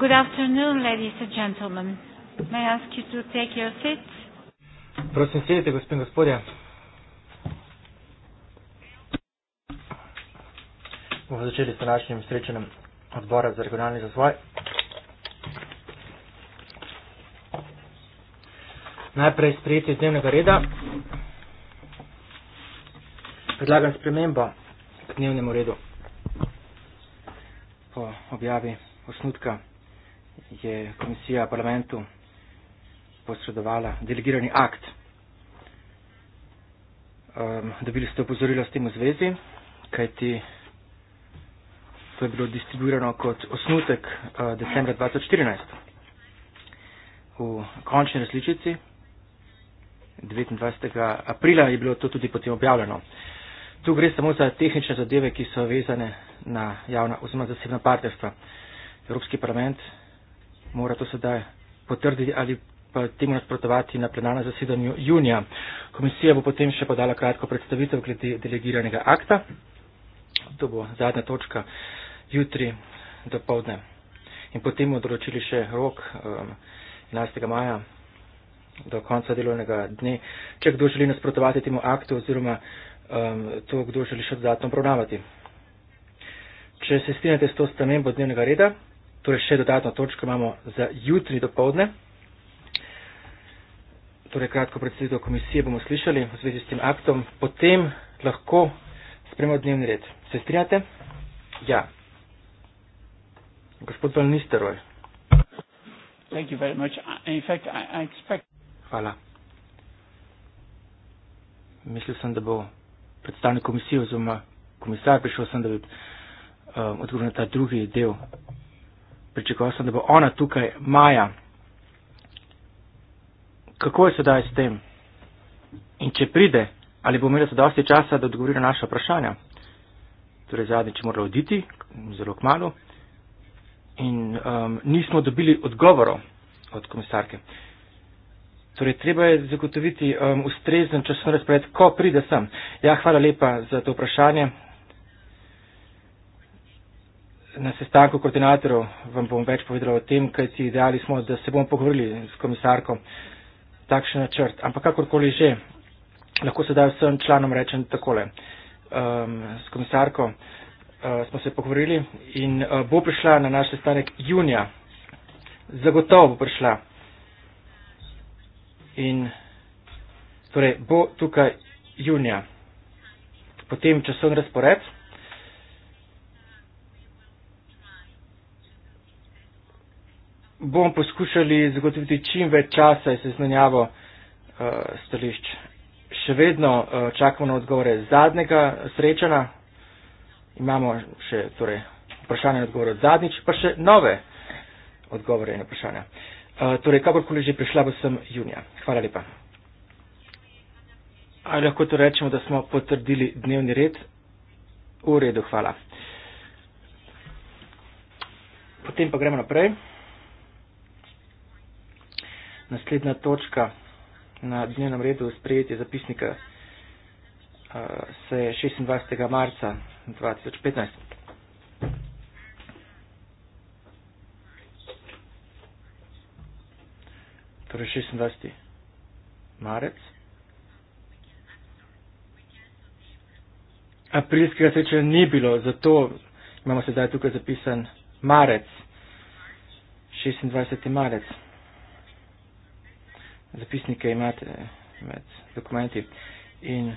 Good afternoon, ladies and gentlemen. May I ask you to take your seats? Prosim, sedite, gospe in gospodje. Bomo začeli s današnjim srečanjem odbora za regionalni razvoj. Najprej sprejetje dnevnega reda. Predlagam spremembo k dnevnemu redu po objavi osnutka je komisija parlamentu posredovala delegirani akt. Um, dobili ste opozorilo s tem v zvezi, kajti to je bilo distribuirano kot osnutek uh, decembra 2014 v končni različici. 29. aprila je bilo to tudi potem objavljeno. Tu gre samo za tehnične zadeve, ki so vezane na javna oziroma zasebna partnerstva. Evropski parlament mora to sedaj potrditi ali pa temu nasprotovati na plenarnem zasedanju junija. Komisija bo potem še podala kratko predstavitev glede delegiranega akta. To bo zadnja točka jutri do povdne. In potem bomo določili še rok um, 11. maja do konca delovnega dne, če kdo želi nasprotovati temu aktu oziroma um, to, kdo želi še dodatno obravnavati. Če se strinjate s to spremembo dnevnega reda, Torej, še dodatno točko imamo za jutri do povdne. Torej, kratko predsedo komisije bomo slišali v zvezi s tem aktom. Potem lahko spremo dnevni red. Se strinjate? Ja. Gospod Van Nisteroj. Hvala. Mislil sem, da bo predstavnik komisije oziroma komisar prišel sem, da bi uh, odgovoril na ta drugi del pričakoval sem, da bo ona tukaj, Maja. Kako je sedaj s tem? In če pride, ali bo imela sedaj časa, da odgovori na naše vprašanja? Torej, zadnji, če mora oditi, zelo kmalo. In um, nismo dobili odgovorov od komisarke. Torej, treba je zagotoviti um, ustrezen časovni razpored, ko pride sem. Ja, hvala lepa za to vprašanje na sestanku koordinatorov vam bom več povedala o tem, kaj ti ideali smo, da se bomo pogovorili s komisarko takšen načrt. Ampak kakorkoli že, lahko sedaj vsem članom rečem takole. Um, s komisarko uh, smo se pogovorili in uh, bo prišla na naš sestanek junija. Zagotovo bo prišla. In torej bo tukaj junija. Potem časovni razpored. bomo poskušali zagotoviti čim več časa in seznanjavo uh, eh, stališč. Še vedno uh, čakamo na odgovore zadnjega srečana. Imamo še torej, vprašanje in odgovore zadnjič, pa še nove odgovore in vprašanja. Uh, torej, kakorkoli že prišla, bo sem junija. Hvala lepa. Ali lahko to rečemo, da smo potrdili dnevni red? V redu, hvala. Potem pa gremo naprej. Naslednja točka na dnevnem redu sprejetje zapisnika se je 26. marca 2015. Torej 26. marec. Aprilskega sreča ni bilo, zato imamo sedaj tukaj zapisan marec. 26. marec zapisnike imate med dokumenti. In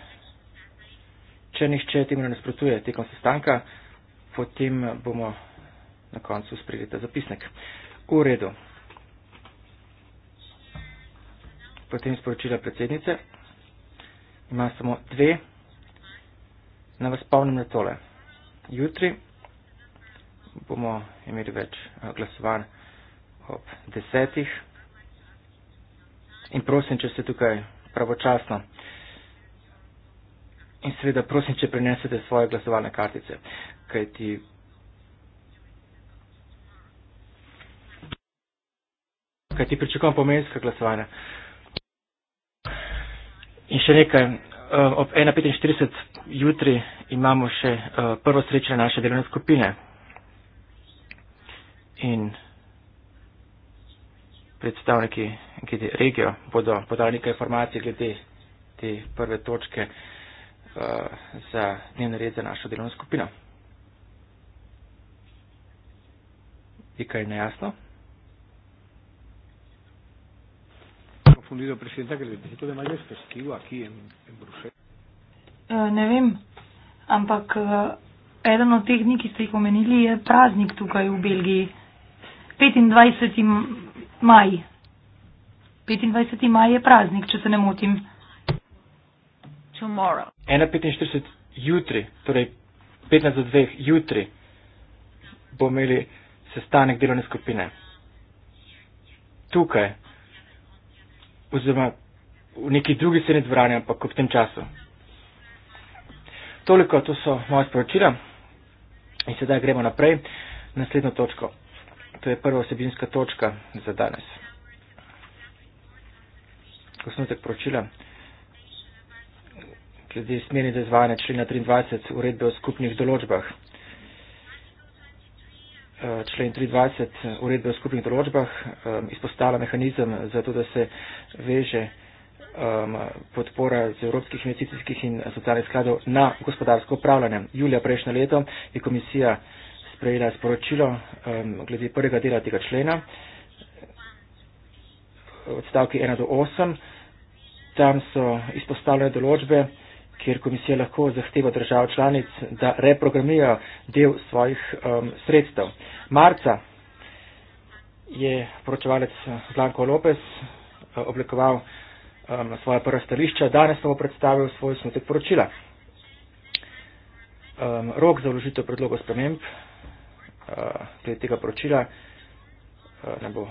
če nihče temu ne sprotuje tekom sestanka, potem bomo na koncu sprejeli ta zapisnik. V redu. Potem sporočila predsednice. Ima samo dve. Na vas spomnim na tole. Jutri bomo imeli več eh, glasovanj ob desetih in prosim, če ste tukaj pravočasno. In seveda prosim, če prenesete svoje glasovalne kartice, kajti. Kaj ti pričakujem pomenska glasovanja? In še nekaj, eh, ob 1.45 jutri imamo še eh, prvo srečanje naše delovne skupine. In predstavniki glede regijo bodo podali nekaj informacij glede te prve točke uh, za dnevni red za našo delovno skupino. Je kaj nejasno? Eh, ne vem, ampak eh, eden od teh dni, ki ste jih omenili, je praznik tukaj v Belgiji. 25 maj. 25. maj je praznik, če se ne motim. 1.45 jutri, torej 15 do 2 jutri, bomo imeli sestanek delovne skupine. Tukaj, oziroma v neki drugi sredi dvorani, ampak ob tem času. Toliko, to so moje sporočila. In sedaj gremo naprej, naslednjo točko to je prva osebinska točka za danes. Osnutek poročila. Glede smeri dezvane člena 23 uredbe o skupnih določbah. Eh, člen 23 uredbe o skupnih določbah eh, izpostavlja mehanizem za to, da se veže podpora z evropskih investicijskih in socialnih skladov na gospodarsko upravljanje. Julija prejšnje leto je komisija sprejela sporočilo um, glede prvega dela tega člena, odstavki 1 do 8. Tam so izpostavljene določbe, kjer komisija lahko zahteva držav članic, da reprogramirajo del svojih um, sredstev. Marca je poročevalec Blanko Lopez eh, oblikoval um, svoje prva stališča, danes pa bo predstavil svoj osnutek poročila. Um, rok za vložitev predlogov sprememb uh, tega poročila. Uh, eh, ne bo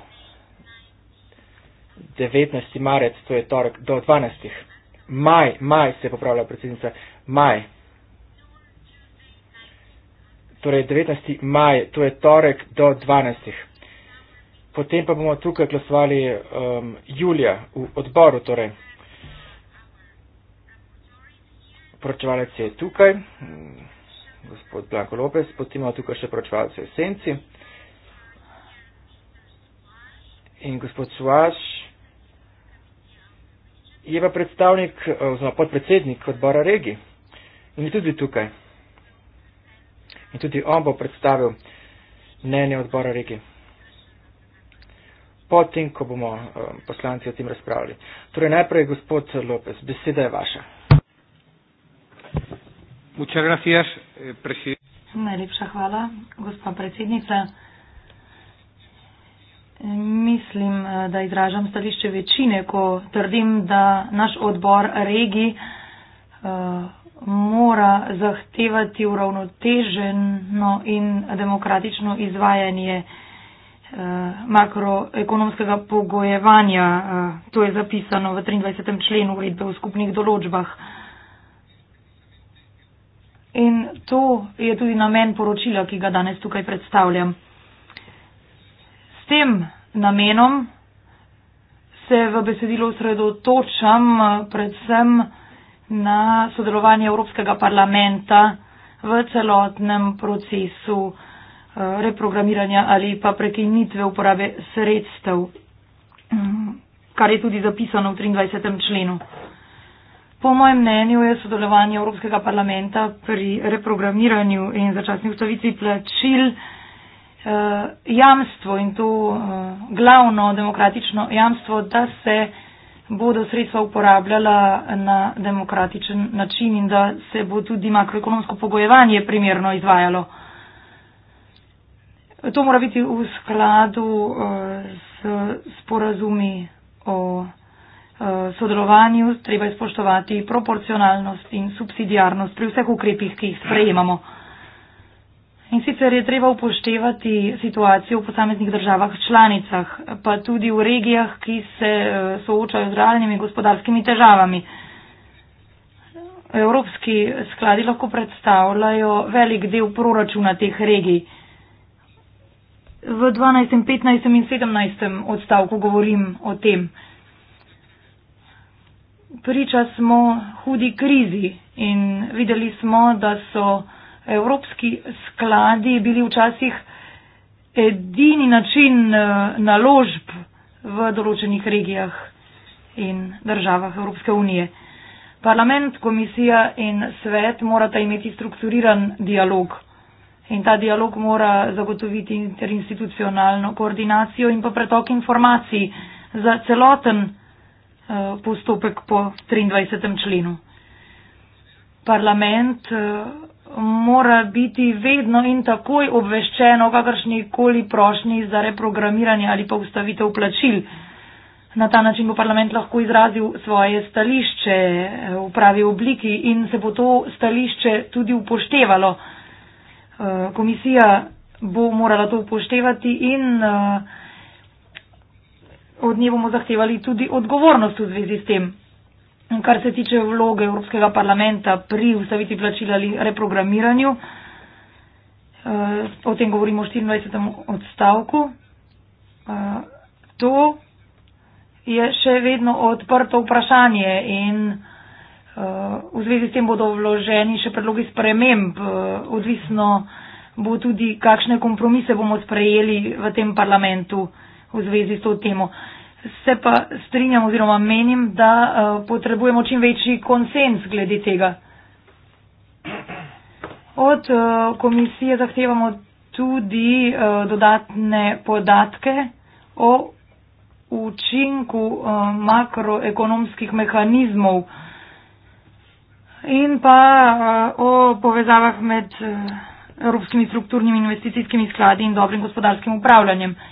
19. marec, to je torek, do 12. maj, maj se je popravila predsednica, maj. Torej 19. maj, to je torek, do 12. Potem pa bomo tukaj glasovali um, julija v odboru, torej. Poročevalec je tukaj. Hmm gospod Blanko Lopez, potem imamo tukaj še pročevalce v senci. In gospod Suvaš je pa predstavnik eh, oziroma podpredsednik odbora regi in je tudi tukaj. In tudi on bo predstavil mnenje odbora regi. Potem, ko bomo eh, poslanci o tem razpravljali. Torej najprej, gospod Lopez, beseda je vaša. Muchas gracias, eh, presidente. Najlepša hvala, gospa predsednica. Mislim, eh, da izražam stališče večine, ko trdim, da naš odbor regij uh, mora zahtevati uravnoteženo in demokratično izvajanje uh, makroekonomskega pogojevanja. Uh, to je zapisano v 23. členu uredbe o skupnih določbah. Uh, In to je tudi namen poročila, ki ga danes tukaj predstavljam. S tem namenom se v besedilo osredotočam predvsem na sodelovanje Evropskega parlamenta v celotnem procesu eh, reprogramiranja ali pa prekinitve uporabe sredstev, kar je tudi zapisano v 23. členu. Po mojem mnenju je sodelovanje Evropskega parlamenta pri reprogramiranju in začasni ustavitvi plačil eh, jamstvo in to eh, glavno demokratično jamstvo, da se bodo sredstva uporabljala na demokratičen način in da se bo tudi makroekonomsko pogojevanje primerno izvajalo. To mora biti v skladu eh, s sporazumi o. Eh, sodelovanju treba izpoštovati proporcionalnost in subsidijarnost pri vseh ukrepih, ki jih sprejemamo. In sicer je treba upoštevati situacijo v posameznih državah članicah, pa tudi v regijah, ki se eh, soočajo z realnimi gospodarskimi težavami. Evropski skladi lahko predstavljajo velik del proračuna teh regij. V 12., 15. in 17. odstavku govorim o tem priča smo hudi krizi in videli smo, da so evropski skladi bili včasih edini način eh, naložb v določenih regijah in državah Evropske unije. Parlament, komisija in svet morata imeti strukturiran dialog in ta dialog mora zagotoviti interinstitucionalno koordinacijo in pa pretok informacij za celoten. Eh, postopek po 23. členu. Parlament eh, mora biti vedno in takoj obveščen o kakršni koli prošnji za reprogramiranje ali pa ustavitev plačil. Na ta način bo parlament lahko izrazil svoje stališče eh, v pravi obliki in se bo to stališče tudi upoštevalo. Komisija bo morala to upoštevati in uh, od nje bomo zahtevali tudi odgovornost v zvezi s tem. Kar se tiče vloge Evropskega parlamenta pri ustaviti plačila ali reprogramiranju, eh, o tem govorimo v 24. odstavku, eh, to je še vedno odprto vprašanje in eh, v zvezi s tem bodo vloženi še predlogi sprememb, odvisno bo tudi, kakšne kompromise bomo sprejeli v tem parlamentu v zvezi s to temo. Se pa strinjam oziroma menim, da uh, potrebujemo čim večji konsens glede tega. Od uh, komisije zahtevamo tudi uh, dodatne podatke o učinku uh, makroekonomskih mehanizmov in pa uh, o povezavah med uh, evropskimi strukturnimi investicijskimi skladi in dobrim gospodarskim upravljanjem. Uh,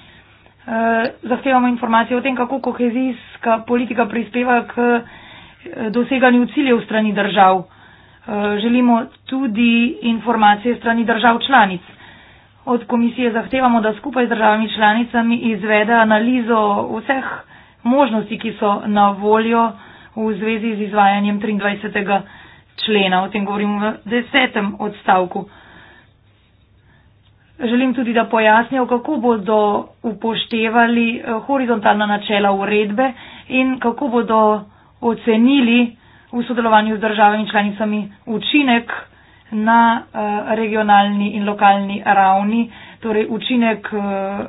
Eh, zahtevamo informacije o tem, kako kohezijska politika prispeva k eh, doseganju ciljev strani držav. Eh, želimo tudi informacije strani držav članic. Od komisije zahtevamo, da skupaj z državami članicami izvede analizo vseh možnosti, ki so na voljo v zvezi z izvajanjem 23. člena. O tem govorimo v desetem odstavku. Želim tudi, da pojasnijo, kako bodo upoštevali eh, horizontalna načela uredbe in kako bodo ocenili v sodelovanju z državami članicami učinek na eh, regionalni in lokalni ravni, torej učinek eh,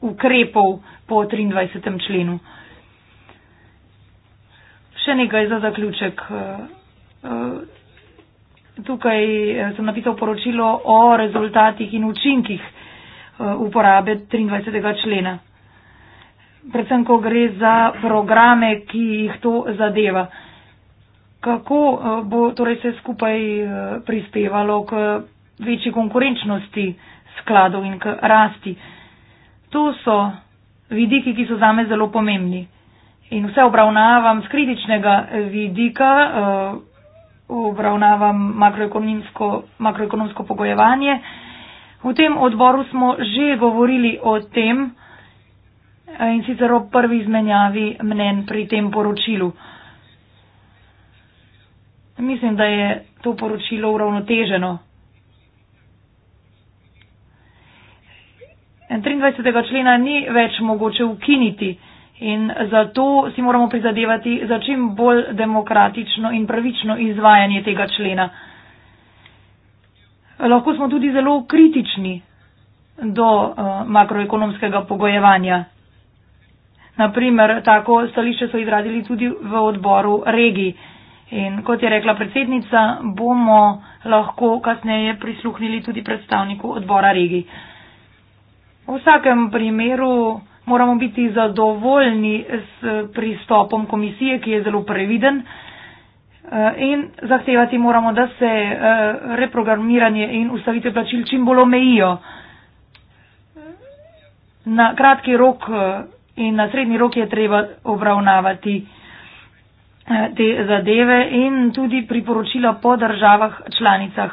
ukrepov po 23. členu. Še nekaj za zaključek tukaj eh, sem napisal poročilo o rezultatih in učinkih eh, uporabe 23. člena. Predvsem, ko gre za programe, ki jih to zadeva. Kako eh, bo torej se skupaj prispevalo k večji konkurenčnosti skladov in k rasti? To so vidiki, ki so zame zelo pomembni. In vse obravnavam z kritičnega vidika. Uh, obravnavam makroekonomsko, makroekonomsko pogojevanje. V tem odboru smo že govorili o tem eh, in sicer o prvi izmenjavi mnen pri tem poročilu. Mislim, da je to poročilo uravnoteženo. 23. Eh, člena ni več mogoče ukiniti. In zato si moramo prizadevati za čim bolj demokratično in pravično izvajanje tega člena. Lahko smo tudi zelo kritični do uh, makroekonomskega pogojevanja. Naprimer, tako stališče so izrazili tudi v odboru regij. In kot je rekla predsednica, bomo lahko kasneje prisluhnili tudi predstavniku odbora regij. V vsakem primeru moramo biti zadovoljni s eh, pristopom komisije, ki je zelo previden eh, in zahtevati moramo, da se eh, reprogramiranje in ustavitev plačil čim bolj omejijo. Na kratki rok in na srednji rok je treba obravnavati te zadeve in tudi priporočila po državah članicah.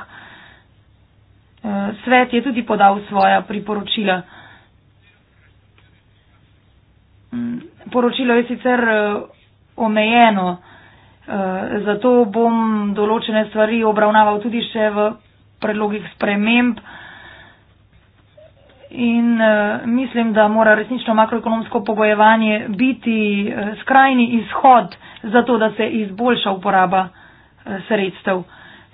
Svet je tudi podal svoja priporočila. poročilo je sicer uh, omejeno, uh, zato bom določene stvari obravnaval tudi še v predlogih sprememb. In uh, mislim, da mora resnično makroekonomsko pogojevanje biti uh, skrajni izhod za to, da se izboljša uporaba uh, sredstev.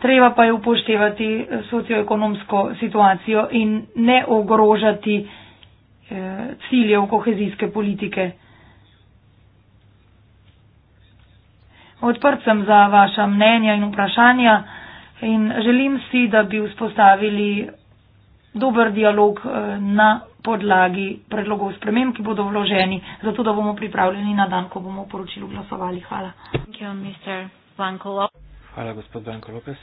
Treba pa je upoštevati socioekonomsko situacijo in ne ogrožati uh, ciljev kohezijske politike. Odprt sem za vaša mnenja in vprašanja in želim si, da bi vzpostavili dober dialog eh, na podlagi predlogov sprememb, ki bodo vloženi, zato da bomo pripravljeni na dan, ko bomo v poročilu glasovali. Hvala. Hvala, gospod Banko Lopes.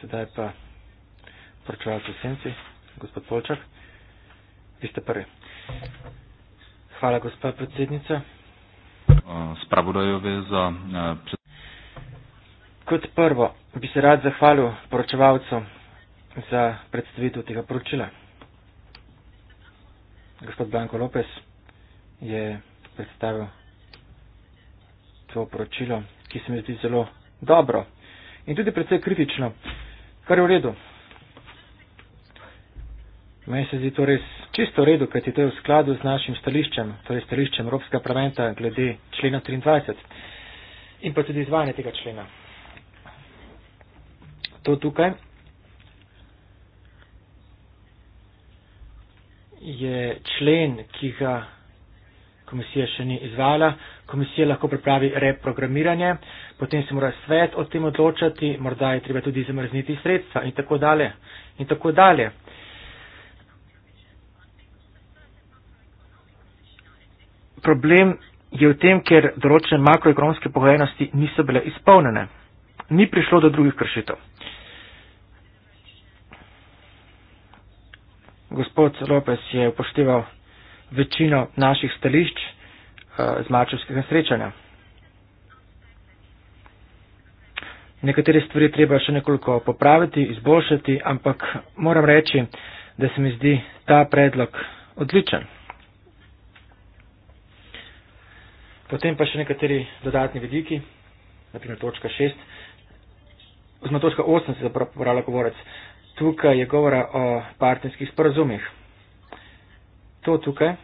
Sedaj pa poročevalce senci, gospod Polčak. Vi ste prvi. Hvala, gospod predsednica spravodajovi za eh, pred. Kot prvo bi se rad zahvalil poročevalcu za predstavitev tega poročila. Gospod Blanko Lopes je predstavil to poročilo, ki se mi zdi zelo dobro in tudi predvsej kritično, kar je v redu, Meni se zdi to res čisto v redu, kajti to je v skladu z našim stališčem, torej stališčem Evropskega parlamenta glede člena 23 in pa tudi izvajanje tega člena. To tukaj je člen, ki ga komisija še ni izvala. Komisija lahko pripravi reprogramiranje, potem se mora svet o tem odločati, morda je treba tudi zamrzniti sredstva in tako dalje. In tako dalje. problem je v tem, ker določene makroekonomske pogojenosti niso bile izpolnjene. Ni prišlo do drugih kršitev. Gospod Lopes je upošteval večino naših stališč eh, z mačevskega srečanja. Nekatere stvari treba še nekoliko popraviti, izboljšati, ampak moram reči, da se mi zdi ta predlog odličen. Potem pa še nekateri dodatni vidiki, naprimer točka 6, oziroma točka 8 se je zapravila govorec. Tukaj je govora o partnerskih sporazumih. To tukaj e,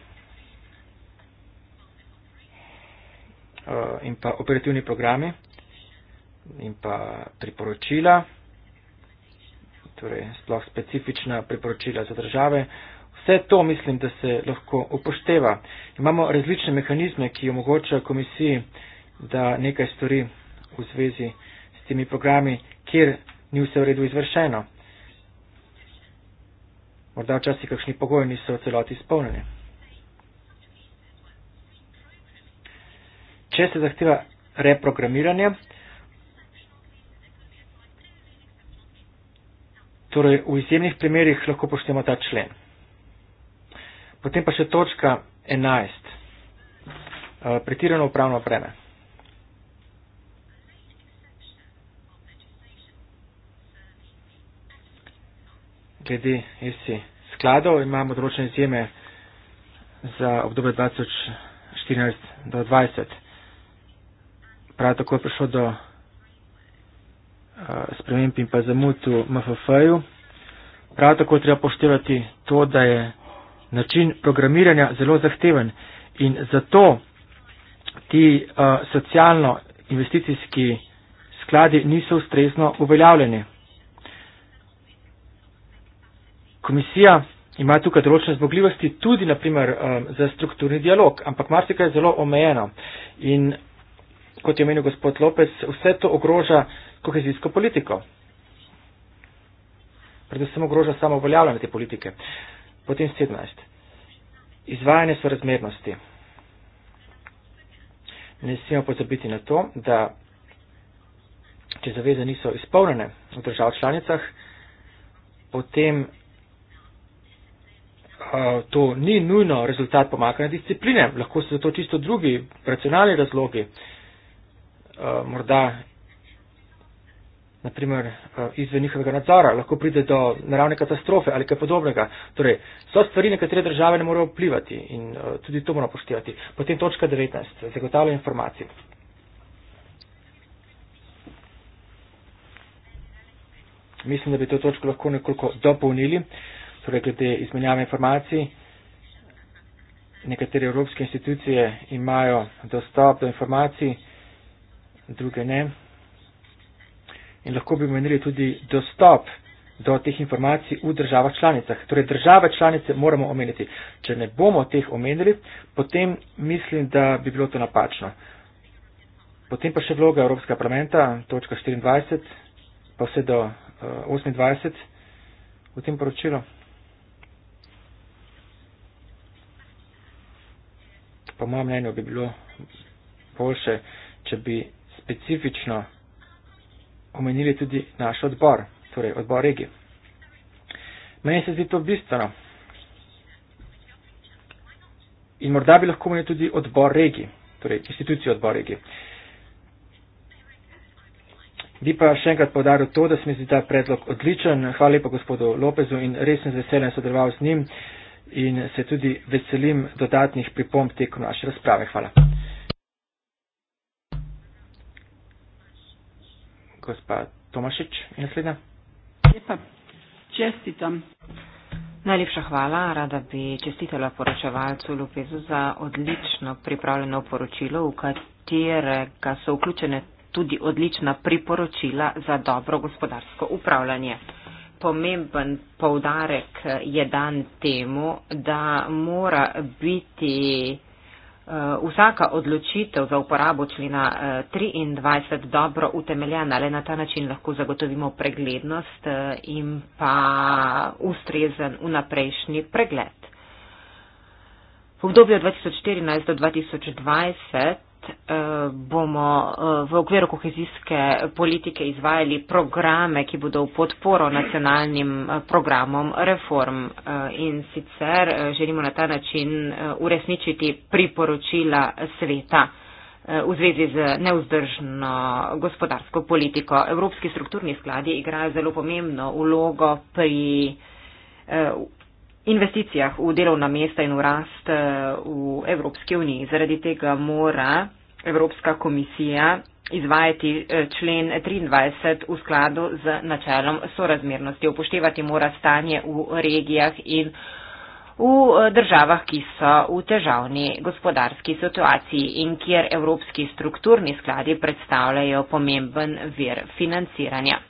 in pa operativni programi in pa priporočila, torej sploh specifična priporočila za države, Vse to mislim, da se lahko upošteva. Imamo različne mehanizme, ki omogočajo komisiji, da nekaj stori v zvezi s temi programi, kjer ni vse v redu izvršeno. Morda včasih kakšni pogoji niso v celoti izpolnjeni. Če se zahteva reprogramiranje, torej v izjemnih primerjih lahko poštemo ta člen. Potem pa še točka 11. Eh, pretirano upravno breme. Glede ESI skladov imamo določene izjeme za obdobje 2014 do 2020. Prav tako je prišlo do uh, sprememb in pa zamud v MFF-ju. Prav tako treba poštevati to, da je način programiranja zelo zahteven in zato ti uh, socialno-investicijski skladi niso ustrezno uveljavljeni. Komisija ima tukaj določene zmogljivosti tudi, naprimer, um, za strukturni dialog, ampak marsikaj je zelo omejeno. In kot je omenil gospod Lopez, vse to ogroža kohezijsko politiko. Predvsem ogroža samo uveljavljanje te politike. Uh, Potem 17. Izvajanje sorazmernosti. Ne smemo pozabiti na to, da če zaveze niso izpolnjene v držav članicah, potem uh, to ni nujno rezultat pomakanja discipline. Lahko so za to čisto drugi racionalni razlogi. Uh, morda naprimer eh, izven njihovega nadzora, lahko pride do naravne katastrofe ali kaj podobnega. Torej, so stvari, na katere države ne morejo vplivati in eh, tudi to moramo poštevati. Potem točka 19, zagotavljanje informacij. Mislim, da bi to točko lahko nekoliko dopolnili, torej glede izmenjave informacij. Nekatere evropske institucije imajo dostop do informacij, druge ne in lahko bi omenili tudi dostop do teh informacij v državah članicah. Torej, države članice moramo omeniti. Če ne bomo teh omenili, potem mislim, da bi bilo to napačno. Potem pa še vloga Evropskega parlamenta, točka 24, pa vse do uh, eh, 28 v tem poročilu. Po mojem mnenju bi bilo boljše, če bi specifično omenili tudi naš odbor, torej odbor regije. Meni se zdi to bistveno. In morda bi lahko imeli tudi odbor regije, torej institucijo odbor regije. Bi pa še enkrat povdaril to, da se mi zdi ta predlog odličen. Hvala lepa gospodu Lopezu in res sem z veseljem sodeloval z njim in se tudi veselim dodatnih pripomb tekom naše razprave. Hvala. gospa Tomašič. Naslednja. Lepa. Čestitam. Najlepša hvala. Rada bi čestitala poročevalcu Lupezu za odlično pripravljeno poročilo, v katerega so vključene tudi odlična priporočila za dobro gospodarsko upravljanje. Pomemben poudarek je dan temu, da mora biti Eh, vsaka odločitev za uporabo člena 23 eh, dobro utemeljena, le na ta način lahko zagotovimo preglednost eh, in pa ustrezen vnaprejšnji pregled. V obdobju 2014 do 2020 Eh, bomo eh, v okviru kohezijske politike izvajali programe, ki bodo v podporo nacionalnim eh, programom reform. In sicer želimo na ta način uresničiti priporočila sveta v zvezi z neuzdržno gospodarsko politiko. Evropski strukturni skladi igrajo zelo pomembno vlogo pri investicijah v delovna mesta in v rast eh, v Evropski uniji. Zaradi tega mora Evropska komisija izvajati eh, člen 23 v skladu z načelom sorazmernosti. Upoštevati mora stanje v regijah in v eh, državah, ki so v težavni gospodarski situaciji in kjer evropski strukturni skladi predstavljajo pomemben vir financiranja.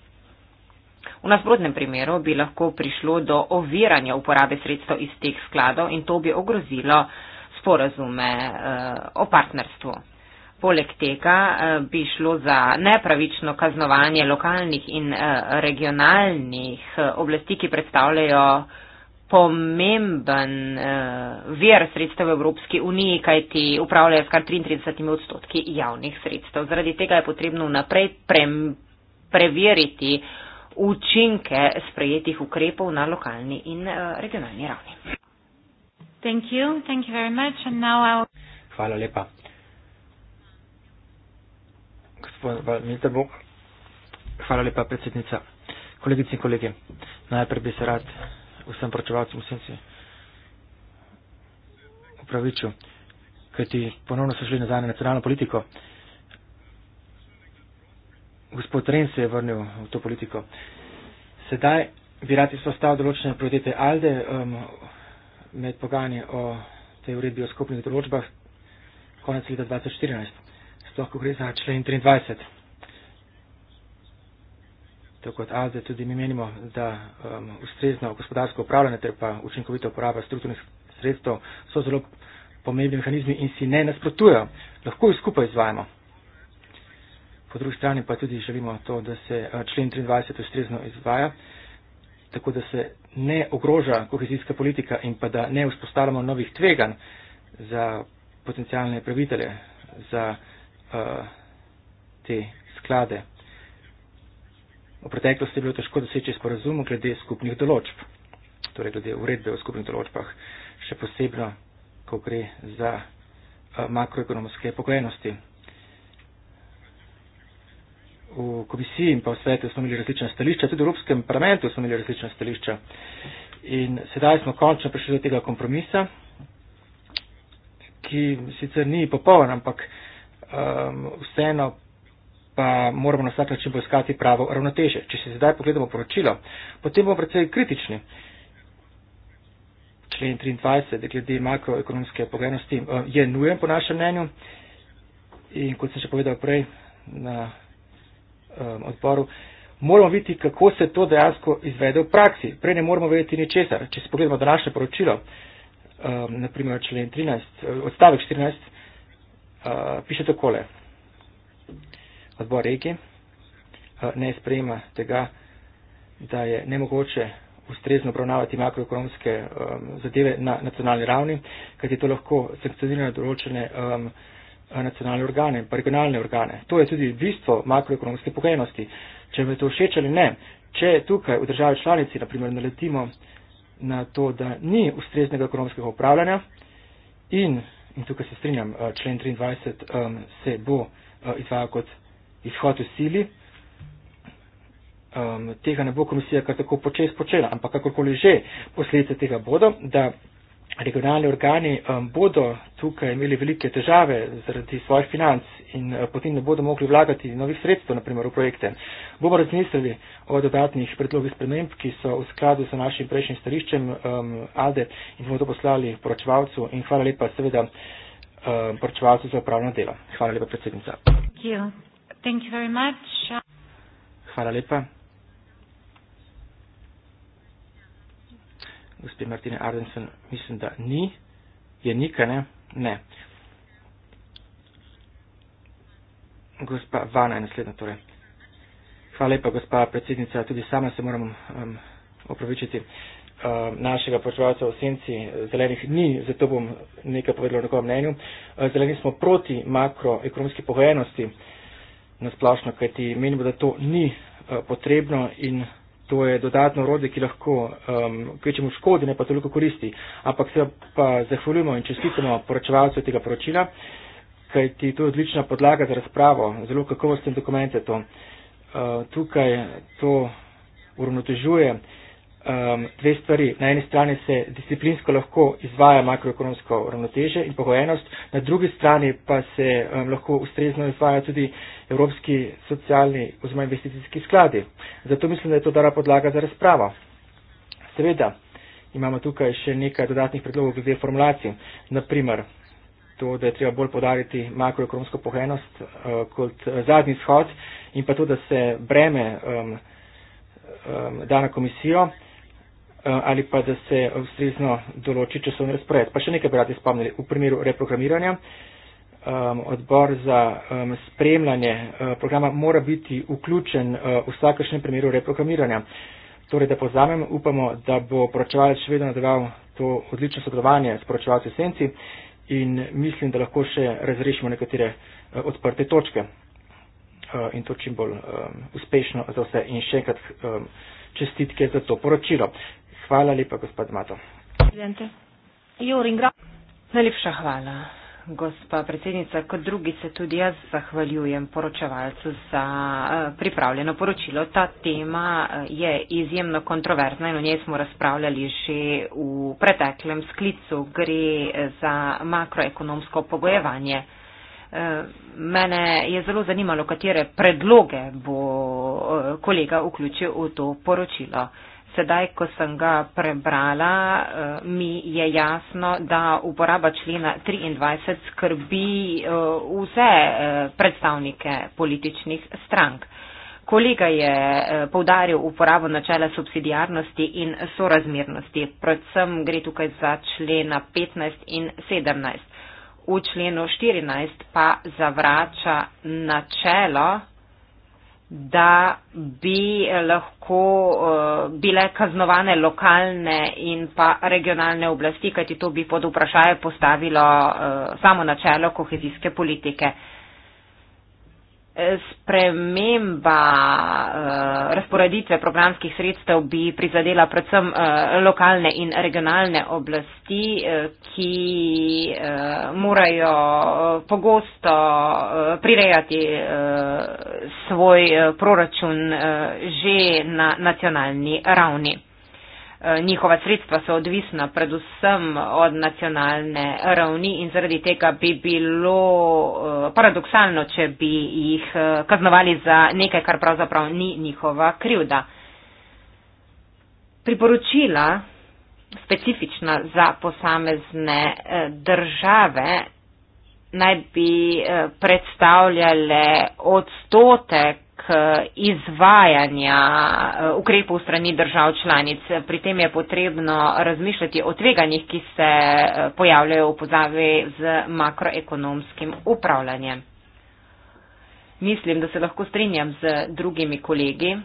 V nasprotnem primeru bi lahko prišlo do oviranja uporabe sredstev iz teh skladov in to bi ogrozilo sporazume eh, o partnerstvu. Poleg tega eh, bi šlo za nepravično kaznovanje lokalnih in eh, regionalnih oblasti, ki predstavljajo pomemben vir sredstev v Evropski uniji, kajti upravljajo s kar 33 odstotki javnih sredstev. Zaradi tega je potrebno naprej preveriti učinke sprejetih ukrepov na lokalni in eh, regionalni ravni. Thank you. Thank you I'll... Hvala lepa. Hvala lepa, predsednica. Kolegice in kolege, najprej bi se rad vsem pročevalcem vsem se opravičil, kajti ponovno so šli nazaj na nacionalno politiko gospod Ren se je vrnil v to politiko. Sedaj bi rad izpostavil določene prioritete Alde um, med pogajanji o tej uredbi o skupnih določbah konec leta 2014, sploh ko gre za člen 23. Tako kot Alde tudi mi menimo, da um, ustrezno gospodarsko upravljanje ter pa učinkovito uporaba strukturnih sredstev so zelo pomembni mehanizmi in si ne nasprotujejo. Lahko jih skupaj izvajamo po drugi strani pa tudi želimo to, da se eh, člen 23 ustrezno izvaja, tako da se ne ogroža kohezijska politika in pa da ne vzpostavljamo novih tveganj za potencijalne pravitelje, za uh, te sklade. V preteklosti je bilo težko doseči sporazum glede skupnih določb, torej glede uredbe o skupnih določbah, še posebno, ko gre za uh, makroekonomske pokojenosti v komisiji in pa v svetu smo imeli različna stališča, tudi v Evropskem parlamentu smo imeli različna stališča. In sedaj smo končno prišli do tega kompromisa, ki sicer ni popoln, ampak um, vseeno pa moramo na vsak način poiskati pravo ravnoteže. Če se zdaj pogledamo poročilo, potem bomo predvsej kritični. Člen 23, glede makroekonomske pogajnosti, um, je nujen po našem mnenju. In kot sem še povedal prej, na um, odboru, moramo videti, kako se to dejansko izvede v praksi. Prej ne moramo vedeti ničesar. Če si pogledamo današnje poročilo, um, naprimer člen 13, eh, odstavek 14, uh, piše takole. Odbor reki uh, ne sprejema tega, da je nemogoče ustrezno obravnavati makroekonomske um, zadeve na nacionalni ravni, kajti to lahko sankcionira določene. Um, Eh, nacionalne organe, pa regionalne organe. To je tudi bistvo makroekonomske pogajenosti. Če me to všeč ali ne, če tukaj v državi članici, naprimer, naletimo na to, da ni ustreznega ekonomskega upravljanja in, in tukaj se strinjam, eh, člen 23 um, se bo uh, izvajal kot izhod v sili, um, tega ne bo komisija kar tako počes počela, ampak kakorkoli že posledice tega bodo, da regionalni organi um, bodo tukaj imeli velike težave zaradi svojih financ in uh, potem ne bodo mogli vlagati novih sredstev, naprimer v projekte. Bomo razmislili o dodatnih predlogih sprememb, ki so v skladu z našim prejšnjim stališčem um, ADE in bomo to poslali poročevalcu in hvala lepa seveda um, poročevalcu za upravno delo. Hvala lepa predsednica. Thank you. Thank you hvala lepa. gospe Martine Ardensen, mislim, da ni. Je nika, ne? Ne. Gospa Vana je naslednja, torej. Hvala lepa, gospa predsednica. Tudi sama se moram um, opravičiti. Um, našega poročevalca v senci eh, zelenih ni, zato bom nekaj povedala o njegovem mnenju. Eh, zeleni smo proti makroekonomski pogojenosti na splošno, kajti menimo, da to ni uh, potrebno in to je dodatno orodje, ki lahko um, kvečemu škodi, ne pa toliko koristi. Ampak se pa zahvaljujemo in čestitamo poročevalcu tega poročila, kaj ti to je odlična podlaga za razpravo, zelo kakovosten dokument je to. Uh, tukaj to uravnotežuje uh, um, dve stvari. Na eni strani se disciplinsko lahko izvaja makroekonomsko ravnoteže in pogojenost, na drugi strani pa se um, lahko ustrezno izvaja tudi evropski socialni oziroma investicijski skladi. Zato mislim, da je to dara podlaga za razpravo. Seveda imamo tukaj še nekaj dodatnih predlogov glede formulacij. Naprimer, to, da je treba bolj podariti makroekonomsko pohenost uh, eh, kot eh, zadnji shod in pa to, da se breme um, um, da na komisijo. Eh, ali pa da se ustrezno določi časovni razpored. Pa še nekaj bi radi spomnili v primeru reprogramiranja. Odbor za spremljanje eh, programa mora biti vključen eh, v vsakršnem primeru reprogramiranja. Torej, da pozamem, upamo, da bo poročevalec še vedno nadaljeval to odlično sodelovanje s poročevalci v senci in mislim, da lahko še razrešimo nekatere odprte točke in to čim bolj uspešno za vse. In še enkrat čestitke za to poročilo. Hvala lepa, gospod Mato. Najlepša hvala, gospa predsednica. Kot drugi se tudi jaz zahvaljujem poročevalcu za eh, pripravljeno poročilo. Ta tema eh, je izjemno kontroverzna in o njej smo razpravljali že v preteklem sklicu. Gre eh, za makroekonomsko pogojevanje. Mene je zelo zanimalo, katere predloge bo kolega vključil v to poročilo. Sedaj, ko sem ga prebrala, eh, mi je jasno, da uporaba člena 23 skrbi eh, vse eh, predstavnike političnih strank. Kolega je povdaril uporabo načela subsidijarnosti in sorazmernosti. Predvsem gre tukaj za člena 15 in 17. V členu 14 pa zavrača načelo da bi lahko uh, bile kaznovane lokalne in pa regionalne oblasti, kajti to bi pod vprašanje postavilo uh, samo načelo kohezijske politike. Uh, Sprememba uh, razporeditve programskih sredstev bi prizadela predvsem uh, lokalne in regionalne oblasti, uh, ki uh, morajo uh, pogosto uh, prirejati uh, svoj uh, proračun uh, že na nacionalni ravni. Eh, njihova sredstva so odvisna predvsem od nacionalne ravni in zaradi tega bi bilo eh, paradoksalno, če bi jih eh, kaznovali za nekaj, kar pravzaprav ni njihova krivda. Priporočila specifična za posamezne države naj bi predstavljale odstotek postopek eh, izvajanja eh, ukrepov strani držav članic. Pri tem je potrebno razmišljati o tveganjih, ki se eh, pojavljajo v pozavi z makroekonomskim upravljanjem. Mislim, da se lahko strinjam z drugimi kolegi,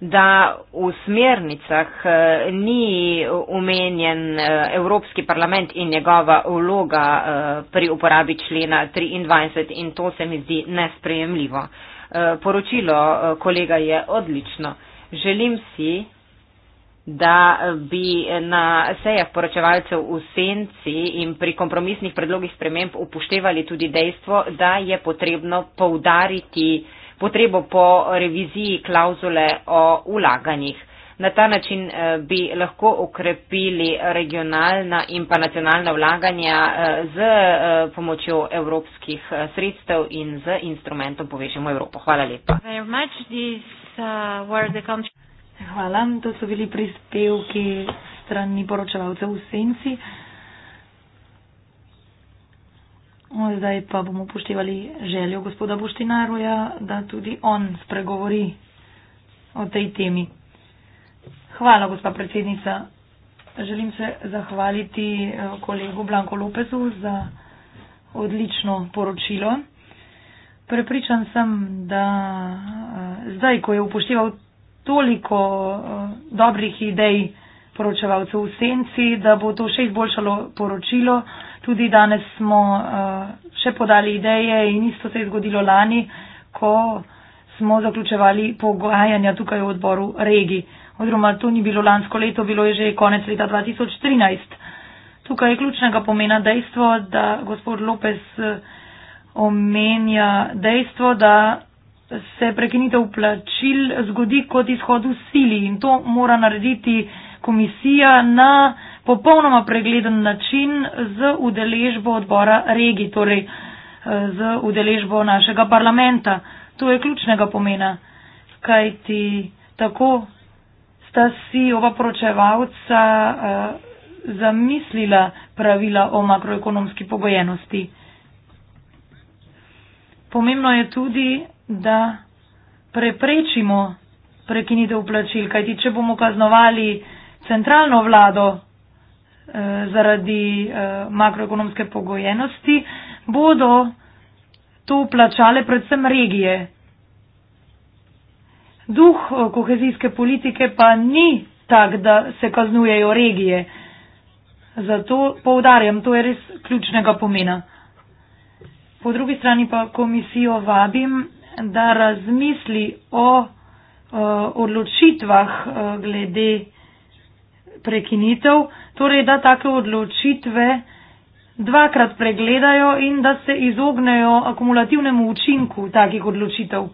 da v smernicah eh, ni umenjen eh, Evropski parlament in njegova vloga eh, pri uporabi člena 23 in to se mi zdi nesprejemljivo. Poročilo kolega je odlično. Želim si, da bi na sejah poročevalcev v senci in pri kompromisnih predlogih sprememb upoštevali tudi dejstvo, da je potrebno poudariti potrebo po reviziji klauzule o ulaganjih. Na ta način eh, bi lahko ukrepili regionalna in pa nacionalna vlaganja eh, z eh, pomočjo evropskih sredstev in z instrumentom Povežemo Evropo. Hvala lepa. Uh, Hvala, to so bili prispevki strani poročevalcev v Senci. Zdaj pa bomo upoštevali željo gospoda Boštinaroja, da tudi on spregovori o tej temi. Hvala, gospa predsednica. Želim se zahvaliti eh, kolegu Blanko Lopezu za odlično poročilo. Prepričan sem, da eh, zdaj, ko je upošteval toliko eh, dobrih idej poročevalcev v senci, da bo to še izboljšalo poročilo tudi danes smo uh, še podali ideje in isto se je zgodilo lani, ko smo zaključevali pogajanja tukaj v odboru regi. Oziroma, to ni bilo lansko leto, bilo je že konec leta 2013. Tukaj je ključnega pomena dejstvo, da gospod Lopez eh, omenja dejstvo, da se prekinitev plačil zgodi kot izhod v sili in to mora narediti komisija na popolnoma pregleden način z udeležbo odbora regi, torej eh, z udeležbo našega parlamenta. To je ključnega pomena, kajti tako sta si oba poročevalca eh, zamislila pravila o makroekonomski pogojenosti. Pomembno je tudi, da preprečimo prekinitev plačil, kajti če bomo kaznovali centralno vlado, Eh, zaradi eh, makroekonomske pogojenosti, bodo to plačale predvsem regije. Duh eh, kohezijske politike pa ni tak, da se kaznujejo regije. Zato poudarjam, to je res ključnega pomena. Po drugi strani pa komisijo vabim, da razmisli o, o odločitvah glede prekinitev torej da take odločitve dvakrat pregledajo in da se izognejo akumulativnemu učinku takih odločitev.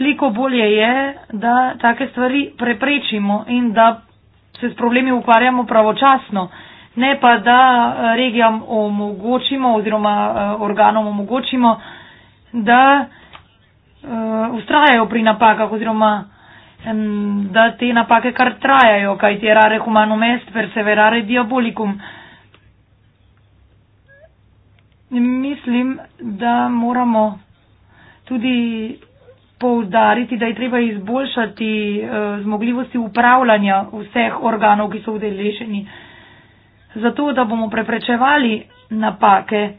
Veliko bolje je, da take stvari preprečimo in da se s problemi ukvarjamo pravočasno, ne pa da eh, regijam omogočimo oziroma eh, organom omogočimo, da uh, eh, ustrajajo pri napakah oziroma da te napake kar trajajo, kaj ti rare humanum est, perseverare diabolicum. Mislim, da moramo tudi poudariti, da je treba izboljšati uh, zmogljivosti upravljanja vseh organov, ki so vdeleženi. Zato, da bomo preprečevali napake,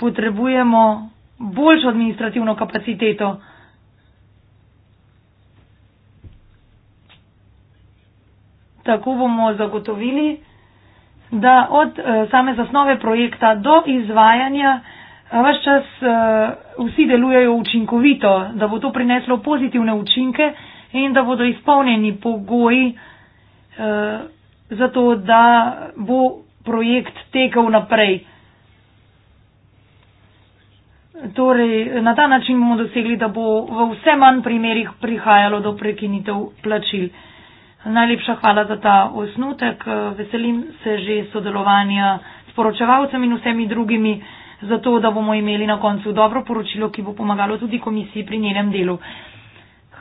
potrebujemo boljšo administrativno kapaciteto. tako bomo zagotovili, da od eh, same zasnove projekta do izvajanja eh, vse čas eh, vsi delujejo učinkovito, da bo to prineslo pozitivne učinke in da bodo izpolnjeni pogoji za to, da bo projekt tekel naprej. Torej, na ta način bomo dosegli, da bo v vse manj primerih prihajalo do prekinitev plačil. Najlepša hvala za ta osnutek. Veselim se že sodelovanja s poročevalcem in vsemi drugimi, zato da bomo imeli na koncu dobro poročilo, ki bo pomagalo tudi komisiji pri njenem delu.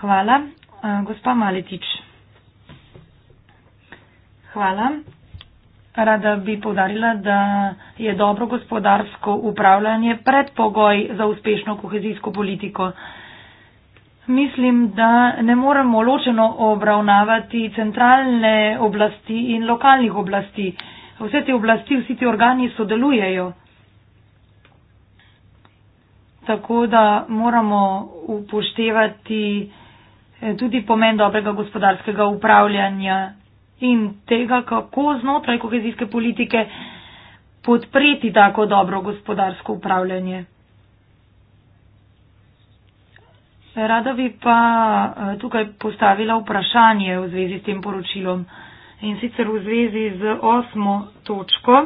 Hvala. Eh, gospa Maletič. Hvala. Rada bi povdarila, da je dobro gospodarsko upravljanje predpogoj za uspešno kohezijsko politiko mislim, da ne moremo ločeno obravnavati centralne oblasti in lokalnih oblasti. Vse te oblasti, vsi ti organi sodelujejo. Tako da moramo upoštevati eh, tudi pomen dobrega gospodarskega upravljanja in tega, kako znotraj kohezijske politike podpreti tako dobro gospodarsko upravljanje. Rada bi pa eh, tukaj postavila vprašanje v zvezi s tem poročilom in sicer v zvezi z osmo točko,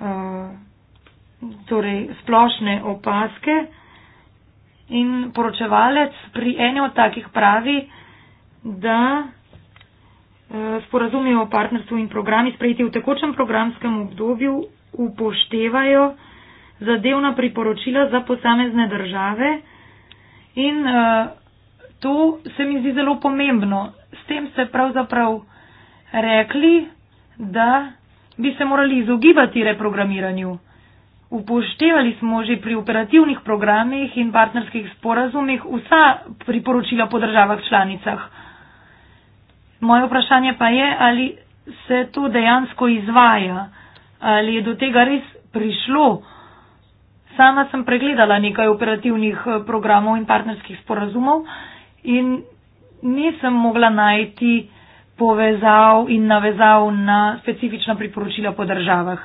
eh, torej splošne opaske. In poročevalec pri eni od takih pravi, da eh, sporazumi o partnerstvu in programi sprejeti v tekočem programskem obdobju upoštevajo zadevna priporočila za posamezne države, In uh, to se mi zdi zelo pomembno. S tem ste pravzaprav rekli, da bi se morali izogibati reprogramiranju. Upoštevali smo že pri operativnih programih in partnerskih sporazumih vsa priporočila po državah članicah. Moje vprašanje pa je, ali se to dejansko izvaja, ali je do tega res prišlo. Sama sem pregledala nekaj operativnih eh, programov in partnerskih sporazumov in nisem mogla najti povezav in navezav na specifična priporočila po državah.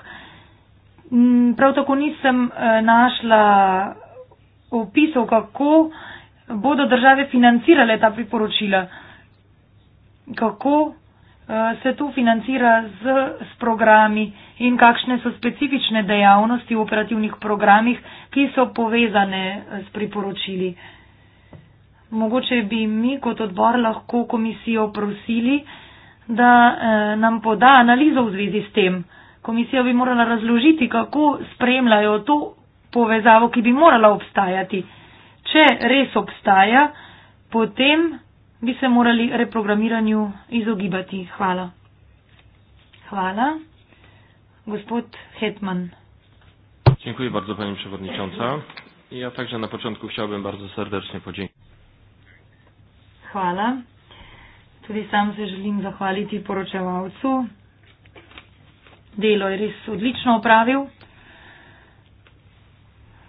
Mm, prav tako nisem eh, našla opisov, kako bodo države financirale ta priporočila, kako eh, se to financira z, z programi in kakšne so specifične dejavnosti v operativnih programih, ki so povezane eh, s priporočili. Mogoče bi mi kot odbor lahko komisijo prosili, da eh, nam poda analizo v zvezi s tem. Komisija bi morala razložiti, kako spremljajo to povezavo, ki bi morala obstajati. Če res obstaja, potem bi se morali reprogramiranju izogibati. Hvala. Hvala. Gospod Hetman. Dziękuję bardzo Pani Przewodnicząca. Ja także na początku chciałbym bardzo serdecznie podziękować. Hvala. Tudi sam se želim zahvaliti poročevalcu. Delo je res odlično opravil.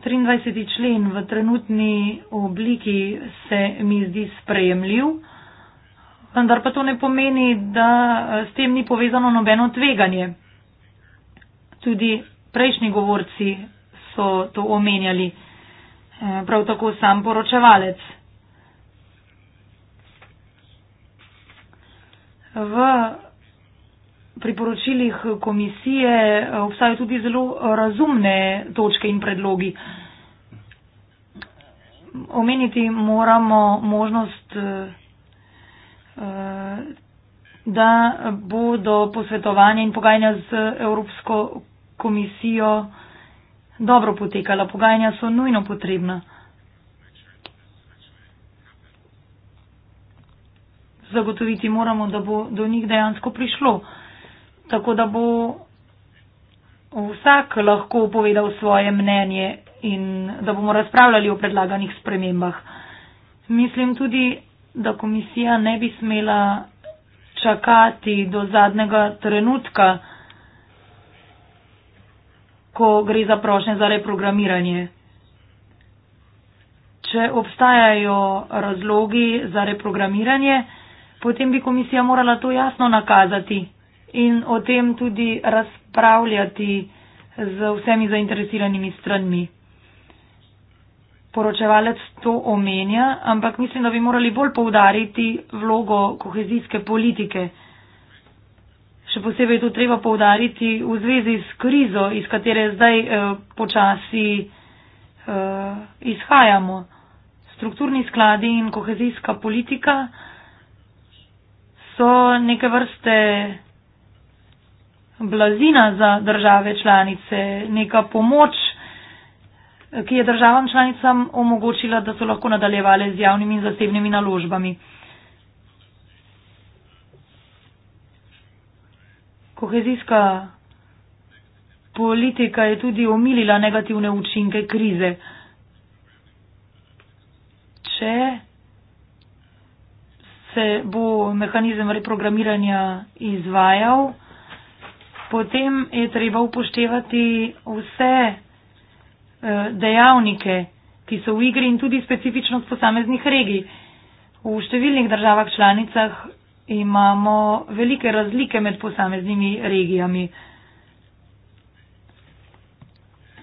23. člen v trenutni obliki se mi zdi sprejemljiv, vendar pa to ne pomeni, da s tem ni povezano nobeno tveganje tudi prejšnji govorci so to omenjali, eh, prav tako sam poročevalec. V priporočilih komisije eh, obstajajo tudi zelo razumne točke in predlogi. Omeniti moramo možnost, eh, da bodo posvetovanje in pogajanja z Evropsko komisijo dobro potekala. Pogajanja so nujno potrebna. Zagotoviti moramo, da bo do njih dejansko prišlo. Tako da bo vsak lahko povedal svoje mnenje in da bomo razpravljali o predlaganih spremembah. Mislim tudi, da komisija ne bi smela čakati do zadnjega trenutka, ko gre za prošnje za reprogramiranje. Če obstajajo razlogi za reprogramiranje, potem bi komisija morala to jasno nakazati in o tem tudi razpravljati z vsemi zainteresiranimi stranmi. Poročevalec to omenja, ampak mislim, da bi morali bolj poudariti vlogo kohezijske politike. Še posebej je to treba povdariti v zvezi s krizo, iz katere zdaj eh, počasi eh, izhajamo. Strukturni skladi in kohezijska politika so neke vrste blazina za države članice, neka pomoč, ki je državam članicam omogočila, da so lahko nadaljevale z javnimi in zasebnimi naložbami. Kohezijska politika je tudi omilila negativne učinke krize. Če se bo mehanizem reprogramiranja izvajal, potem je treba upoštevati vse eh, dejavnike, ki so v igri in tudi specifičnost posameznih regij. V številnih državah članicah imamo velike razlike med posameznimi regijami.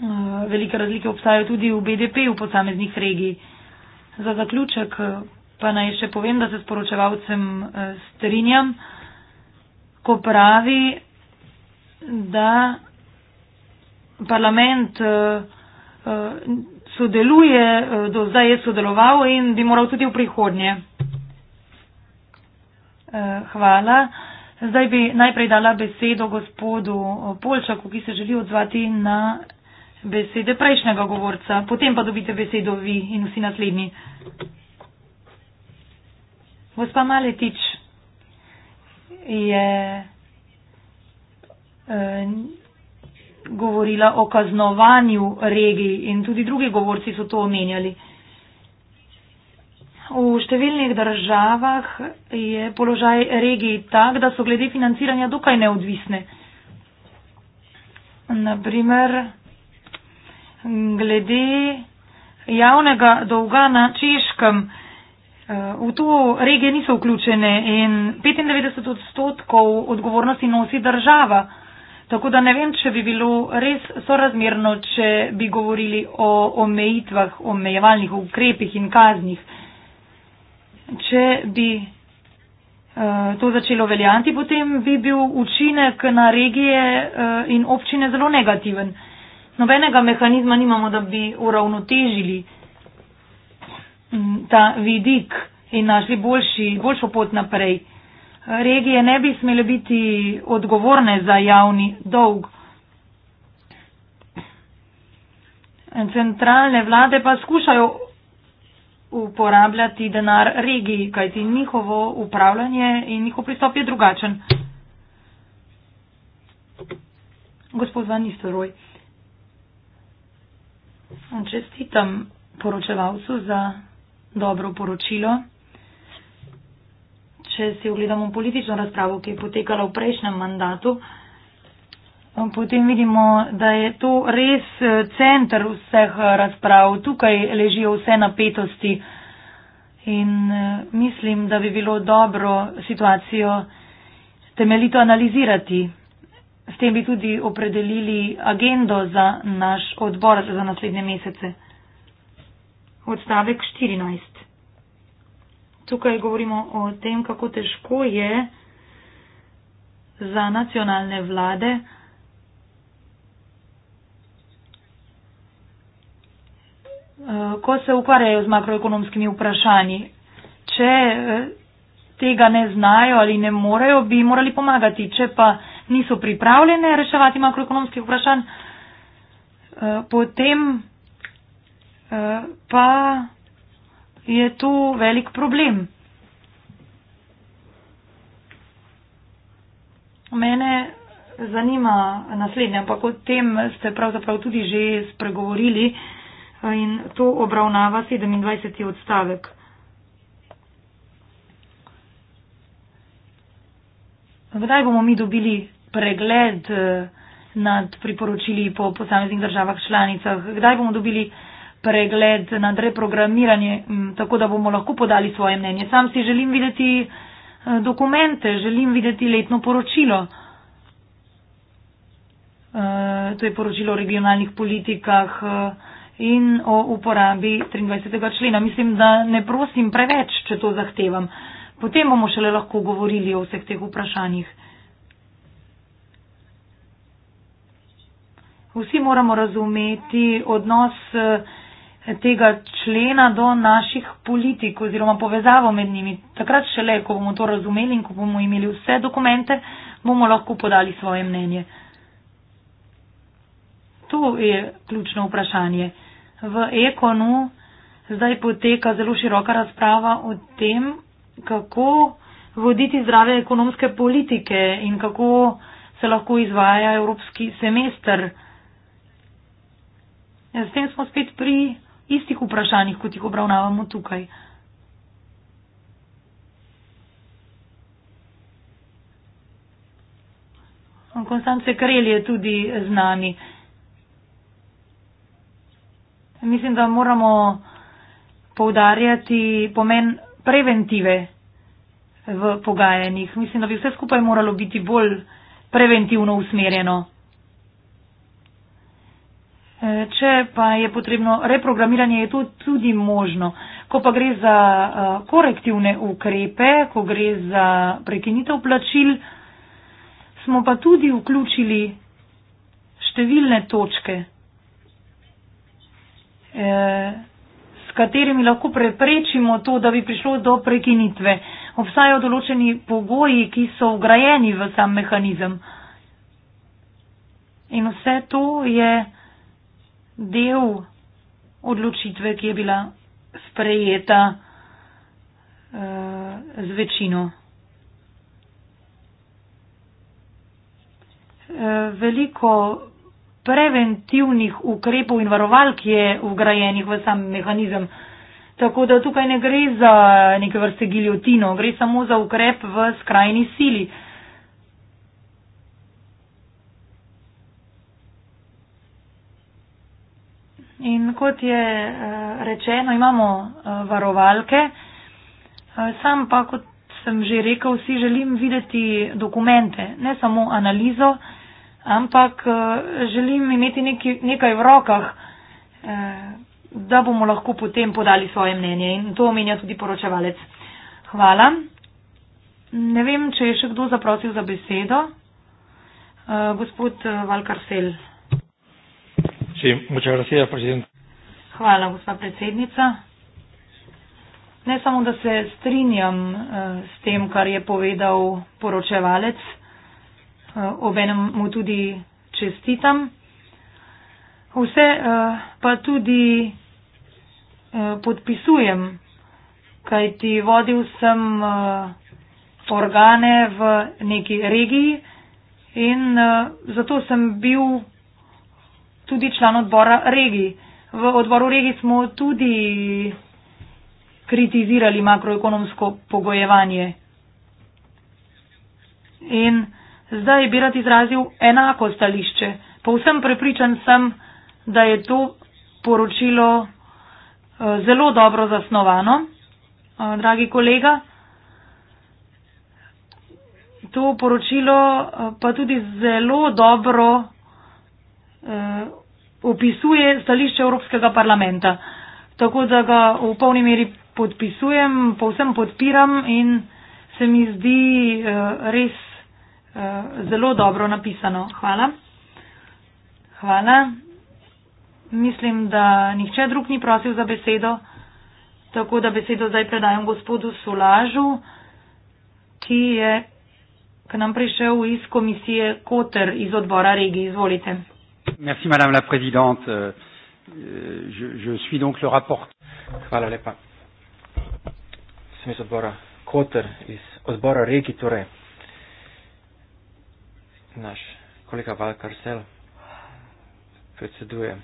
Eh, velike razlike obstajajo tudi v BDP-ju posameznih regij. Za zaključek eh, pa naj še povem, da se s poročevalcem eh, strinjam, ko pravi, da parlament sodeluje, do zdaj je sodeloval in bi moral tudi v prihodnje. Eh, hvala. Zdaj bi najprej dala besedo gospodu eh, Polčaku, ki se želi odzvati na besede prejšnjega govorca. Potem pa dobite besedo vi in vsi naslednji. Gospa Maletič je eh, govorila o kaznovanju regij in tudi drugi govorci so to omenjali. V številnih državah je položaj regij tak, da so glede financiranja dokaj neodvisne. Naprimer, glede javnega dolga na češkem, eh, v to regije niso vključene in 95 odstotkov odgovornosti nosi država. Tako da ne vem, če bi bilo res sorazmerno, če bi govorili o omejitvah, omejevalnih ukrepih in kaznih če bi eh, to začelo veljati, potem bi bil učinek na regije eh, in občine zelo negativen. Nobenega mehanizma nimamo, da bi uravnotežili mm, ta vidik in našli boljši, boljšo pot naprej. Regije ne bi smele biti odgovorne za javni dolg. Centralne vlade pa skušajo uporabljati denar regiji, kajti njihovo upravljanje in njihov pristop je drugačen. Gospod Van Nistelrooy, čestitam poročevalcu za dobro poročilo. Če si ogledamo politično razpravo, ki je potekala v prejšnjem mandatu, Um, potem vidimo, da je to res eh, centr vseh eh, razprav. Tukaj ležijo vse napetosti in eh, mislim, da bi bilo dobro situacijo temeljito analizirati. S tem bi tudi opredelili agendo za naš odbor za naslednje mesece. Odstavek 14. Tukaj govorimo o tem, kako težko je za nacionalne vlade, Eh, ko se ukvarjajo z makroekonomskimi vprašanji. Če eh, tega ne znajo ali ne morejo, bi morali pomagati. Če pa niso pripravljene reševati makroekonomskih vprašanj, eh, potem pa je tu velik problem. Mene zanima naslednje, ampak o tem ste pravzaprav tudi že spregovorili. Uh, in to obravnava 27. odstavek. Kdaj bomo mi dobili pregled eh, nad priporočili po posameznih državah članicah? Kdaj bomo dobili pregled nad reprogramiranje, tako da bomo lahko podali svoje mnenje? Sam si želim videti eh, dokumente, želim videti letno poročilo. Eh, to je poročilo o regionalnih politikah, in o uporabi 23. člena. Mislim, da ne prosim preveč, če to zahtevam. Potem bomo šele lahko govorili o vseh teh vprašanjih. Vsi moramo razumeti odnos eh, tega člena do naših politik oziroma povezavo med njimi. Takrat šele, ko bomo to razumeli in ko bomo imeli vse dokumente, bomo lahko podali svoje mnenje. To je ključno vprašanje v Ekonu zdaj poteka zelo široka razprava o tem, kako voditi zdrave ekonomske politike in kako se lahko izvaja evropski semester. S tem smo spet pri istih vprašanjih, kot jih obravnavamo tukaj. Konstance Karel je tudi znani. Mislim, da moramo poudarjati pomen preventive v pogajanjih. Mislim, da bi vse skupaj moralo biti bolj preventivno usmerjeno. E, če pa je potrebno reprogramiranje, je to tudi možno. Ko pa gre za e, korektivne ukrepe, ko gre za prekinitev plačil, smo pa tudi vključili številne točke. Eh, s katerimi lahko preprečimo to, da bi prišlo do prekinitve. Obstajajo določeni pogoji, ki so ugrajeni v sam mehanizem. In vse to je del odločitve, ki je bila sprejeta e, z večino. E, veliko preventivnih ukrepov in varoval, ki je vgrajenih v sam mehanizem. Tako da tukaj ne gre za neke vrste giljotino, gre samo za ukrep v skrajni sili. In kot je eh, rečeno, imamo eh, varovalke. Eh, sam pa, kot sem že rekel, si želim videti dokumente, ne samo analizo ampak eh, želim imeti nekaj, nekaj v rokah, eh, da bomo lahko potem podali svoje mnenje in to omenja tudi poročevalec. Hvala. Ne vem, če je še kdo zaprosil za besedo. Eh, gospod Valkarsel. Hvala, gospa predsednica. Ne samo, da se strinjam s tem, kar je povedal poročevalec. Eh, obenem mu tudi čestitam. Vse eh, pa tudi eh, podpisujem, kajti vodil sem organe v neki regiji in zato sem bil tudi član odbora regij. V odboru regij smo tudi kritizirali makroekonomsko pogojevanje. In uh, Zdaj bi rad izrazil enako stališče. Povsem prepričan sem, da je to poročilo eh, zelo dobro zasnovano. Eh, dragi kolega, to poročilo eh, pa tudi zelo dobro opisuje stališče Evropskega parlamenta. Tako da ga v polni meri podpisujem, povsem podpiram in se mi zdi res Eh, zelo dobro napisano. Hvala. Hvala. Mislim, da nihče drug ni prosil za besedo, tako da besedo zdaj predajam gospodu Sulažu, ki je k nam prišel iz komisije Koter iz odbora regije. Izvolite. Merci, madame la présidente. Euh, euh, je, je suis donc le rapport. Hvala lepa. Sem iz odbora Koter iz odbora regije. Torej naš kolega Val Karsel predseduje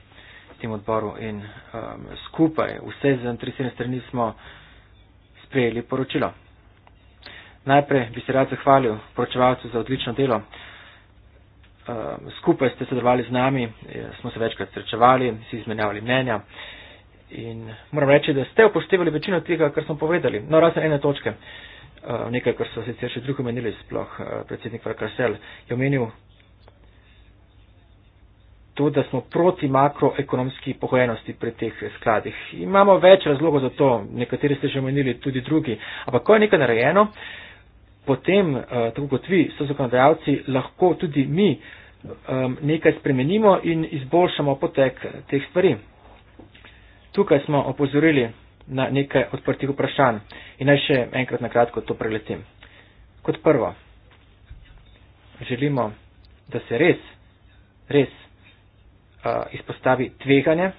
tem odboru in um, skupaj vse z 37 strani smo sprejeli poročilo. Najprej bi se rad zahvalil poročevalcu za odlično delo. Um, skupaj ste sodelovali z nami, smo se večkrat srečevali, si izmenjavali mnenja in moram reči, da ste upoštevali večino tega, kar smo povedali. No, razen ene točke. Uh, Eh, nekaj, kar so sicer še drugi omenili, sploh eh, predsednik Farkasel je omenil to, da smo proti makroekonomski pogojenosti pri teh skladih. Imamo več razlogov za to, nekateri ste že omenili, tudi drugi. Ampak ko je nekaj narejeno, potem, eh, tako kot vi, so zakonodajalci, lahko tudi mi nekaj spremenimo in izboljšamo potek teh stvari. Tukaj smo opozorili na nekaj odprtih vprašanj. In naj še enkrat na kratko to preletim. Kot prvo, želimo, da se res, res uh, izpostavi tveganje.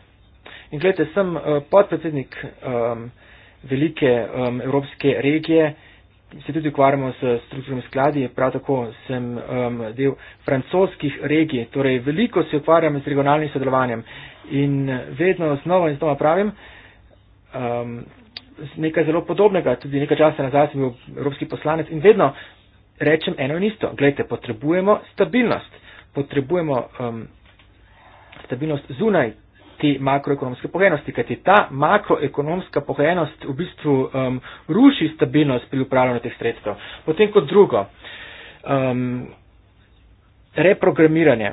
In gledajte, sem uh, podpredsednik um, velike um, evropske regije, se tudi ukvarjamo s strukturnimi skladi, prav tako sem um, del francoskih regij, torej veliko se ukvarjam z regionalnim sodelovanjem. In vedno znova in znova pravim, uh, um, nekaj zelo podobnega. Tudi nekaj časa nazaj sem bil evropski poslanec in vedno rečem eno in isto. Glejte, potrebujemo stabilnost. Potrebujemo um, stabilnost zunaj te makroekonomske pogojenosti, kajti ta makroekonomska pogojenost v bistvu um, ruši stabilnost pri upravljanju teh sredstev. Potem kot drugo, um, reprogramiranje.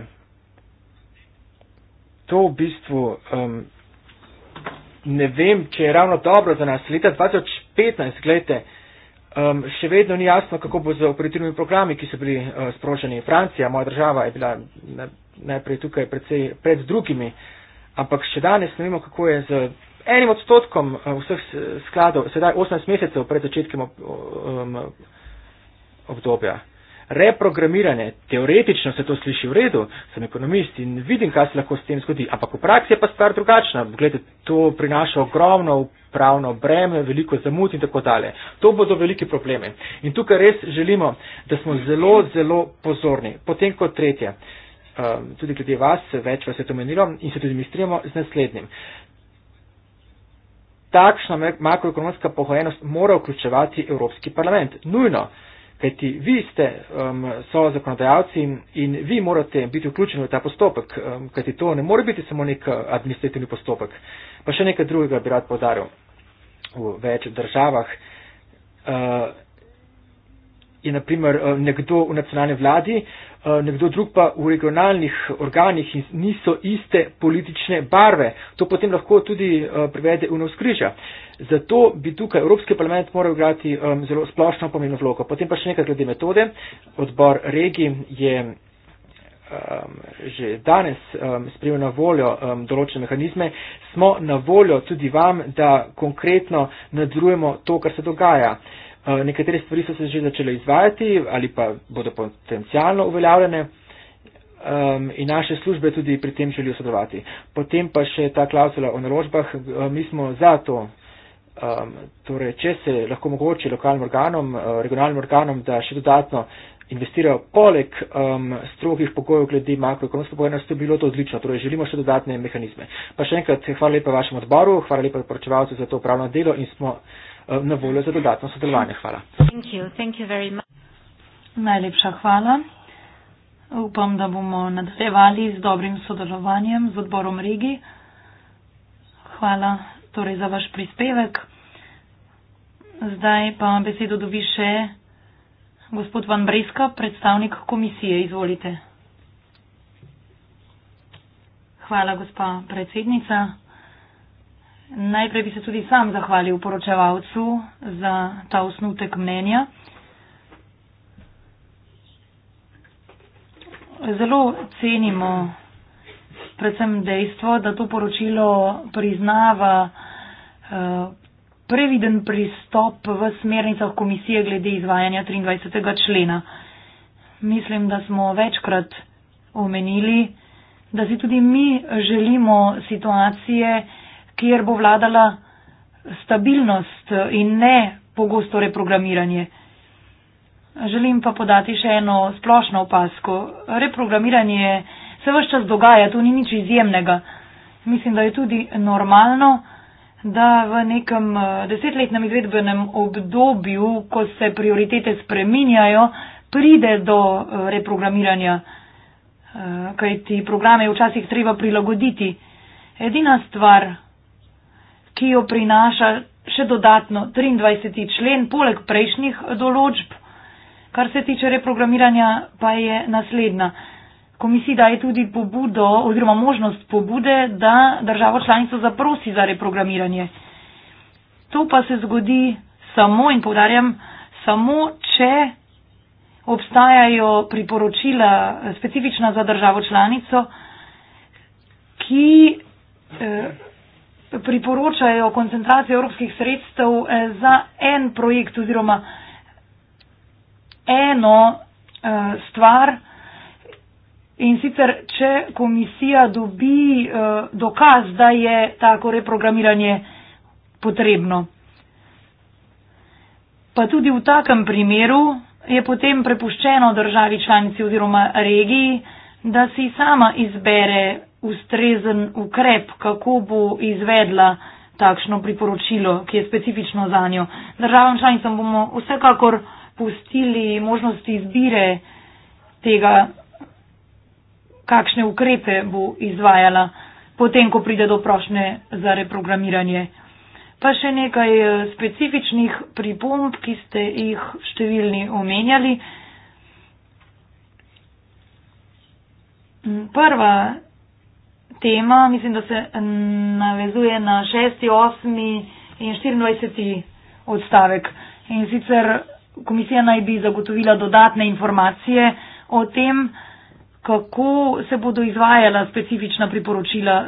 To v bistvu um, ne vem, če je ravno dobro za nas. Leta 2015, gledajte, um, še vedno ni jasno, kako bo z operativnimi programi, ki so bili uh, sproženi. Francija, moja država, je bila na, najprej tukaj predsej, pred drugimi, ampak še danes ne vemo, kako je z enim odstotkom uh, vseh skladov, sedaj 18 mesecev pred začetkom um, obdobja reprogramiranje. Teoretično se to sliši v redu, sem ekonomist in vidim, kaj se lahko s tem zgodi, ampak v praksi je pa stvar drugačna. Glede, to prinaša ogromno pravno breme, veliko zamud in tako dalje. To bodo velike probleme. In tukaj res želimo, da smo zelo, zelo pozorni. Potem kot tretje, ehm, tudi glede vas, več vas je to menilo in se tudi mi strinjamo z naslednjim. Takšna makroekonomska pohojenost mora vključevati Evropski parlament. Nujno. Kajti vi ste um, so zakonodajalci in vi morate biti vključeni v ta postopek, um, kajti to ne more biti samo nek administrativni postopek. Pa še nekaj drugega bi rad podaril. V več državah uh, je naprimer eh, nekdo v nacionalni vladi, eh, nekdo drug pa v regionalnih organih in niso iste politične barve. To potem lahko tudi eh, privede v navskrižja. Zato bi tukaj Evropski parlament moral igrati zelo splošno pomembno vlogo. Potem pa še nekaj glede metode. Odbor regij je ehm, že danes ehm, sprejel na voljo ehm, določene mehanizme, smo na voljo tudi vam, da konkretno nadzorujemo to, kar se dogaja. Eh, nekatere stvari so se že začele izvajati ali pa bodo potencijalno uveljavljene in naše službe tudi pri tem želijo sodelovati. Potem pa še ta klausula o naložbah. Eh, mi smo za to, torej, če se lahko mogoče lokalnim organom, eh, regionalnim organom, da še dodatno investirajo poleg um, strogih pogojev glede makroekonomske pogojnosti, bilo to odlično. Torej, želimo še dodatne mehanizme. Pa še enkrat hvala lepa vašemu odboru, hvala lepa poročevalcu za to upravno delo in smo. Eh, na voljo za dodatno sodelovanje. Hvala. Thank you. Thank you Najlepša hvala. Upam, da bomo nadaljevali z dobrim sodelovanjem z odborom Rigi. Hvala torej za vaš prispevek. Zdaj pa besedo dobi še gospod Van Breska, predstavnik komisije. Izvolite. Hvala, gospa predsednica. Najprej bi se tudi sam zahvalil poročevalcu za ta osnutek mnenja. Zelo cenimo predvsem dejstvo, da to poročilo priznava eh, previden pristop v smernicah komisije glede izvajanja 23. člena. Mislim, da smo večkrat omenili, da si tudi mi želimo situacije, kjer bo vladala stabilnost in ne pogosto reprogramiranje. Želim pa podati še eno splošno opasko. Reprogramiranje se vse čas dogaja, to ni nič izjemnega. Mislim, da je tudi normalno, da v nekem eh, desetletnem izvedbenem obdobju, ko se prioritete spreminjajo, pride do eh, reprogramiranja, eh, kajti programe včasih treba prilagoditi. Edina stvar, ki jo prinaša še dodatno 23. člen, poleg prejšnjih določb, kar se tiče reprogramiranja, pa je naslednja. Komisija daje tudi pobudo oziroma možnost pobude, da državo članico zaprosi za reprogramiranje. To pa se zgodi samo in podarjam, samo če obstajajo priporočila eh, specifična za državo članico, ki eh, priporočajo koncentracijo evropskih sredstev eh, za en projekt oziroma eno eh, stvar. In sicer, če komisija dobi eh, dokaz, da je tako reprogramiranje potrebno. Pa tudi v takem primeru je potem prepuščeno državi članici oziroma regiji, da si sama izbere ustrezen ukrep, kako bo izvedla takšno priporočilo, ki je specifično za njo. Državam članicam bomo vsekakor pustili možnost izbire tega, kakšne ukrepe bo izvajala, potem, ko pride do prošnje za reprogramiranje. Pa še nekaj eh, specifičnih pripomb, ki ste jih številni omenjali. Prva tema, mislim, da se navezuje na 6., 8. in 24. odstavek. In sicer komisija naj bi zagotovila dodatne informacije o tem, kako se bodo izvajala specifična priporočila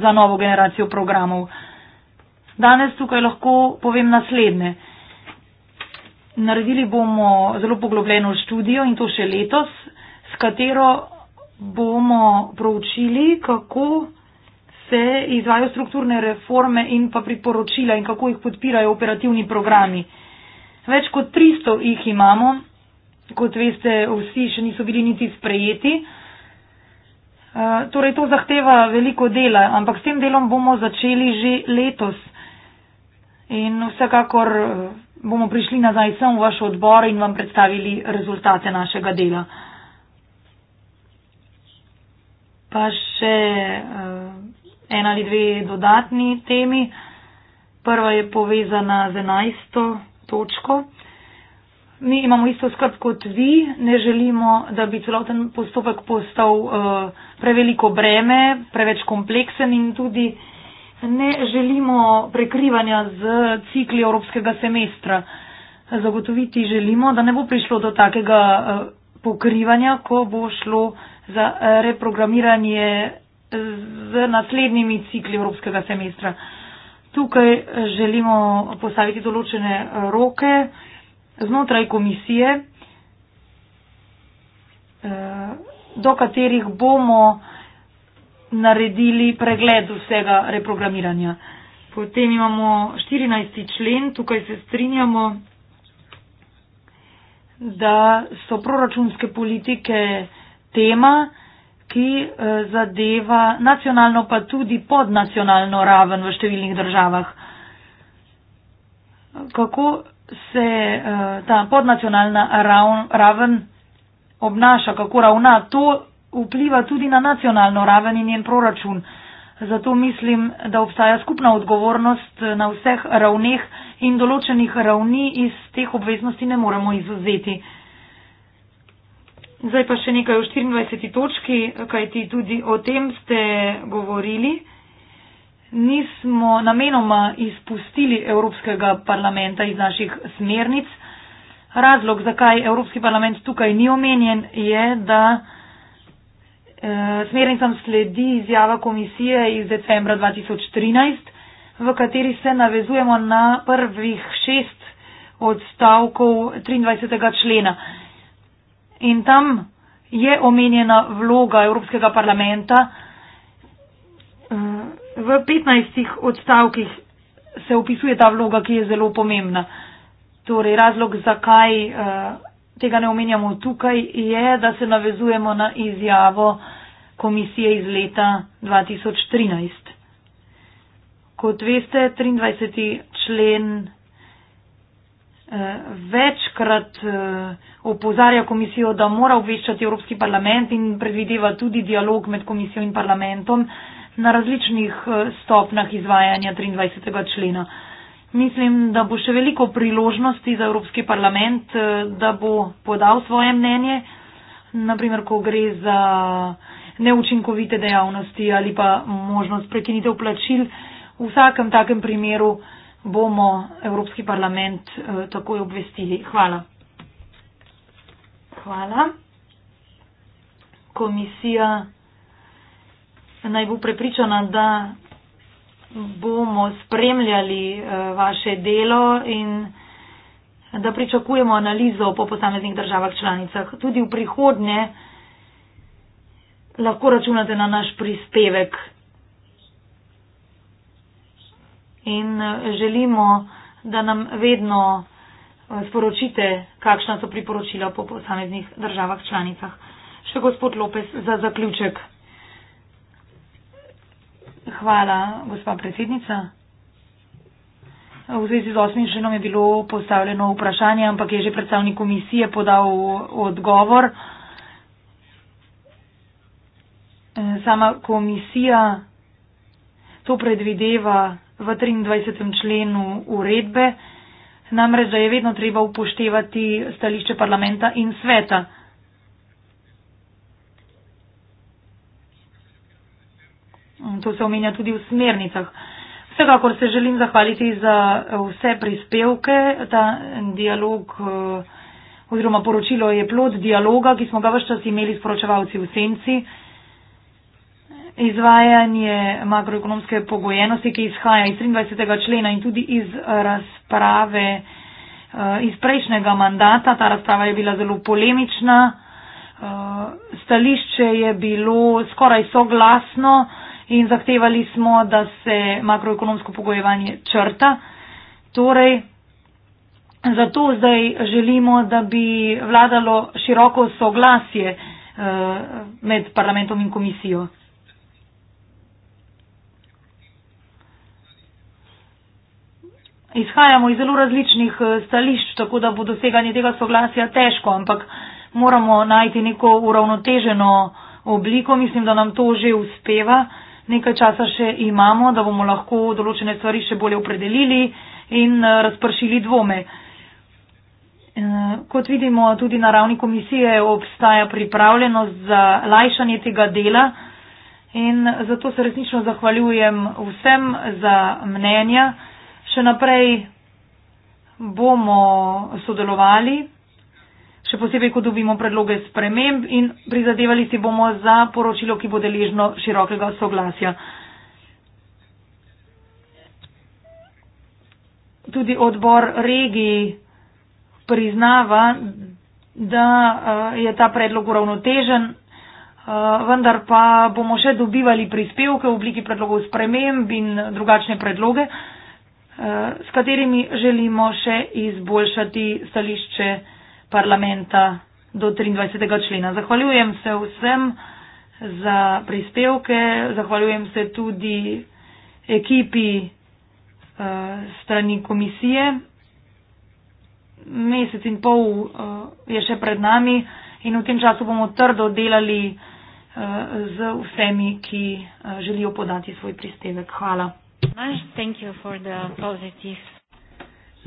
za novo generacijo programov. Danes tukaj lahko povem naslednje. Naredili bomo zelo poglobljeno študijo in to še letos, s katero bomo proučili, kako se izvajo strukturne reforme in pa priporočila in kako jih podpirajo operativni programi. Več kot 300 jih imamo, kot veste, vsi še niso bili niti sprejeti. Eh, torej, to zahteva veliko dela, ampak s tem delom bomo začeli že letos. In vsekakor eh, bomo prišli nazaj sem v vaš odbor in vam predstavili rezultate našega dela. pa še uh, ena ali dve dodatni temi. Prva je povezana z enajsto točko. Mi imamo isto skrb kot vi, ne želimo, da bi celoten postopek postal uh, preveliko breme, preveč kompleksen in tudi ne želimo prekrivanja z cikli evropskega semestra. Zagotoviti želimo, da ne bo prišlo do takega uh, pokrivanja, ko bo šlo uh, za eh, reprogramiranje z naslednjimi cikli Evropskega semestra. Tukaj eh, želimo postaviti določene eh, roke znotraj komisije, do katerih bomo naredili pregled vsega reprogramiranja. Potem imamo 14. člen, tukaj se strinjamo, da so proračunske politike tema, ki eh, zadeva nacionalno pa tudi podnacionalno raven v številnih državah. Kako se eh, ta podnacionalna raven obnaša, kako ravna, to vpliva tudi na nacionalno raven in njen proračun. Zato mislim, da obstaja skupna odgovornost eh, na vseh ravneh in določenih ravni iz teh obveznosti ne moremo izuzeti. Zdaj pa še nekaj o 24. točki, kajti tudi o tem ste govorili. Nismo namenoma izpustili Evropskega parlamenta iz naših smernic. Razlog, zakaj Evropski parlament tukaj ni omenjen, je, da e, smernicam sledi izjava komisije iz decembra 2013, v kateri se navezujemo na prvih šest odstavkov 23. člena in tam je omenjena vloga Evropskega parlamenta. V 15 odstavkih se opisuje ta vloga, ki je zelo pomembna. Torej, razlog, zakaj eh, tega ne omenjamo tukaj, je, da se navezujemo na izjavo komisije iz leta 2013. Kot veste, 23. člen eh, večkrat eh, opozarja komisijo, da mora obveščati Evropski parlament in predvideva tudi dialog med komisijo in parlamentom na različnih eh, stopnah izvajanja 23. člena. Mislim, da bo še veliko priložnosti za Evropski parlament, eh, da bo podal svoje mnenje, naprimer, ko gre za neučinkovite dejavnosti ali pa možnost prekinitev plačil. V vsakem takem primeru bomo Evropski parlament eh, takoj obvestili. Hvala hvala. Komisija naj bo prepričana, da bomo spremljali eh, vaše delo in da pričakujemo analizo po posameznih državah članicah. Tudi v prihodnje lahko računate na naš prispevek. In eh, želimo, da nam vedno Eh, sporočite, kakšna so priporočila po posameznih državah članicah. Še gospod Lopes za zaključek. Hvala, gospa predsednica. V zvezi z osmim ženom je bilo postavljeno vprašanje, ampak je že predstavnik komisije podal odgovor. Eh, sama komisija to predvideva v 23. členu uredbe namreč da je vedno treba upoštevati stališče parlamenta in sveta. Mm, to se omenja tudi v smernicah. Vsekakor se želim zahvaliti za vse prispevke. Ta dialog eh, oziroma poročilo je plod dialoga, ki smo ga vse čas imeli s poročevalci v senci izvajanje makroekonomske pogojenosti, ki izhaja iz 23. člena in tudi iz razprave eh, iz prejšnjega mandata. Ta razprava je bila zelo polemična. Eh, stališče je bilo skoraj soglasno in zahtevali smo, da se makroekonomsko pogojevanje črta. Torej, zato zdaj želimo, da bi vladalo široko soglasje eh, med parlamentom in komisijo. izhajamo iz zelo različnih eh, stališč, tako da bo doseganje tega soglasja težko, ampak moramo najti neko uravnoteženo obliko. Mislim, da nam to že uspeva. Nekaj časa še imamo, da bomo lahko določene stvari še bolje opredelili in eh, razpršili dvome. Eh, kot vidimo, tudi na ravni komisije obstaja pripravljenost za lajšanje tega dela in zato se resnično zahvaljujem vsem za mnenja še naprej bomo sodelovali, še posebej, ko dobimo predloge sprememb in prizadevali si bomo za poročilo, ki bo deležno širokega soglasja. Tudi odbor regiji priznava, da eh, je ta predlog uravnotežen, eh, vendar pa bomo še dobivali prispevke v obliki predlogov sprememb in drugačne predloge s katerimi želimo še izboljšati stališče parlamenta do 23. člena. Zahvaljujem se vsem za prispevke, zahvaljujem se tudi ekipi eh, strani komisije. Mesec in pol eh, je še pred nami in v tem času bomo trdo delali eh, z vsemi, ki želijo podati svoj prispevek. Hvala. Tomaž, thank you for the positive.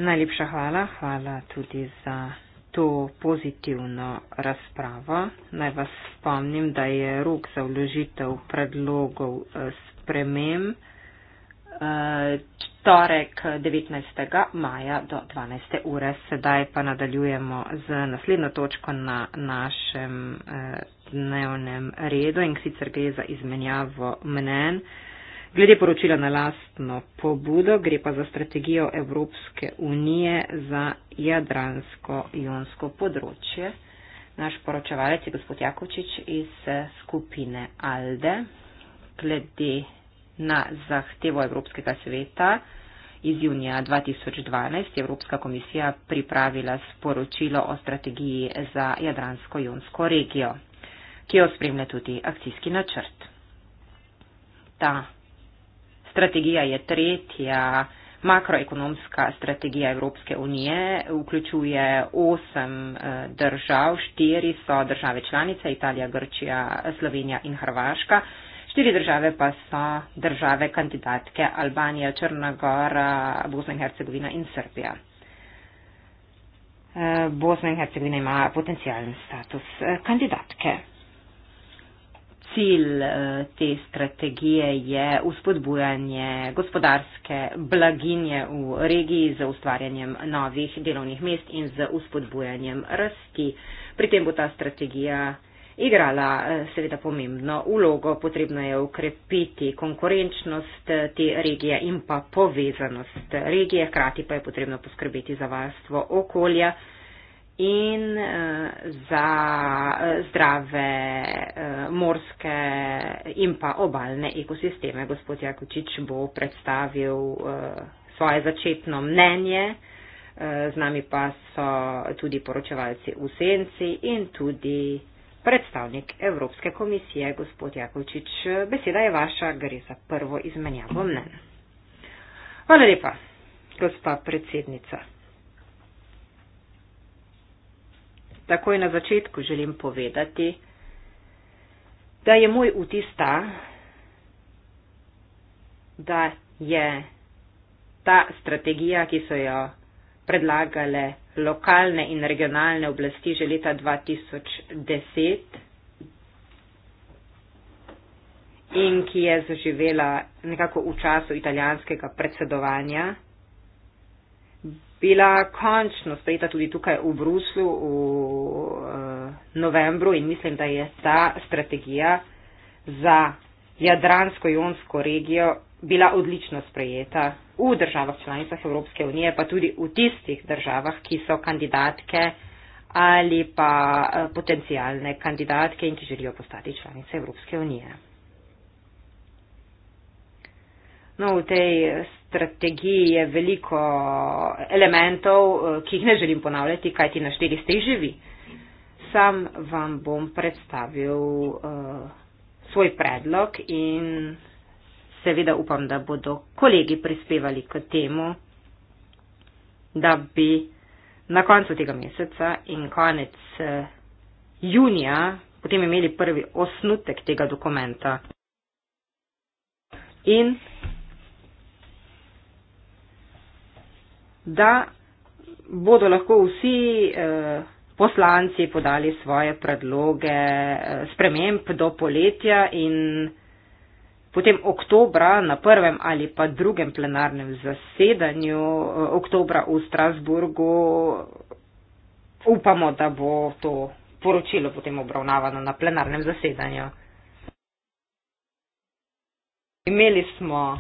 Najlepša hvala, hvala tudi za to pozitivno razpravo. Naj vas spomnim, da je rok za vložitev predlogov eh, spremem eh, torek 19. maja do 12. ure. Sedaj pa nadaljujemo z naslednjo točko na našem eh, dnevnem redu in sicer gre za izmenjavo mnen glede poročila na lastno pobudo, gre pa za strategijo Evropske unije za jadransko-jonsko področje. Naš poročevalec je gospod Jakočič iz eh, skupine ALDE. Glede na zahtevo Evropskega sveta iz junija 2012 je Evropska komisija pripravila sporočilo o strategiji za jadransko-jonsko regijo, ki jo spremlja tudi akcijski načrt. Ta Strategija je tretja makroekonomska strategija Evropske unije, vključuje osem eh, držav, štiri so države članice, Italija, Grčija, Slovenija in Hrvaška, štiri države pa so države kandidatke Albanija, Črnagora, Bosna in Hercegovina in Srbija. Eh, Bosna in Hercegovina ima potencijalen status eh, kandidatke cilj eh, te strategije je uspodbujanje gospodarske blaginje v regiji z ustvarjanjem novih delovnih mest in z uspodbujanjem rasti. Pri tem bo ta strategija igrala eh, seveda pomembno ulogo, potrebno je ukrepiti konkurenčnost eh, te regije in pa povezanost regije, hkrati pa je potrebno poskrbeti za varstvo okolja in uh, za uh, zdrave uh, morske in pa obalne ekosisteme. Gospod Jakučič bo predstavil uh, svoje začetno mnenje, uh, z nami pa so tudi poročevalci v senci in tudi predstavnik Evropske komisije. Gospod Jakučič, beseda je vaša, gre za prvo izmenjavo mnen. Hvala lepa, gospa predsednica. takoj na začetku želim povedati, da je moj vtis ta, da je ta strategija, ki so jo predlagale lokalne in regionalne oblasti že leta 2010 in ki je zaživela nekako v času italijanskega predsedovanja, bila končno sprejeta tudi tukaj v Bruslu v eh, novembru in mislim, da je ta strategija za Jadransko-Jonsko regijo bila odlično sprejeta v državah članicah Evropske unije, pa tudi v tistih državah, ki so kandidatke ali pa eh, potencijalne kandidatke in ki želijo postati članice Evropske unije. No, v tej strategiji je veliko eh, elementov, eh, ki jih ne želim ponavljati, kaj ti našteli ste jih živi. Sam vam bom predstavil uh, svoj predlog in seveda upam, da bodo kolegi prispevali k temu, da bi na koncu tega meseca in konec uh, junija potem imeli prvi osnutek tega dokumenta. In da bodo lahko vsi eh, poslanci podali svoje predloge eh, sprememb do poletja in potem oktobra na prvem ali pa drugem plenarnem zasedanju, eh, oktobra v Strasburgu, upamo, da bo to poročilo potem obravnavano na plenarnem zasedanju. Imeli smo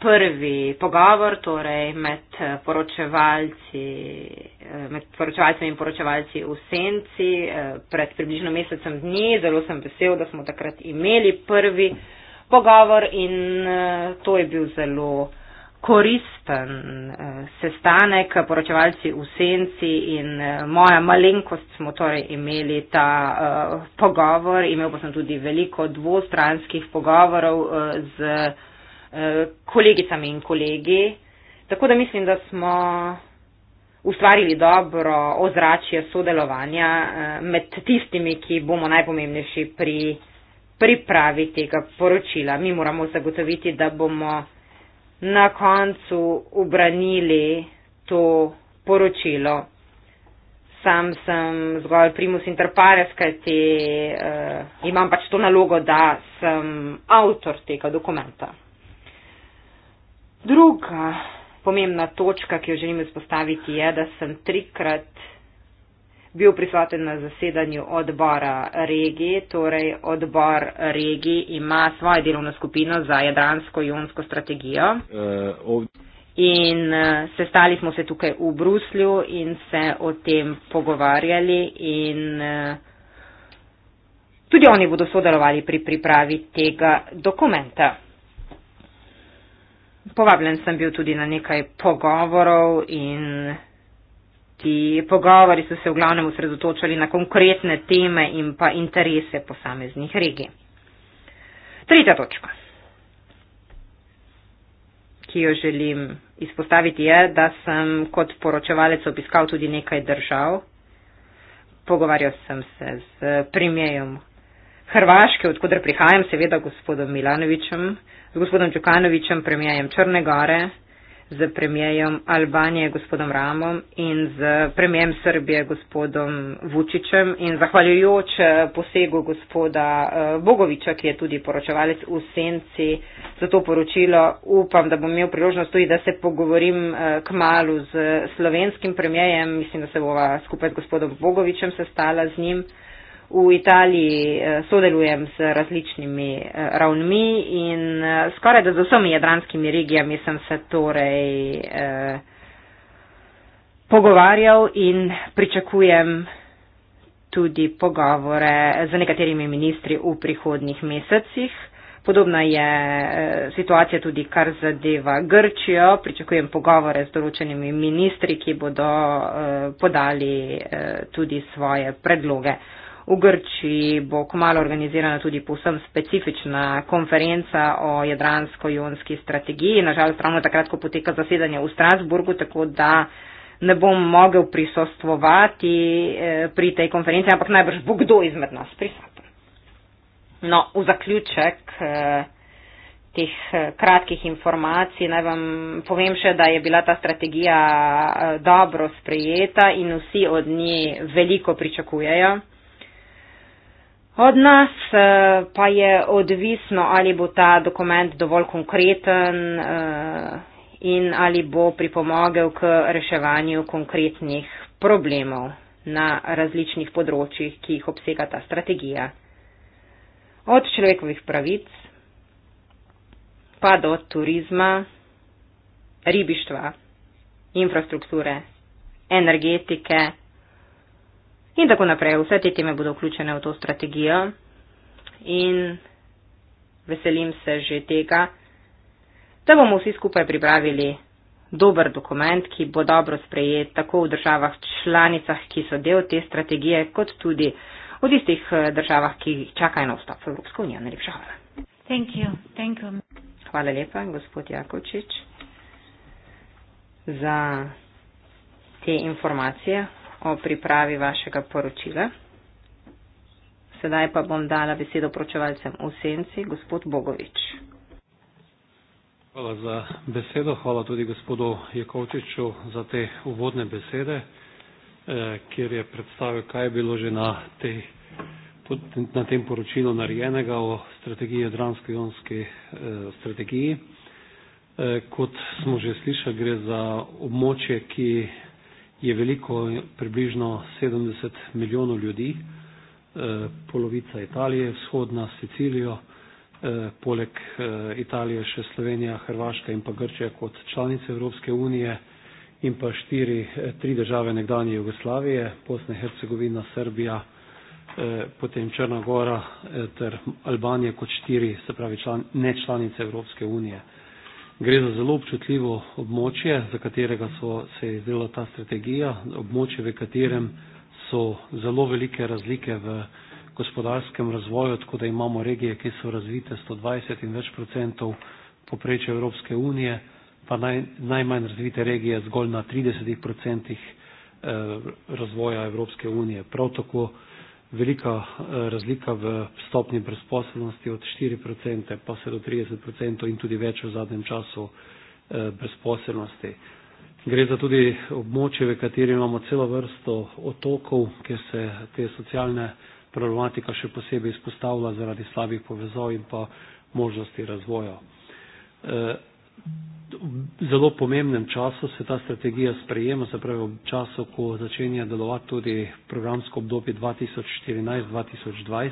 prvi pogovor torej med, poročevalci, med poročevalcem in poročevalci v Senci eh, pred približno mesecem dni. Zelo sem vesel, da smo takrat imeli prvi pogovor in eh, to je bil zelo koristen eh, sestanek. Poročevalci v Senci in moja malenkost smo torej imeli ta pogovor. Imel pa sem tudi veliko dvostranskih pogovorov z kolegicami in kolegi. Tako da mislim, da smo ustvarili dobro ozračje sodelovanja eh, med tistimi, ki bomo najpomembnejši pri pripravi tega poročila. Mi moramo zagotoviti, da bomo na koncu obranili to poročilo. Sam sem zgolj primus inter pares, kajti uh, imam pač to nalogo, da sem avtor tega dokumenta. Druga pomembna točka, ki jo želim izpostaviti, je, da sem trikrat bil prisoten na zasedanju odbora regij, torej odbor regij ima svojo delovno skupino za jadransko-jonsko strategijo. Eh, in eh, sestali smo se tukaj v Bruslju in se o tem pogovarjali in eh, tudi oni bodo sodelovali pri pripravi tega dokumenta povabljen sem bil tudi na nekaj pogovorov in ti pogovori so se v glavnem usredotočali na konkretne teme in pa interese posameznih regij. Tretja točka, ki jo želim izpostaviti, je, da sem kot poročevalec obiskal tudi nekaj držav. Pogovarjal sem se z premijejem Hrvaške, odkudar prihajam, seveda gospodom Milanovičem, z gospodom Čukanovičem, premijajem Črne Gore, z premijajem Albanije, gospodom Ramom in z premijajem Srbije, gospodom Vučičem in zahvaljujoč eh, posegu gospoda eh, Bogoviča, ki je tudi poročevalec v senci za to poročilo, upam, da bom imel priložnost tudi, da se pogovorim eh, k malu z slovenskim premijajem, mislim, da se bova skupaj z gospodom Bogovičem sestala z njim v Italiji eh, sodelujem s različnimi eh, ravnmi in eh, skoraj da z vsemi jadranskimi regijami sem se torej pogovarjal in pričakujem tudi pogovore z nekaterimi ministri v prihodnih mesecih. Podobna je situacija tudi, kar zadeva Grčijo. Pričakujem pogovore z določenimi ministri, ki bodo podali tudi svoje predloge. V Grčiji bo kmalo organizirana tudi posebno specifična konferenca o jadransko-jonski strategiji. Nažalost, ravno takrat, ko poteka zasedanje v Strasburgu, tako da ne bom mogel prisostvovati eh, pri tej konferenci, ampak najbrž bo kdo izmed nas prisoten. No, v zaključek eh, teh eh, kratkih informacij naj vam povem še, da je bila ta strategija dobro sprejeta in vsi od nje veliko pričakujejo. Od nas eh, pa je odvisno, ali bo ta dokument dovolj konkreten eh, in ali bo pripomogel k reševanju konkretnih problemov na različnih področjih, ki jih obsega ta strategija. Od človekovih pravic pa do turizma, ribištva, infrastrukture, energetike, in tako naprej. Vse te teme bodo vključene v to strategijo in veselim se že tega, da bomo vsi skupaj pripravili dober dokument, ki bo dobro sprejet tako v državah članicah, ki so del te strategije, kot tudi v tistih eh, državah, ki čakajo na vstop v Evropsko unijo. Najlepša hvala. Thank you. Thank you. Hvala lepa, gospod Jakočič, za te informacije o pripravi vašega poročila. Sedaj pa bom dala besedo pročevalcem v senci, gospod Bogovič. Hvala za besedo, hvala tudi gospodu Jekovčiču za te uvodne besede, eh, kjer je predstavil, kaj je bilo že na, te, na tem poročilu narejenega o strategiji, jadransko-jonski eh, strategiji. Eh, kot smo že slišali, gre za območje, ki je veliko, približno 70 milijonov ljudi, eh, polovica Italije, vzhodna Sicilijo, eh, poleg eh, Italije še Slovenija, Hrvaška in pa Grčija kot članice Evropske unije in pa štiri, tri države nekdanje Jugoslavije, Bosna, Hercegovina, Srbija, potem Črna Gora ter Albanija kot štiri, se pravi član, ne članice Evropske unije. Gre za zelo občutljivo območje, za katerega so, se je izdelala ta strategija, območje, v katerem so zelo velike razlike v gospodarskem razvoju, tako da imamo regije, ki so razvite 120 in več procentov poprečja Evropske unije, pa naj, najmanj razvite regije zgolj na 30 procentih eh, razvoja Evropske unije. Prav tako velika eh, razlika v stopnji brezposobnosti od 4% pa se do 30% in tudi več v zadnjem času eh, brezposobnosti. Gre za tudi območje, v kateri imamo celo vrsto otokov, kjer se te socialne problematika še posebej izpostavlja zaradi slabih povezav in pa možnosti razvoja. Eh, zelo pomembnem času se ta strategija sprejema, se pravi v času, ko začenja delovati tudi programsko obdobje 2014-2020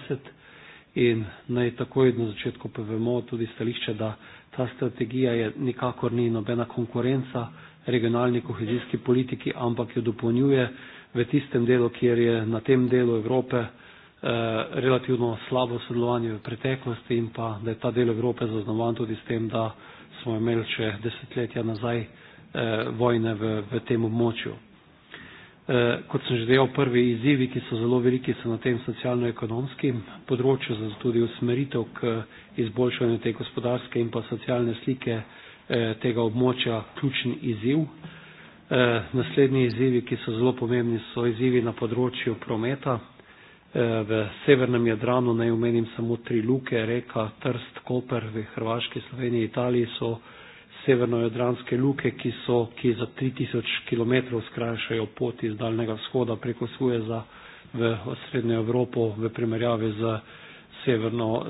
in naj takoj na začetku povemo tudi stališče, da ta strategija je nikakor ni nobena konkurenca regionalni kohezijski politiki, ampak jo dopolnjuje v tistem delu, kjer je na tem delu Evrope eh, relativno slabo sodelovanje v preteklosti in pa da je ta del Evrope zaznamovan tudi s tem, da smo imeli še desetletja nazaj eh, vojne v, v tem območju. Eh, kot sem že dejal, prvi izzivi, ki so zelo veliki, so na tem socialno-ekonomskem področju, zato tudi usmeritev k izboljšanju te gospodarske in pa socialne slike eh, tega območja ključni izziv. Eh, naslednji izzivi, ki so zelo pomembni, so izzivi na področju prometa. Eh, v severnem Jadranu, naj omenim samo tri luke, reka Trst, Koper v Hrvaški, Sloveniji, Italiji so severnojadranske luke, ki, so, ki za 3000 km skrajšajo pot iz Daljnega vzhoda preko Sueza v Srednjo Evropo v primerjavi z severno, eh,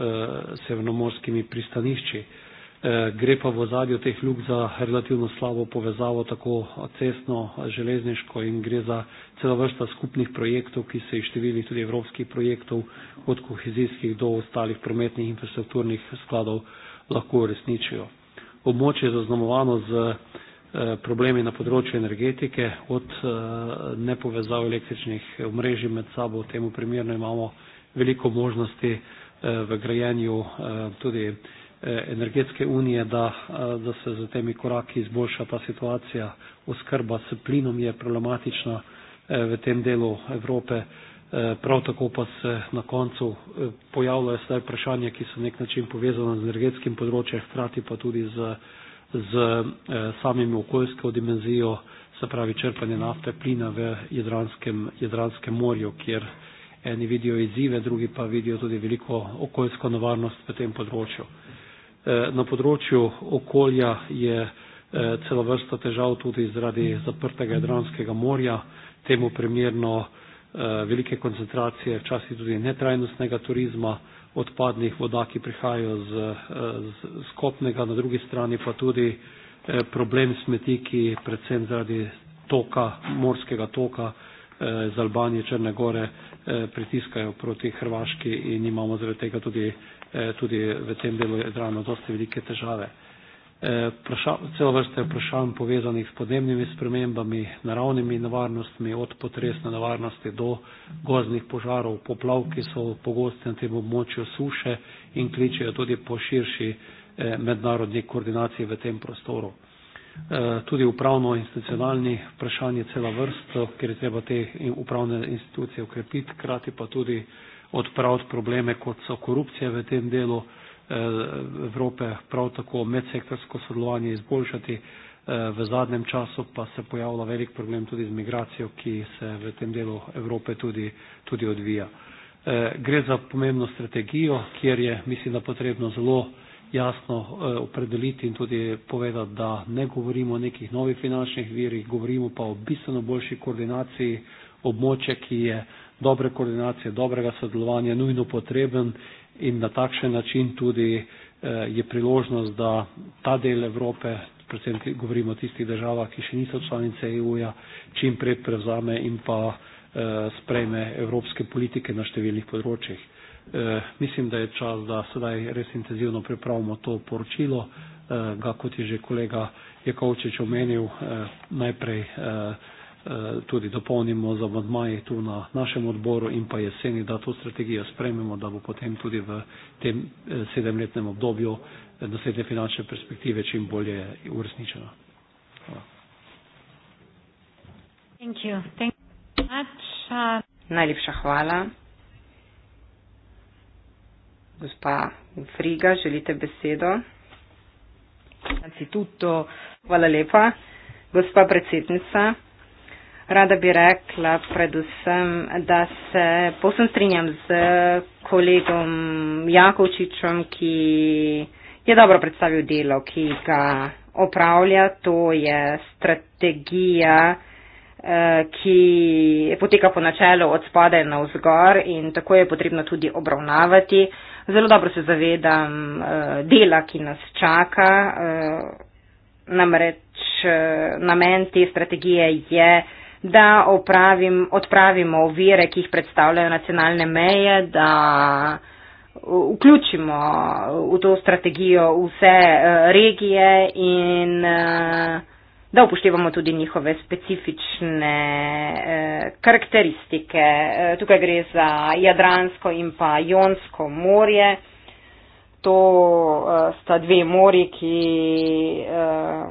severnomorskimi pristanišči. Eh, Eh, gre pa v zadju teh luk za relativno slabo povezavo, tako cestno, železniško in gre za celo vrsta skupnih projektov, ki se iztevili tudi evropskih projektov, od kohezijskih do ostalih prometnih infrastrukturnih skladov lahko uresničijo. Območje je zaznamovano z eh, problemi na področju energetike, od eh, nepovezav električnih omrežij med sabo, temu primerno imamo veliko možnosti v grajenju tudi električnih Eh, energetske unije, da, eh, da se z temi koraki izboljša ta situacija. Oskrba s plinom je problematična eh, v tem delu Evrope, prav tako pa se na koncu pojavljajo sedaj vprašanja, ki so nek način povezana z energetskim področjem, hkrati pa tudi z, z samimi okoljsko dimenzijo, se pravi črpanje nafte, plina v Jadranskem, Jadranskem morju, kjer eni vidijo izzive, drugi pa vidijo tudi veliko okoljsko nevarnost v tem področju. Eh, na področju okolja je eh, celo vrsta težav tudi zaradi zaprtega Jadranskega morja, temu primerno eh, velike koncentracije, včasih tudi netrajnostnega turizma, odpadnih voda, ki prihajajo z, z, z kopnega, na drugi strani pa tudi problem smeti, ki predvsem zaradi toka, morskega toka z Albanije, Črne gore pritiskajo proti Hrvaški in imamo zaradi tega tudi Eh, tudi v tem delu Jadrana dosti velike težave. Eh, celo vrste vprašanj povezanih s podnebnimi spremembami, naravnimi nevarnostmi, od potresne nevarnosti do gozdnih požarov, poplav, ki so pogosti na tem območju suše in kličejo tudi po širši eh, mednarodni koordinaciji v tem prostoru. Tudi upravno-institucionalni vprašanje celo vrsto, ker je treba te upravne institucije ukrepiti, krati pa tudi odpraviti probleme, kot so korupcija v tem delu eh, Evrope, prav tako medsektorsko sodelovanje izboljšati. Eh, v zadnjem času pa se pojavlja velik problem tudi z migracijo, ki se v tem delu Evrope tudi, tudi odvija. Eh, gre za pomembno strategijo, kjer je, mislim, da potrebno zelo jasno eh, opredeliti in tudi povedati, da ne govorimo o nekih novih finančnih virih, govorimo pa o bistveno boljši koordinaciji območja, ki je dobre koordinacije, dobrega sodelovanja nujno potreben in na takšen način tudi eh, je priložnost, da ta del Evrope, predvsem govorimo o tistih državah, ki še niso članice EU-ja, čim prej prevzame in pa eh, sprejme evropske politike na številnih področjih eh, mislim, da je čas, da sedaj res intenzivno pripravimo to poročilo, eh, ga kot je že kolega Jakovčič omenil, eh, najprej eh, eh tudi dopolnimo z amadmaji tu na našem odboru in pa jeseni, da to strategijo spremimo, da bo potem tudi v tem eh, sedemletnem obdobju eh, naslednje finančne perspektive čim bolje uresničeno. Thank you. Thank you. Uh, Najlepša hvala. Gospa Friga, želite besedo? Instituto, hvala lepa. Gospa predsednica, rada bi rekla predvsem, da se posem strinjam z kolegom Jakovčičem, ki je dobro predstavil delo, ki ga opravlja. To je strategija, eh, ki poteka po načelu od spodaj na vzgor in tako je potrebno tudi obravnavati. Zelo dobro se zavedam uh, dela, ki nas čaka. Uh, namreč uh, namen te strategije je, da opravim, odpravimo ovire, ki jih predstavljajo nacionalne meje, da vključimo v to strategijo vse uh, regije in uh, da upoštevamo tudi njihove specifične eh, karakteristike. Eh, tukaj gre za Jadransko in pa Jonsko morje. To eh, sta dve morji, ki eh,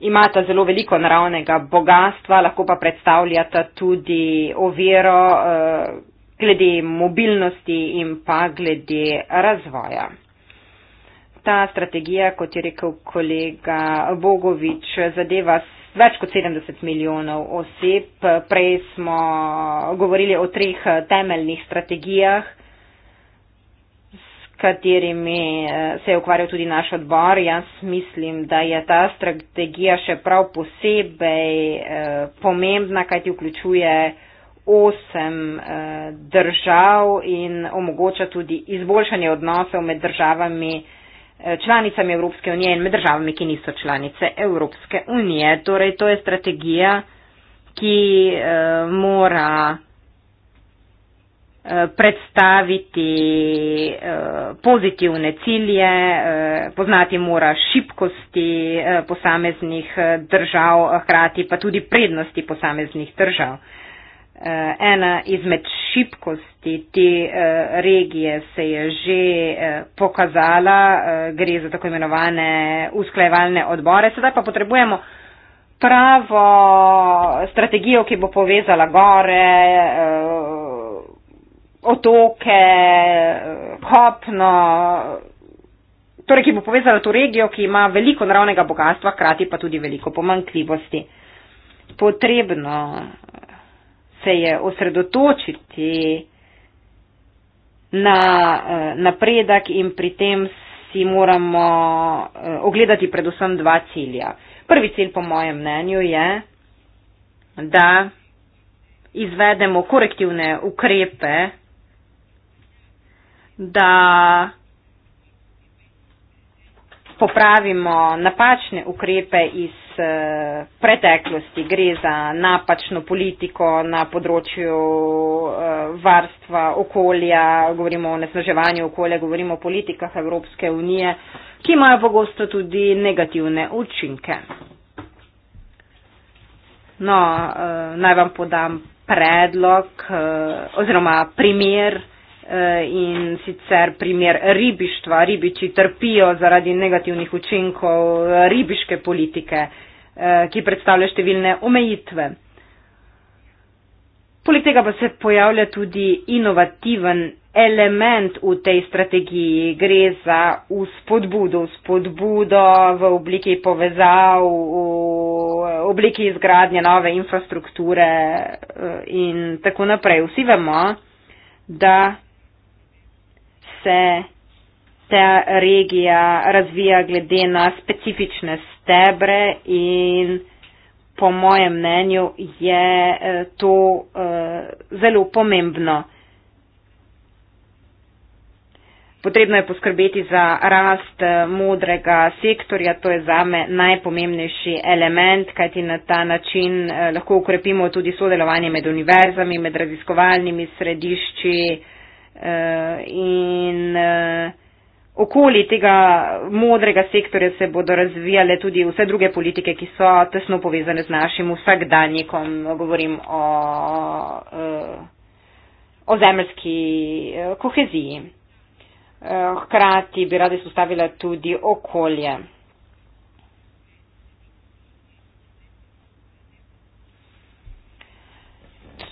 imata zelo veliko naravnega bogatstva, lahko pa predstavljata tudi oviro eh, glede mobilnosti in pa glede razvoja ta strategija, kot je rekel kolega Bogovič, zadeva več kot 70 milijonov oseb. Prej smo govorili o treh temeljnih strategijah, s katerimi eh, se je ukvarjal tudi naš odbor. Jaz mislim, da je ta strategija še prav posebej eh, pomembna, kajti vključuje osem eh, držav in omogoča tudi izboljšanje odnosov med državami. Eh, članicami Evropske unije in med državami, ki niso članice Evropske unije. Torej, to je strategija, ki uh, mora eh, predstaviti pozitivne cilje, poznati mora šibkosti posameznih držav, hkrati pa tudi prednosti posameznih držav. Ena izmed šibkosti te eh, regije se je že eh, pokazala, eh, gre za tako imenovane usklajevalne odbore. Sedaj pa potrebujemo pravo strategijo, ki bo povezala gore, otoke, kopno, torej ki bo povezala to regijo, ki ima veliko naravnega bogatstva, hkrati pa tudi veliko pomankljivosti. Potrebno se je osredotočiti na eh, napredek in pri tem si moramo eh, ogledati predvsem dva cilja. Prvi cilj, po mojem mnenju, je, da izvedemo korektivne ukrepe, da popravimo napačne ukrepe iz eh, preteklosti, gre za napačno politiko na področju eh, varstva okolja, govorimo o nesnaževanju okolja, govorimo o politikah Evropske unije, ki imajo pogosto tudi negativne učinke. No, eh, naj vam podam predlog eh, oziroma primer eh, in sicer primer ribištva. Ribiči trpijo zaradi negativnih učinkov eh, ribiške politike. Eh, ki predstavlja številne omejitve. Poleg tega pa se pojavlja tudi inovativen element v tej strategiji. Gre za vzpodbudo, vzpodbudo v obliki povezav, v obliki izgradnje nove infrastrukture eh, in tako naprej. Vsi vemo, da se ta regija razvija glede na specifičnost stebre in po mojem mnenju je eh, to eh, zelo pomembno. Potrebno je poskrbeti za rast eh, modrega sektorja, to je zame najpomembnejši element, kajti na ta način lahko ukrepimo tudi sodelovanje med univerzami, med raziskovalnimi središči in okoli tega modrega sektorja se bodo razvijale tudi vse druge politike, ki so tesno povezane z našim vsakdanjikom. Govorim o, eh, o zemljski eh, koheziji. Eh, hkrati bi rada izpostavila tudi okolje.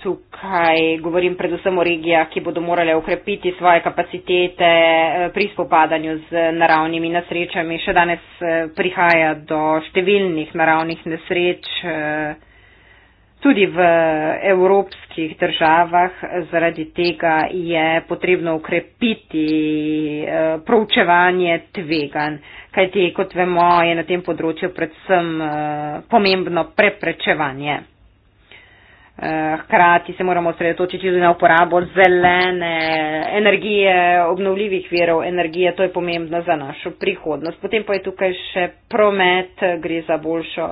tukaj govorim predvsem o regijah, ki bodo morale ukrepiti svoje kapacitete eh, pri spopadanju z naravnimi nesrečami. Še danes eh, prihaja do številnih naravnih nesreč eh, tudi v evropskih državah. Zaradi tega je potrebno ukrepiti proučevanje tvegan, kajti, kot vemo, je na tem področju predvsem pomembno preprečevanje. Eh, hkrati se moramo osredotočiti tudi na uporabo zelene energije, obnovljivih virov energije, to je pomembno za našo prihodnost. Potem pa je tukaj še promet, gre za boljšo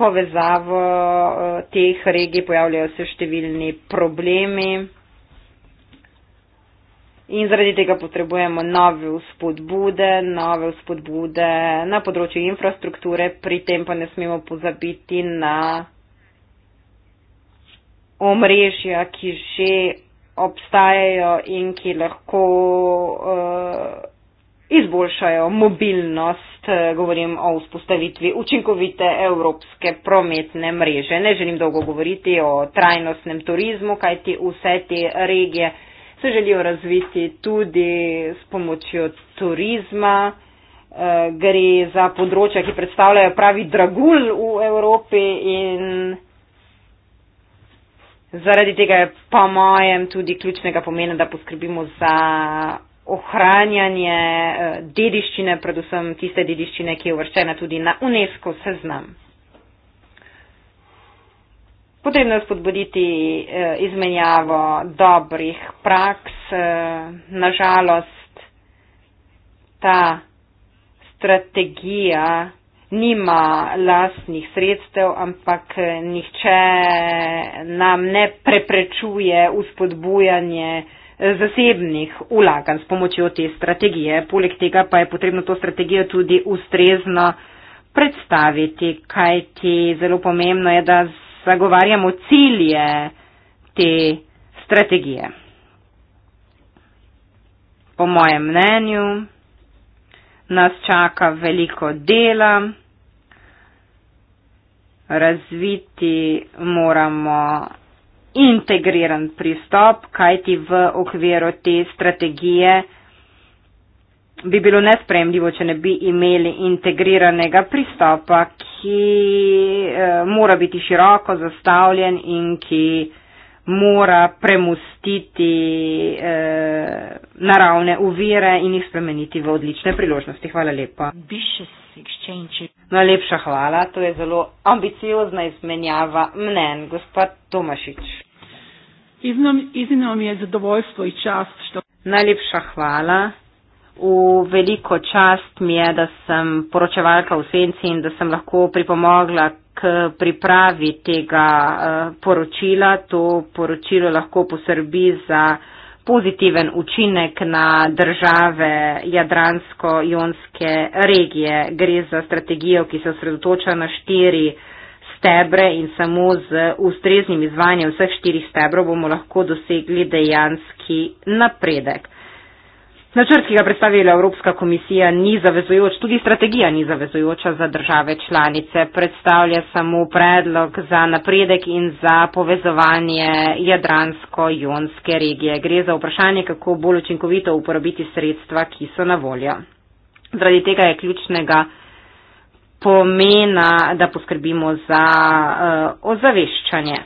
povezavo eh, teh regij, pojavljajo se številni problemi. In zaradi tega potrebujemo nove vzpodbude, nove vzpodbude na področju infrastrukture, pri tem pa ne smemo pozabiti na omrežja, ki že obstajajo in ki lahko uh, izboljšajo mobilnost, eh, govorim o vzpostavitvi učinkovite evropske prometne mreže. Ne želim dolgo govoriti o trajnostnem turizmu, kajti vse te regije se želijo razviti tudi s pomočjo turizma. Eh, gre za področja, ki predstavljajo pravi dragul v Evropi in Zaradi tega je po mojem tudi ključnega pomena, da poskrbimo za ohranjanje eh, dediščine, predvsem tiste dediščine, ki je uvrščena tudi na UNESCO seznam. Potrebno je spodbuditi eh, izmenjavo dobrih praks. Eh, Nažalost, ta strategija nima lastnih sredstev, ampak nihče nam ne preprečuje uspodbujanje zasebnih ulaganj s pomočjo te strategije. Poleg tega pa je potrebno to strategijo tudi ustrezno predstaviti, kajti zelo pomembno je, da zagovarjamo cilje te strategije. Po mojem mnenju nas čaka veliko dela razviti moramo integriran pristop, kajti v okviru te strategije bi bilo nespremljivo, če ne bi imeli integriranega pristopa, ki eh, mora biti široko zastavljen in ki mora premustiti eh, naravne uvire in jih spremeniti v odlične priložnosti. Hvala lepa. Najlepša hvala, to je zelo ambiciozna izmenjava mnen, gospod Tomašič. Iznom je zadovoljstvo in čast, što. Najlepša hvala. V veliko čast mi je, da sem poročevalka v senci in da sem lahko pripomogla k pripravi tega eh, poročila. To poročilo lahko posrbi za pozitiven učinek na države Jadransko-Jonske regije. Gre za strategijo, ki se osredotoča na štiri stebre in samo z ustreznim izvanjem vseh štirih stebrov bomo lahko dosegli dejanski napredek. Načrt, ki ga predstavila Evropska komisija, ni zavezujoč, tudi strategija ni zavezujoča za države članice, predstavlja samo predlog za napredek in za povezovanje jadransko-jonske regije. Gre za vprašanje, kako bolj učinkovito uporabiti sredstva, ki so na voljo. Zradi tega je ključnega pomena, da poskrbimo za uh, ozaveščanje.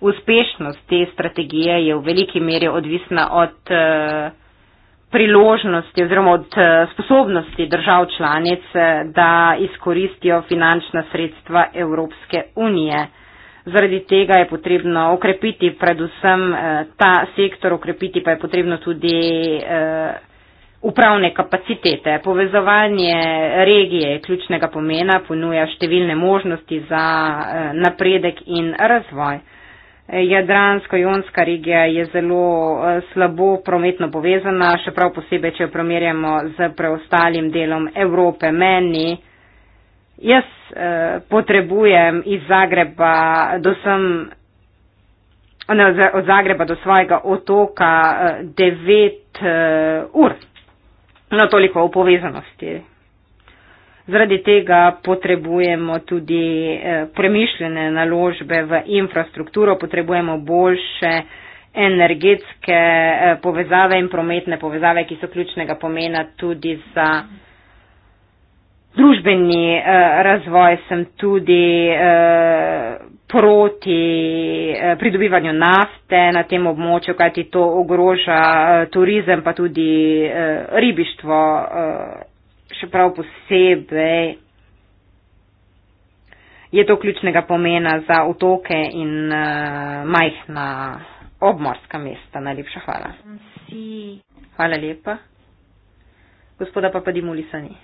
Uspešnost te strategije je v veliki meri odvisna od uh, priložnosti oziroma od eh, sposobnosti držav članic, eh, da izkoristijo finančna sredstva Evropske unije. Zaradi tega je potrebno okrepiti predvsem eh, ta sektor, okrepiti pa je potrebno tudi upravne kapacitete. Povezovanje regije je ključnega pomena, ponuja številne možnosti za napredek in razvoj. Jadransko-Jonska regija je zelo eh, slabo prometno povezana, še prav posebej, če jo primerjamo z preostalim delom Evrope. Meni, jaz eh, potrebujem iz Zagreba do sem, ne, od Zagreba do svojega otoka 9 eh, ur. No, toliko o povezanosti. Zaradi tega potrebujemo tudi eh, premišljene naložbe v infrastrukturo, potrebujemo boljše energetske eh, povezave in prometne povezave, ki so ključnega pomena tudi za družbeni eh, razvoj. Sem tudi proti pridobivanju nafte na tem območju, kajti to ogroža turizem, pa tudi ribištvo še prav posebej je to ključnega pomena za otoke in uh, majhna obmorska mesta. Najlepša hvala. Si. Hvala lepa. Gospoda pa Padimulisa ni.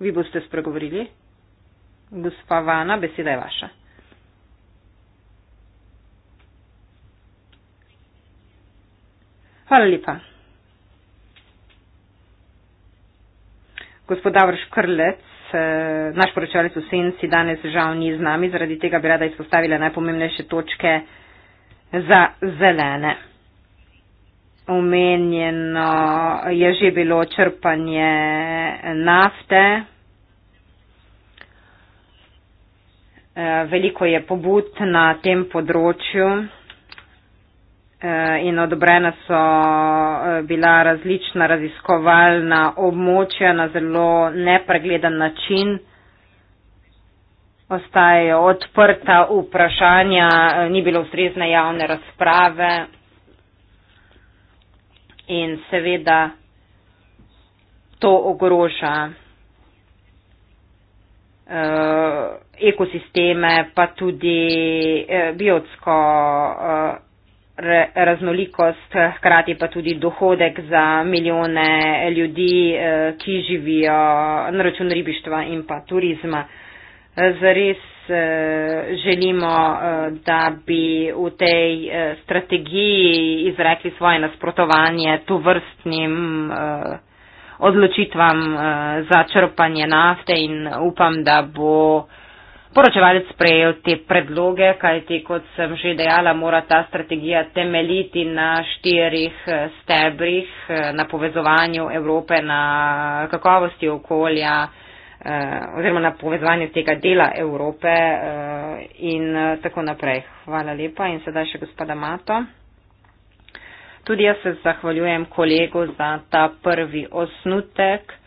Vi boste spregovorili. Gospa Vana, beseda je vaša. Hvala lepa. Gospod Davroš Krlec, eh, naš poročevalec v Senci danes žal ni z nami, zaradi tega bi rada izpostavila najpomembnejše točke za zelene. Omenjeno je že bilo črpanje nafte. Eh, veliko je pobud na tem področju. Eh, in odobrena so eh, bila različna raziskovalna območja na zelo nepregleden način. Ostajajo odprta vprašanja, eh, ni bilo ustrezne javne razprave in seveda to ogroža ekosisteme, pa tudi biotsko re, raznolikost, hkrati pa tudi dohodek za milijone ljudi, eh, ki živijo na račun ribištva in pa turizma. Eh, zares eh, želimo, da bi v tej strategiji izrekli svoje nasprotovanje tu vrstnim odločitvam za črpanje nafte in upam, da bo poročevalec sprejel te predloge, kajti, kot sem že dejala, mora ta strategija temeljiti na štirih eh, stebrih, eh, na povezovanju Evrope, na kakovosti okolja eh, oziroma na povezovanju tega dela Evrope in tako naprej. Hvala lepa in sedaj še gospoda Mato. Tudi jaz se zahvaljujem kolegu za ta prvi osnutek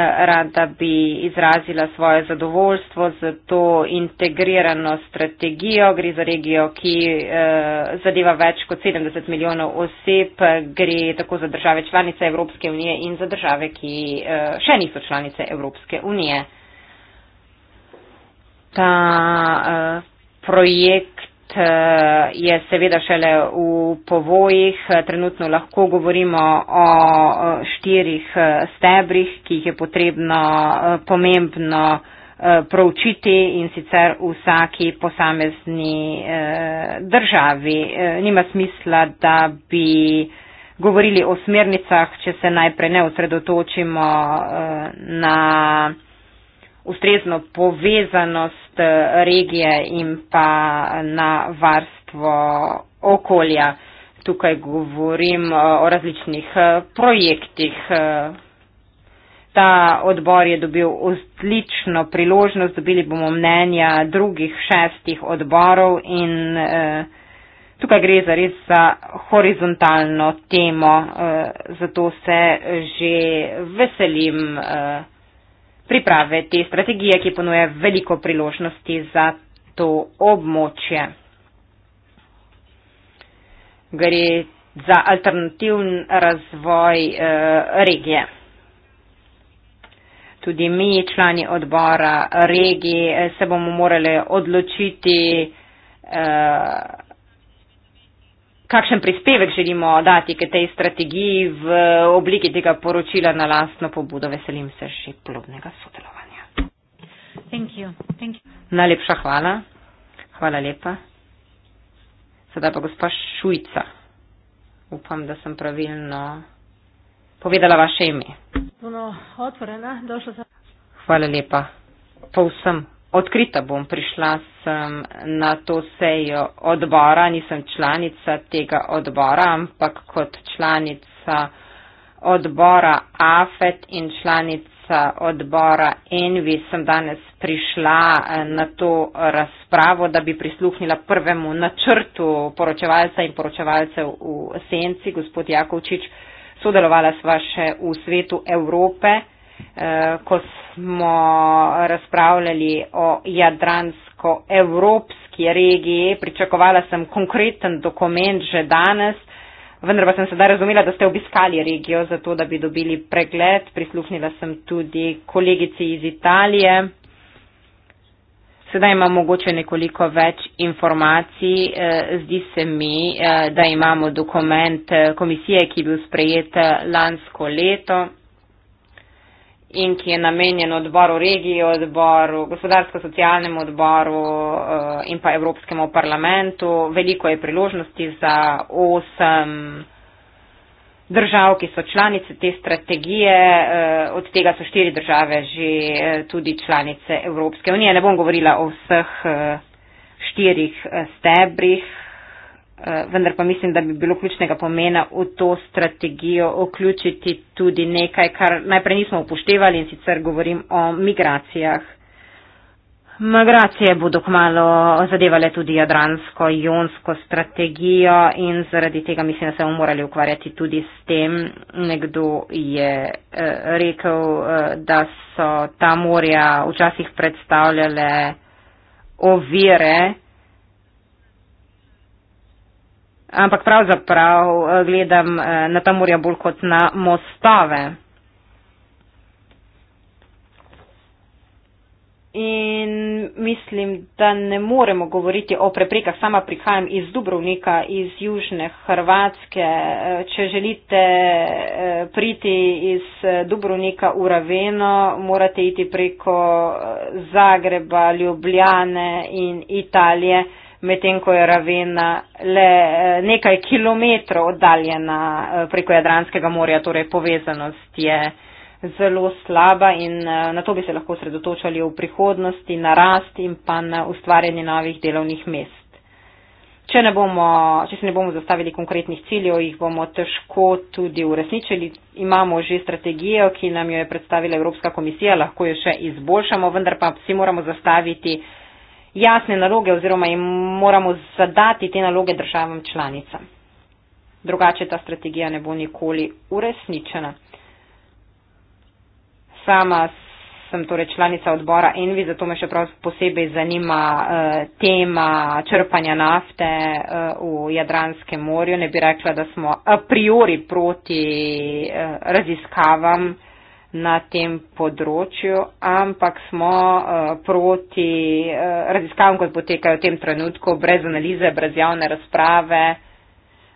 rad, da bi izrazila svoje zadovoljstvo z to integrirano strategijo. Gre za regijo, ki eh, zadeva več kot 70 milijonov oseb, gre tako za države članice Evropske unije in za države, ki eh, še niso članice Evropske unije. Ta eh, projekt Eh, je seveda šele v povojih. Trenutno lahko govorimo o štirih eh, stebrih, ki jih je potrebno eh, pomembno proučiti in sicer v vsaki posamezni državi. Nima smisla, da bi govorili o smernicah, če se najprej ne osredotočimo na ustrezno povezanost eh, regije in pa na varstvo okolja. Tukaj govorim eh, o različnih eh, projektih. Ta odbor je dobil odlično priložnost, dobili bomo mnenja drugih šestih odborov in tukaj gre za res za horizontalno temo, zato se že veselim priprave te strategije, ki ponuje veliko priložnosti za to območje. Gre za alternativen razvoj eh, regije. Tudi mi, člani odbora regije, eh, se bomo morali odločiti, eh, kakšen prispevek želimo dati k tej strategiji v obliki tega poročila na lastno pobudo. Veselim se še plodnega sodelovanja. Thank you. Thank you. Najlepša hvala. Hvala lepa. Sedaj pa gospa Šujca. Upam, da sem pravilno povedala vaše ime. Hvala lepa. Povsem odkrita bom prišla sem na to sejo odbora, nisem članica tega odbora, ampak kot članica odbora AFET in članica odbora ENVI sem danes prišla eh, na to razpravo, da bi prisluhnila prvemu načrtu poročevalca in poročevalcev v senci, gospod Jakovčič, sodelovala sva še v svetu Evrope. Eh, ko smo razpravljali o jadransko-evropski regiji. Pričakovala sem konkreten dokument že danes, vendar pa sem sedaj razumela, da ste obiskali regijo, zato da bi dobili pregled. Prisluhnila sem tudi kolegici iz Italije. Sedaj imamo mogoče nekoliko več informacij. Eh, zdi se mi, eh, da imamo dokument komisije, ki je bil sprejet lansko leto in ki je namenjen odboru regije, odboru, gospodarsko-socialnemu odboru eh, in pa Evropskemu parlamentu. Veliko je priložnosti za osem držav, ki so članice te strategije, eh, od tega so štiri države že eh, tudi članice Evropske unije. Ne bom govorila o vseh štirih stebrih Eh, vendar pa mislim, da bi bilo ključnega pomena v to strategijo vključiti tudi nekaj, kar najprej nismo upoštevali in sicer govorim o migracijah. Migracije bodo kmalo zadevale tudi jadransko-jonsko strategijo in zaradi tega mislim, da se bomo morali ukvarjati tudi s tem. Nekdo je eh, rekel, eh, da so ta morja včasih predstavljale ovire, ampak pravzaprav eh, gledam eh, na ta morja bolj kot na mostove. In mislim, da ne moremo govoriti o preprekah. Sama prihajam iz Dubrovnika, iz Južne Hrvatske. Eh, če želite priti iz Dubrovnika v Raveno, morate iti preko Zagreba, Ljubljane in Italije medtem ko je Ravena le eh, nekaj kilometrov oddaljena eh, preko Jadranskega morja, torej povezanost je zelo slaba in eh, na to bi se lahko sredotočali v prihodnosti, na rast in pa na ustvarjanje novih delovnih mest. Če, ne bomo, če se ne bomo zastavili konkretnih ciljev, jih bomo težko tudi uresničili. Imamo že strategijo, ki nam jo je predstavila Evropska komisija, lahko jo še izboljšamo, vendar pa si moramo zastaviti uh, jasne naloge oziroma jim moramo zadati te naloge državam članicam. Drugače ta strategija ne bo nikoli uresničena. Sama sem torej članica odbora Envi, zato me še prav posebej zanima eh, tema črpanja nafte eh, v Jadranskem morju. Ne bi rekla, da smo a priori proti eh, raziskavam na tem področju, ampak smo eh, proti eh, raziskavam, kot potekajo v tem trenutku, brez analize, brez javne razprave,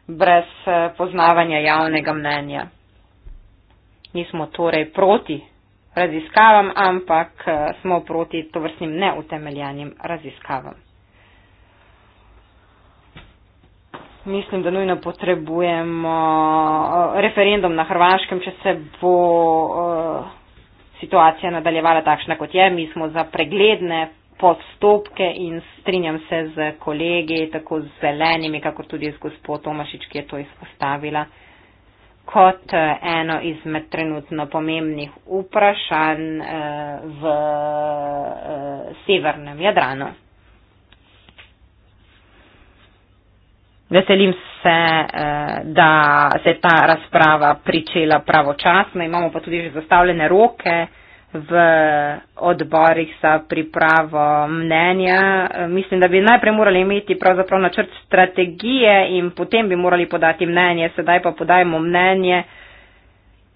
brez eh, poznavanja javnega mnenja. Mi smo torej proti raziskavam, ampak smo proti tovrstnim neutemeljanim raziskavam. mislim, da nujno potrebujemo eh, referendum na Hrvaškem, če se bo eh, situacija nadaljevala takšna, kot je. Mi smo za pregledne postopke in strinjam se z kolegi, tako z zelenimi, kako tudi z gospod Tomašič, ki je to izpostavila, kot eh, eno izmed trenutno pomembnih vprašanj v severnem Jadranu. Veselim se, eh, da se je ta razprava pričela pravočasno. Imamo pa tudi že zastavljene roke v odborih za pripravo mnenja. Eh, mislim, da bi najprej morali imeti pravzaprav načrt strategije in potem bi morali podati mnenje. Sedaj pa podajmo mnenje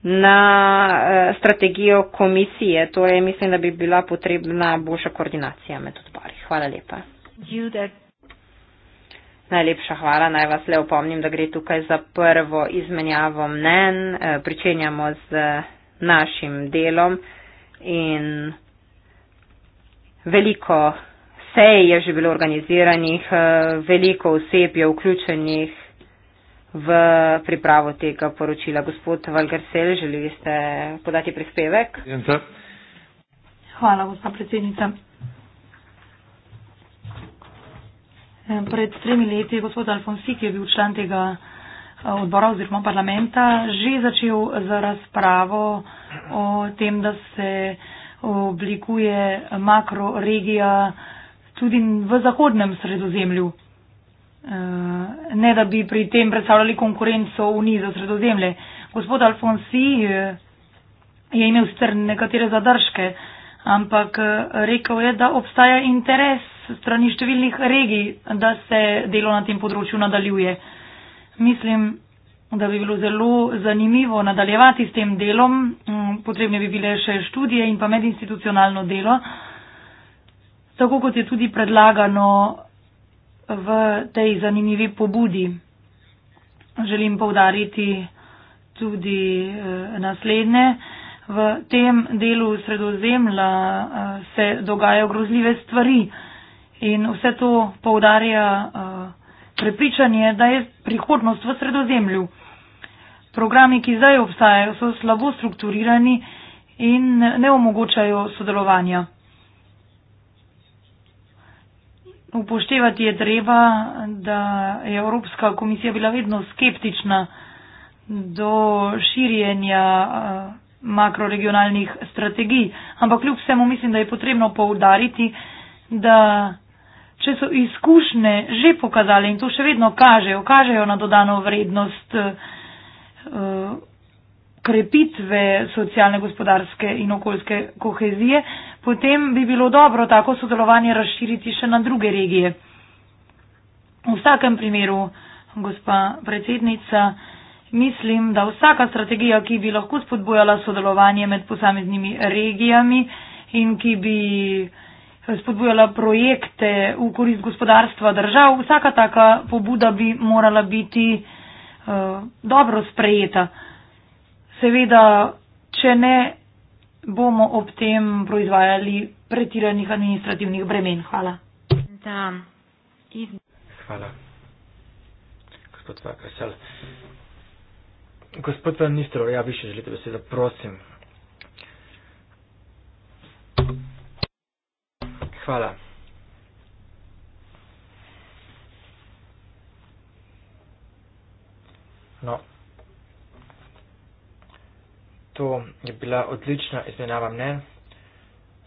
na eh, strategijo komisije. Torej, mislim, da bi bila potrebna boljša koordinacija med odbori. Hvala lepa. You that Najlepša hvala. Naj vas le opomnim, da gre tukaj za prvo izmenjavo mnen. E, pričenjamo z našim delom in veliko sej je že bilo organiziranih, e, veliko oseb je vključenih v pripravo tega poročila. Gospod Valgersel, želi ste podati prispevek? Hvala, gospa predsednica. Eh, pred tremi leti je gospod Alfonsi, ki je bil član tega eh, odbora oziroma parlamenta, že začel z razpravo o tem, da se oblikuje makroregija tudi v zahodnem sredozemlju. Eh, ne, da bi pri tem predstavljali konkurenco Uniji za sredozemlje. Gospod Alfonsi je imel sicer nekatere zadržke, ampak rekel je, da obstaja interes strani številnih regij, da se delo na tem področju nadaljuje. Mislim, da bi bilo zelo zanimivo nadaljevati s tem delom. Mm, potrebne bi bile še študije in pa medinstitucionalno delo, tako kot je tudi predlagano v tej zanimivi pobudi. Želim povdariti tudi eh, naslednje. V tem delu sredozemlja eh, se dogajajo grozljive stvari. In vse to poudarja eh, prepričanje, da je prihodnost v sredozemlju. Programi, ki zdaj obstajajo, so slabo strukturirani in ne omogočajo sodelovanja. Upoštevati je treba, da je Evropska komisija bila vedno skeptična do širjenja eh, makroregionalnih strategij, ampak kljub vsemu mislim, da je potrebno poudariti, da če so izkušnje že pokazale in to še vedno kažejo, kažejo na dodano vrednost eh, eh, krepitve socialne, gospodarske in okoljske kohezije, potem bi bilo dobro tako sodelovanje razširiti še na druge regije. V vsakem primeru, gospa predsednica, mislim, da vsaka strategija, ki bi lahko spodbojala sodelovanje med posameznimi regijami in ki bi uh, spodbujala projekte v korist gospodarstva držav, vsaka taka pobuda bi morala biti uh, dobro sprejeta. Seveda, če ne, bomo ob tem proizvajali pretiranih administrativnih bremen. Hvala. Da, iz... Hvala. Gospod Vakasel. Gospod ministr, ja bi še želite besedo, prosim. thank you hvala. No, to je bila odlična izmenjava mnen,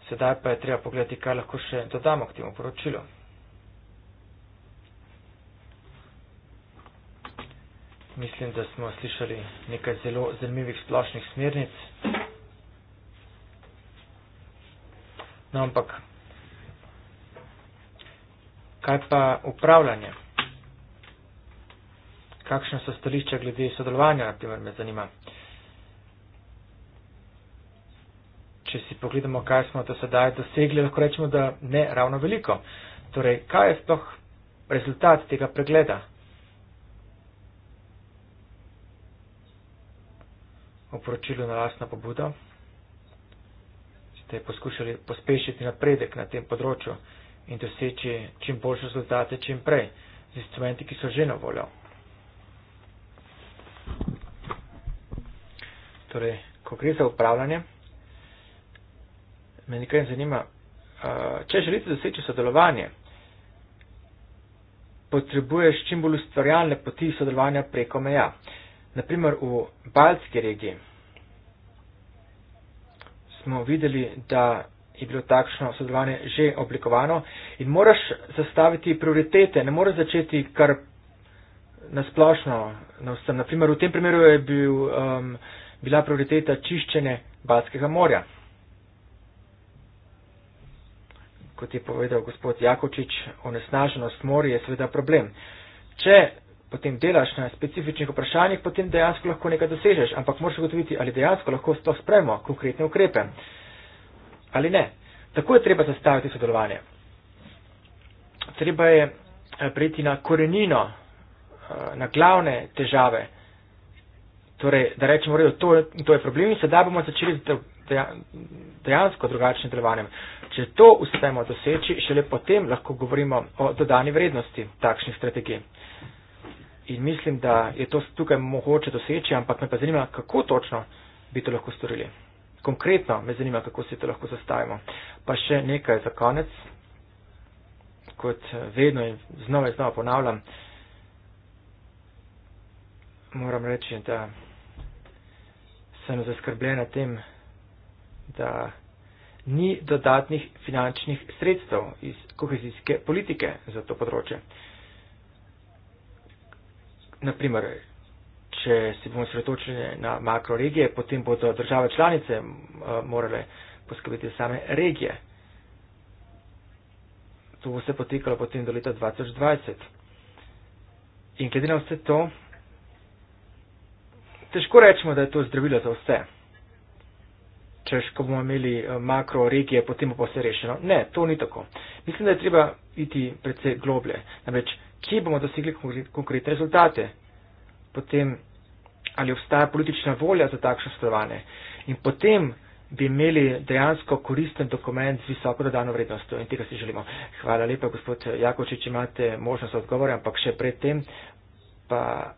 sedaj pa je treba pogledati, kaj lahko še dodamo k temu poročilu. Mislim, da smo slišali nekaj zelo zanimivih splošnih smernic. No, ampak Kaj pa upravljanje? Kakšne so stališča glede sodelovanja, naprimer, me zanima. Če si pogledamo, kaj smo do sedaj dosegli, lahko rečemo, da ne ravno veliko. Torej, kaj je sploh rezultat tega pregleda? Oporočilo na lastno pobudo. Ste poskušali pospešiti napredek na tem področju in doseči čim boljše rezultate čim prej z instrumenti, ki so že na voljo. Torej, ko gre za upravljanje, me nekaj zanima, če želite doseči sodelovanje, potrebuješ čim bolj ustvarjalne poti sodelovanja preko meja. Naprimer, v Baltski regiji smo videli, da je bilo takšno sodelovanje že oblikovano in moraš zastaviti prioritete, ne moreš začeti kar nasplošno na vsem. Naprimer, v tem primeru je bil, um, bila prioriteta čiščenje Balskega morja. Kot je povedal gospod Jakočič, onesnaženost morja je seveda problem. Če potem delaš na specifičnih vprašanjih, potem dejansko lahko nekaj dosežeš, ampak moraš ugotoviti, ali dejansko lahko s to spremo konkretne ukrepe ali ne. Tako je treba zastaviti sodelovanje. Treba je eh, priti na korenino, eh, na glavne težave. Torej, da rečemo, da to, to je problem in sedaj bomo začeli z dejansko drugačnim delovanjem. Če to uspemo doseči, šele potem lahko govorimo o dodani vrednosti takšnih strategij. In mislim, da je to tukaj mogoče doseči, ampak me pa zanima, kako točno bi to lahko storili konkretno me zanima, kako si to lahko zastavimo. Pa še nekaj za konec, kot vedno in znova in znova ponavljam, moram reči, da sem zaskrbljen na tem, da ni dodatnih finančnih sredstev iz kohezijske politike za to področje. Naprimer, če se bomo sredočili na makro regije, potem bodo države članice eh, morale poskrbeti same regije. To bo se potekalo potem do leta 2020. In glede na vse to, težko rečemo, da je to zdravilo za vse. Če ško bomo imeli eh, makro regije, potem bo vse rešeno. Ne, to ni tako. Mislim, da je treba iti predvsej globlje. Namreč, kje bomo dosegli konkretne rezultate? Potem ali obstaja politična volja za takšno sodelovanje. In potem bi imeli dejansko koristen dokument z visoko dodano vrednostjo in tega si želimo. Hvala lepa, gospod Jakočič, imate možnost odgovora, ampak še predtem pa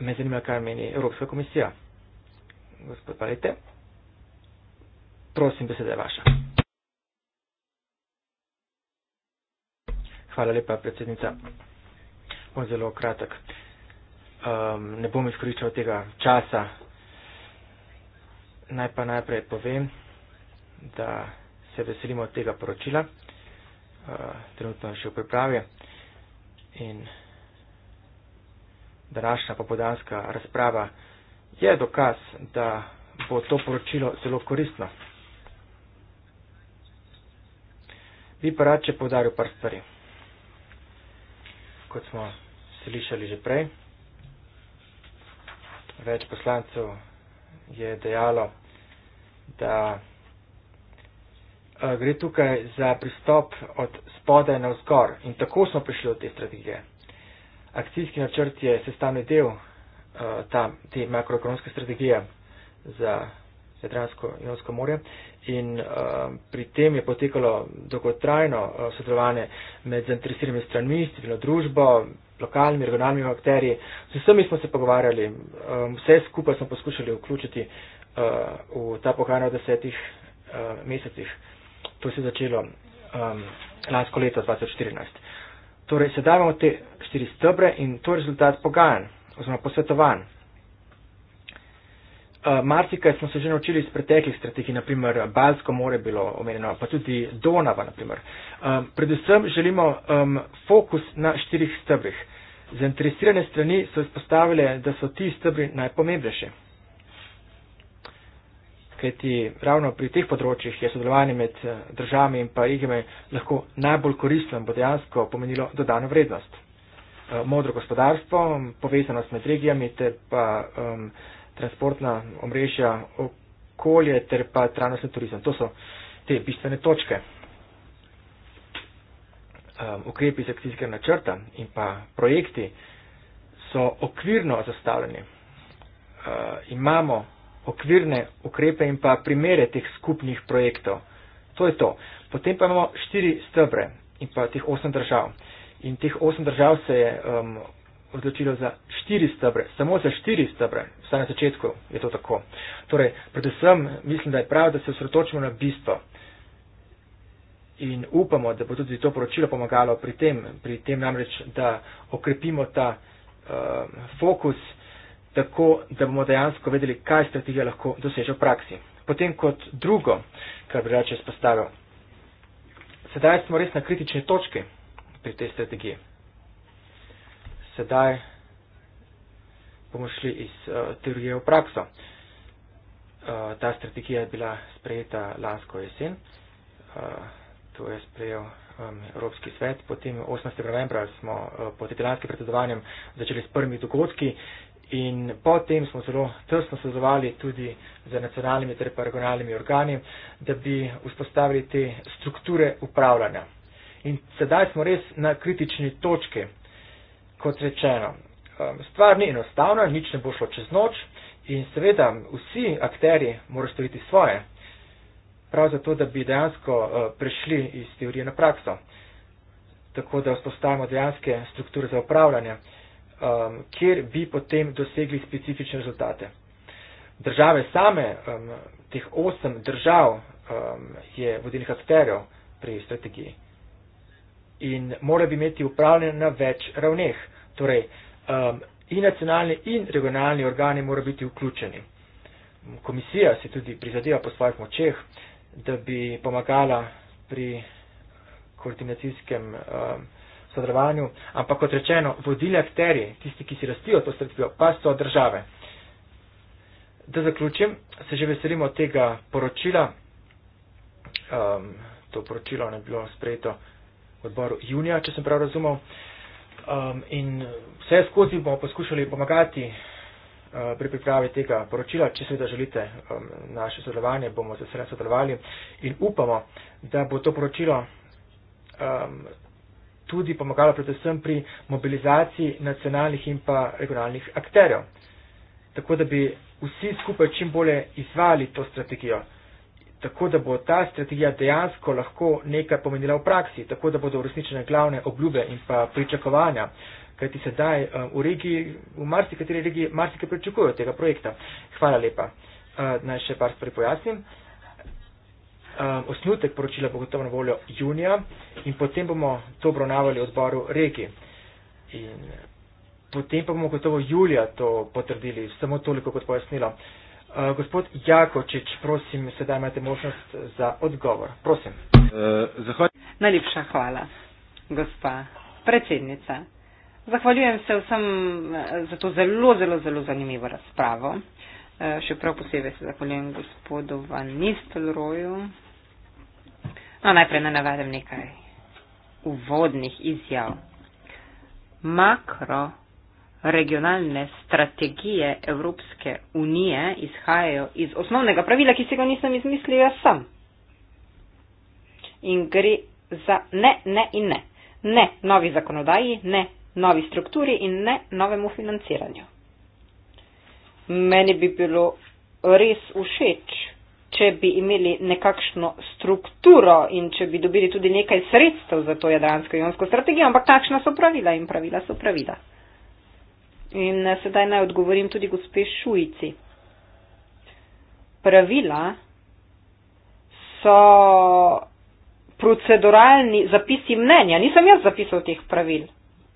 me zanima, kaj meni Evropska komisija. Gospod Palete, prosim, beseda je vaša. Hvala lepa, predsednica. Bom zelo kratek um, ne bom izkoriščal tega časa. Naj pa najprej povem, da se veselimo tega poročila, uh, trenutno je še v pripravi in današnja popodanska razprava je dokaz, da bo to poročilo zelo koristno. Bi pa rad, če podaril par stvari, kot smo slišali že prej. Več poslancev je dejalo, da eh, gre tukaj za pristop od spodaj na vzgor in tako smo prišli do te strategije. Akcijski načrt je sestavni del eh, ta, te makroekonomske strategije za Jadransko-Jonsko morje in eh, pri tem je potekalo dolgotrajno sodelovanje med zainteresiranimi stranmi, civilno družbo, lokalnimi, regionalnimi akterji. Z vsemi smo se pogovarjali, um, vse skupaj smo poskušali vključiti uh, v ta pogajanja v desetih uh, mesecih. To se je začelo um, lansko leto 2014. Torej, sedaj imamo te štiri stebre in to je rezultat pogajanj oziroma posvetovanj. Eh, marsikaj smo se že naučili iz preteklih strategij, naprimer Balsko more bilo omenjeno, pa tudi Donava. Um, predvsem želimo um, fokus na štirih stebrih. Zainteresirane strani so izpostavile, da so ti stebri najpomembnejši. Kajti ravno pri teh področjih je sodelovanje med eh, državami in pa igeme lahko najbolj koristno in bo dejansko pomenilo dodano vrednost. Modro gospodarstvo, povezanost med regijami ter pa um, transportna omrežja, okolje ter pa trajnostni turizem. To so te bistvene točke. Um, ukrepi iz akcijskega načrta in pa projekti so okvirno zastavljeni. Uh, imamo okvirne ukrepe in pa primere teh skupnih projektov. To je to. Potem pa imamo štiri stebre in pa teh osem držav. In teh osem držav se je um, odločilo za štiri stebre, samo za štiri stebre, vsaj na začetku je to tako. Torej, predvsem mislim, da je prav, da se osredotočimo na bistvo in upamo, da bo tudi to poročilo pomagalo pri tem, pri tem namreč, da okrepimo ta uh, fokus tako, da bomo dejansko vedeli, kaj strategija lahko doseže v praksi. Potem kot drugo, kar bi rače spostavil, sedaj smo res na kritični točki pri tej strategiji sedaj bomo šli iz uh, teorije v prakso. Uh, ta strategija je bila sprejeta lansko jesen. Uh, To je sprejel um, Evropski svet. Potem 18. novembra smo uh, pod italijanskim predsedovanjem začeli s prvimi dogodki in potem smo zelo tesno sodelovali tudi z nacionalnimi ter pa regionalnimi organi, da bi vzpostavili te strukture upravljanja. In sedaj smo res na kritični točki kot rečeno, um, stvar ni enostavna, nič ne bo šlo čez noč in seveda vsi akteri morajo storiti svoje, prav zato, da bi dejansko uh, prešli iz teorije na prakso, tako da vzpostavimo dejanske strukture za upravljanje, um, kjer bi potem dosegli specifične rezultate. Države same, um, teh osem držav je vodilnih akterjev pri strategiji in mora bi imeti upravljanje na več ravneh. Torej, um, in nacionalni in regionalni organi mora biti vključeni. Komisija se tudi prizadeva po svojih močeh, da bi pomagala pri koordinacijskem um, sodelovanju, ampak kot rečeno, vodili akteri, tisti, ki si rastijo to strategijo, pa so države. Da zaključim, se že veselimo tega poročila. Um, to poročilo ne bilo sprejeto odboru junija, če sem prav razumel. Um, in vse skozi bomo poskušali pomagati uh, pri pripravi tega poročila. Če seveda želite um, naše sodelovanje, bomo z veseljem sodelovali in upamo, da bo to poročilo um, tudi pomagalo predvsem pri mobilizaciji nacionalnih in pa regionalnih akterjev. Tako da bi vsi skupaj čim bolje izvali to strategijo tako da bo ta strategija dejansko lahko nekaj pomenila v praksi, tako da bodo uresničene glavne obljube in pa pričakovanja, kajti sedaj eh, v regiji, v marsikateri regiji, marsikaj pričakujejo tega projekta. Hvala lepa. Eh, naj še par stvari pojasnim. Eh, osnutek poročila bo gotovo na voljo junija in potem bomo to obravnavali v odboru regiji. In potem pa bomo gotovo julija to potrdili, samo toliko kot pojasnilo. Eh, gospod Jakočič, prosim, sedaj imate možnost za odgovor. Prosim. Eh, Najlepša hvala, gospa predsednica. Zahvaljujem se vsem eh, za to zelo, zelo, zelo zanimivo razpravo. Še prav posebej se zahvaljujem gospodu Van Nistelroju. No, najprej ne navedem nekaj uvodnih izjav. Makro regionalne strategije Evropske unije izhajajo iz osnovnega pravila, ki si ga nisem izmislil jaz sam. In gre za ne, ne in ne. Ne novi zakonodaji, ne novi strukturi in ne novemu financiranju. Meni bi bilo res všeč, če bi imeli nekakšno strukturo in če bi dobili tudi nekaj sredstev za to jadransko-jonsko strategijo, ampak takšna so pravila in pravila so pravila. In eh, sedaj naj odgovorim tudi gospe Šujci. Pravila so proceduralni zapisi mnenja. Nisem jaz zapisal teh pravil.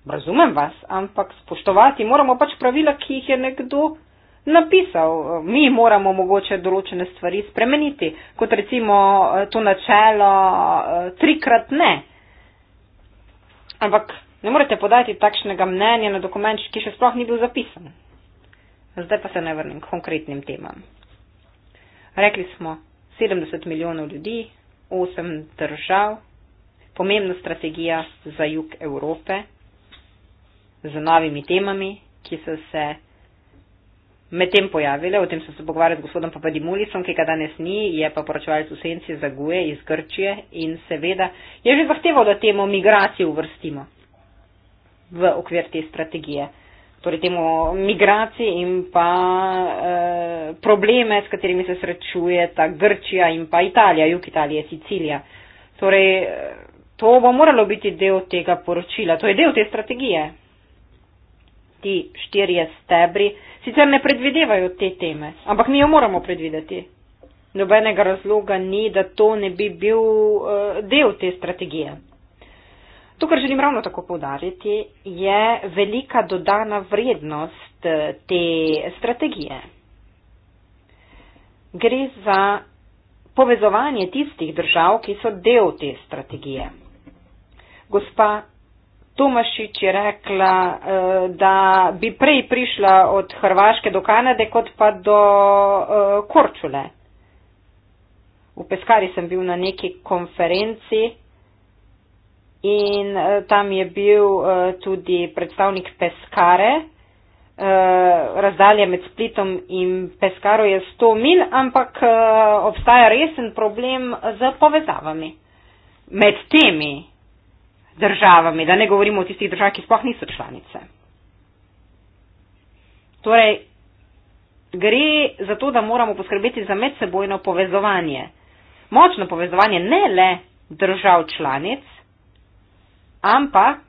Razumem vas, ampak spoštovati moramo pač pravila, ki jih je nekdo napisal. Mi moramo mogoče določene stvari spremeniti, kot recimo eh, to načelo eh, trikrat ne. Ampak Ne morete podati takšnega mnenja na dokument, ki še sploh ni bil zapisan. Zdaj pa se ne vrnem k konkretnim temam. Rekli smo 70 milijonov ljudi, 8 držav, pomembna strategija za jug Evrope z novimi temami, ki so se medtem pojavile. O tem sem se pogovarjal z gospodom Papadimulisom, ki ga danes ni, je pa poročevalec v senci za guje iz Grčije in seveda je že zahteval, da temo migracije uvrstimo v okvir te strategije. Torej temu migracije in pa eh, probleme, s katerimi se srečuje ta Grčija in pa Italija, jug Italije, Sicilija. Torej, to bo moralo biti del tega poročila, to je del te strategije. Ti štirje stebri sicer ne predvidevajo te teme, ampak mi jo moramo predvideti. Nobenega razloga ni, da to ne bi bil eh, del te strategije. To, kar želim ravno tako povdariti, je velika dodana vrednost eh, te strategije. Gre za povezovanje tistih držav, ki so del te strategije. Gospa Tomašič je rekla, eh, da bi prej prišla od Hrvaške do Kanade, kot pa do eh, Korčule. V Peskari sem bil na neki konferenci in eh, tam je bil eh, tudi predstavnik Peskare. Eh, Razdalje med Splitom in Peskaro je 100 mil, ampak obstaja resen problem z povezavami med temi državami, da ne govorimo o tistih državah, ki sploh niso članice. Torej, gre za to, da moramo poskrbeti za medsebojno povezovanje. Močno povezovanje ne le držav članic, ampak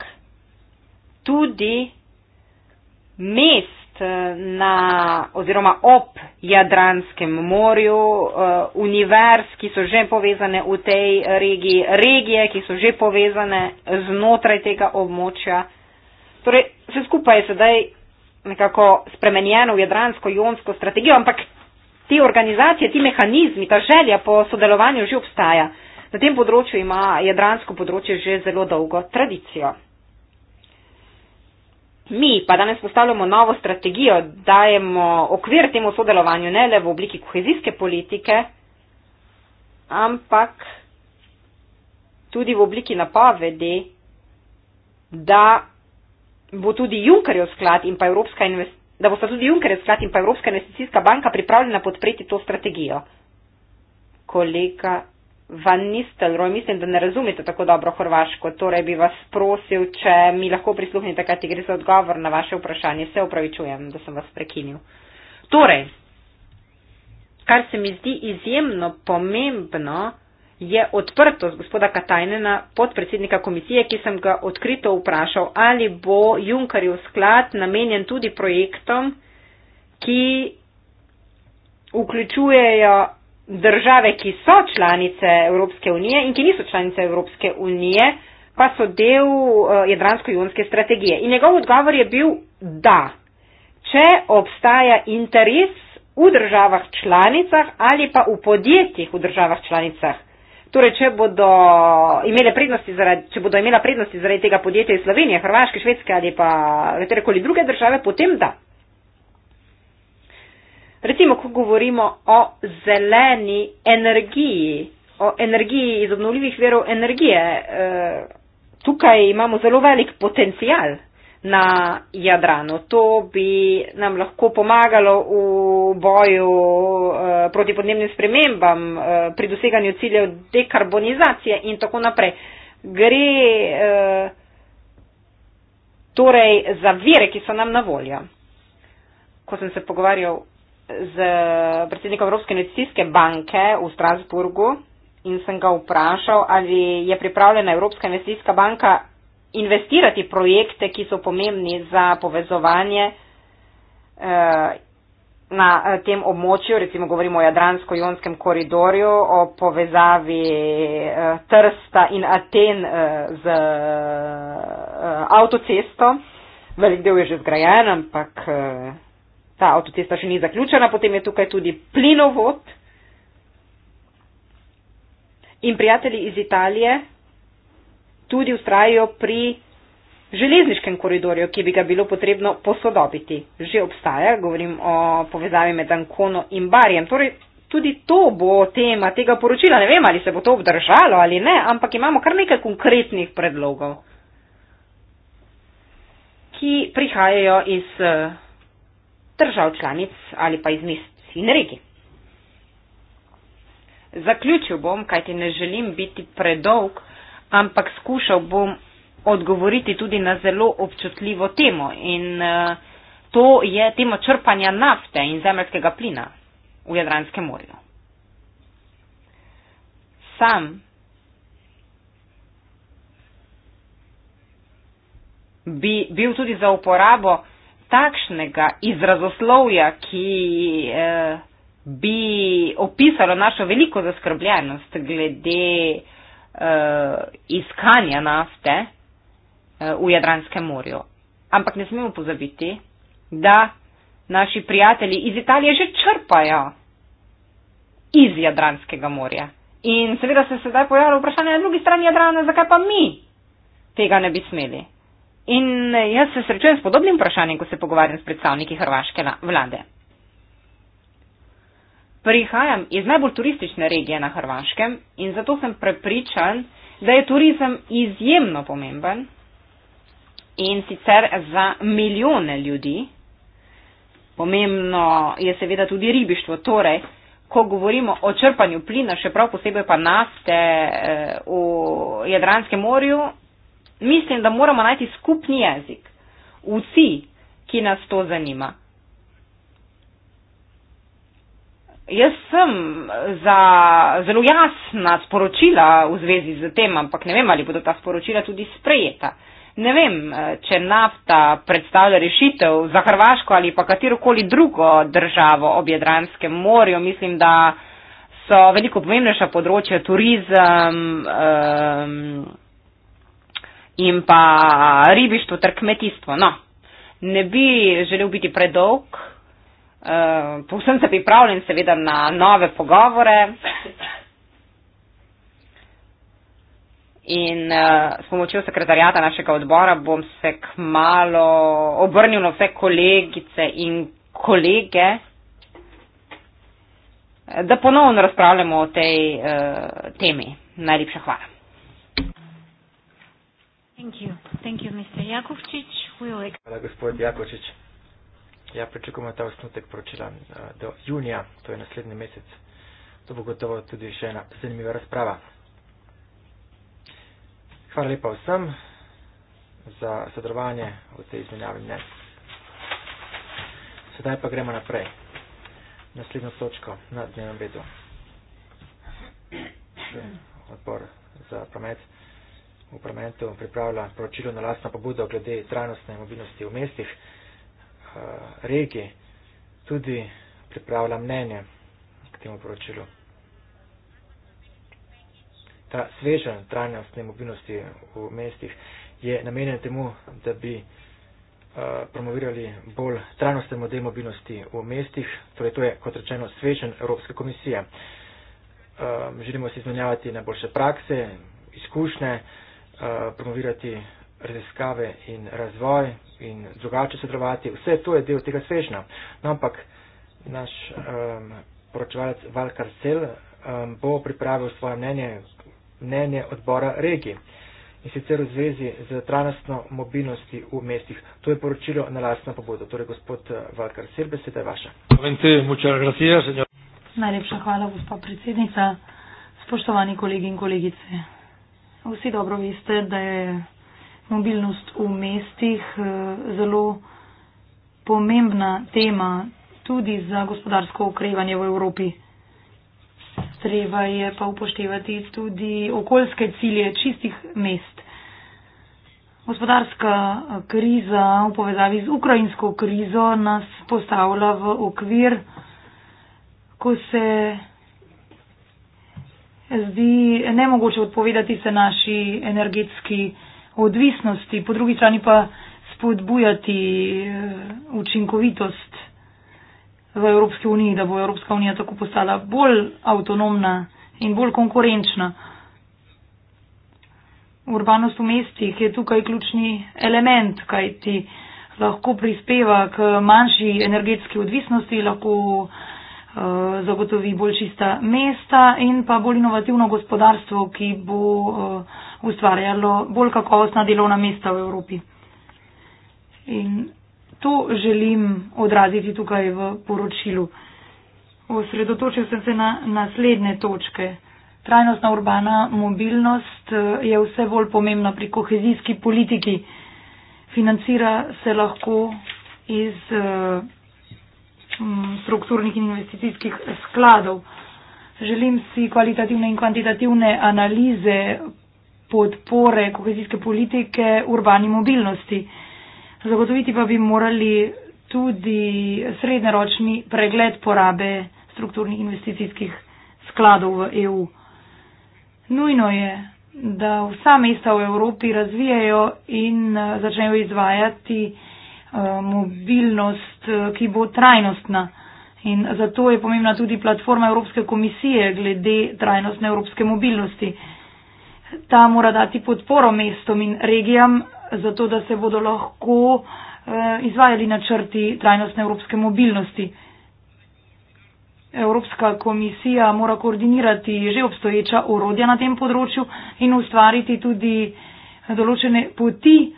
tudi mest eh, na oziroma ob Jadranskem morju, eh, univerz, ki so že povezane v tej regiji, regije, ki so že povezane znotraj tega območja. Torej, vse skupaj je sedaj nekako spremenjeno v jadransko-jonsko strategijo, ampak te organizacije, ti mehanizmi, ta želja po sodelovanju že obstaja. Na tem področju ima jadransko področje že zelo dolgo tradicijo. Mi pa danes postavljamo novo strategijo, dajemo okvir temu sodelovanju ne le v obliki kohezijske politike, ampak tudi v obliki napovedi, da bo tudi Junkerjev sklad in pa Evropska investicija da bo sta tudi Junckerjev sklad in pa Evropska investicijska banka pripravljena podpreti to strategijo. Kolega van Nistelroj, mislim, da ne razumete tako dobro hrvaško, torej bi vas prosil, če mi lahko prisluhnete, kaj ti gre za odgovor na vaše vprašanje. Se upravičujem, da sem vas prekinil. Torej, kar se mi zdi izjemno pomembno, je odprtost gospoda Katajnena, podpredsednika komisije, ki sem ga odkrito vprašal, ali bo Junkarjev sklad namenjen tudi projektom, ki vključujejo države, ki so članice Evropske unije in ki niso članice Evropske unije, pa so del uh, eh, jedransko-junske strategije. In njegov odgovor je bil da. Če obstaja interes v državah članicah ali pa v podjetjih v državah članicah, torej če bodo, prednosti zaradi, če bodo imela prednosti zaradi tega podjetja iz Slovenije, Hrvaške, Švedske ali pa katerekoli druge države, potem da. Recimo, ko govorimo o zeleni energiji, o energiji iz obnovljivih verov energije, eh, tukaj imamo zelo velik potencial na Jadranu. To bi nam lahko pomagalo v boju eh, proti podnebnim spremembam, eh, pri doseganju ciljev dekarbonizacije in tako naprej. Gre torej za vire, ki so nam na voljo. Ko sem se pogovarjal z predsednikom Evropske investicijske banke v Strasburgu in sem ga vprašal, ali je pripravljena Evropska investicijska banka investirati projekte, ki so pomembni za povezovanje eh, na eh, tem območju, recimo govorimo o Jadransko-Jonskem koridorju, o povezavi eh, Trsta in Aten z avtocesto. Velik del je že zgrajen, ampak ta avtocesta še ni zaključena, potem je tukaj tudi plinovod. In prijatelji iz Italije tudi ustrajajo pri železniškem koridorju, ki bi ga bilo potrebno posodobiti. Že obstaja, govorim o povezavi med Ankono in Barjem. Torej, tudi to bo tema tega poročila. Ne vem, ali se bo to obdržalo ali ne, ampak imamo kar nekaj konkretnih predlogov, ki prihajajo iz. Uh, držav članic ali pa iz mest in regij. Zaključil bom, kaj ti ne želim biti predolg, ampak skušal bom odgovoriti tudi na zelo občutljivo temo in eh, to je temo črpanja nafte in zemljskega plina v Jadranskem morju. Sam bi bil tudi za uporabo takšnega izrazoslovja, ki eh, bi opisalo našo veliko zaskrbljenost glede eh, iskanja nafte eh, v Jadranskem morju. Ampak ne smemo pozabiti, da naši prijatelji iz Italije že črpajo iz Jadranskega morja. In seveda se sedaj pojavlja vprašanje na drugi strani Jadrana, zakaj pa mi tega ne bi smeli. In eh, jaz se srečujem s podobnim vprašanjem, ko se pogovarjam s predstavniki hrvaške vlade. Prihajam iz najbolj turistične regije na Hrvaškem in zato sem prepričan, da je turizem izjemno pomemben in sicer za milijone ljudi. Pomembno je seveda tudi ribištvo, torej, ko govorimo o črpanju plina, še prav posebej pa nafte eh, v Jadranskem morju, mislim, da moramo najti skupni jezik. Vsi, ki nas to zanima. Jaz sem za zelo jasna sporočila v zvezi z tem, ampak ne vem, ali bodo ta sporočila tudi sprejeta. Ne vem, če nafta predstavlja rešitev za Hrvaško ali pa katerokoli drugo državo ob Jadranskem morju. Mislim, da so veliko pomembnejša področja turizem. Um, in pa ribištvo ter kmetijstvo. No, ne bi želel biti predolg, e, povsem se pripravljam seveda na nove pogovore. In uh, s pomočjo sekretarjata našega odbora bom se k malo obrnil na vse kolegice in kolege, eh, da ponovno razpravljamo o tej uh, temi. Najlepša hvala. Thank you. Thank you, Mr. Jakovčič. Will... Hvala, gospod Jakovčič. Ja, pričakujemo ta osnutek poročila eh, do junija, to je naslednji mesec. To bo gotovo tudi še ena zanimiva razprava. Hvala lepa vsem za sodelovanje v tej izmenjavi mnen. Sedaj pa gremo naprej. Naslednjo točko na dnevnem redu. Odbor za promet v parlamentu pripravila sporočilo na lastno pobudo glede trajnostne mobilnosti v mestih eh, regiji, tudi pripravila mnenje k temu poročilu. Ta svežen trajnostne mobilnosti v mestih je namenjen temu, da bi eh, promovirali bolj trajnostne model mobilnosti v mestih, torej to je, kot rečeno, svežen Evropske komisije. Eh, želimo se izmenjavati najboljše prakse, izkušnje, Eh, promovirati raziskave in razvoj in drugače sodelovati. Vse to je del tega svežna. No, ampak naš um, poročevalec Valkar Sel um, bo pripravil svoje mnenje, mnenje odbora regije in sicer v zvezi z trajnostno mobilnosti v mestih. To je poročilo na lastno pobudo. Torej, gospod eh, Valkar Sel, beseda je vaša. Najlepša hvala, gospod predsednica. Spoštovani kolegi in kolegice. Vsi dobro veste, da je mobilnost v mestih eh, zelo pomembna tema tudi za gospodarsko okrevanje v Evropi. Treba je pa upoštevati tudi okoljske cilje čistih mest. Gospodarska eh, kriza v povezavi z ukrajinsko krizo nas postavlja v okvir, ko se zdi nemogoče odpovedati se naši energetski odvisnosti, po drugi strani pa spodbujati eh, učinkovitost v Evropski uniji, da bo Evropska unija tako postala bolj avtonomna in bolj konkurenčna. Urbanost v mestih je tukaj ključni element, kaj ti lahko prispeva k manjši energetski odvisnosti, lahko Eh, zagotovi bolj čista mesta in pa bolj inovativno gospodarstvo, ki bo eh, ustvarjalo bolj kakovostna delovna mesta v Evropi. In to želim odraziti tukaj v poročilu. Osredotočil sem se na naslednje točke. Trajnostna urbana mobilnost eh, je vse bolj pomembna pri kohezijski politiki. Financira se lahko iz strukturnih in investicijskih skladov. Želim si kvalitativne in kvantitativne analize podpore kohezijske politike urbani mobilnosti. Zagotoviti pa bi morali tudi srednjeročni pregled porabe strukturnih investicijskih skladov v EU. Nujno je, da vsa mesta v Evropi razvijajo in eh, začnejo izvajati Eh, mobilnost, eh, ki bo trajnostna. In zato je pomembna tudi platforma Evropske komisije glede trajnostne evropske mobilnosti. Ta mora dati podporo mestom in regijam, zato da se bodo lahko eh, izvajali načrti trajnostne evropske mobilnosti. Evropska komisija mora koordinirati že obstoječa urodja na tem področju in ustvariti tudi določene poti,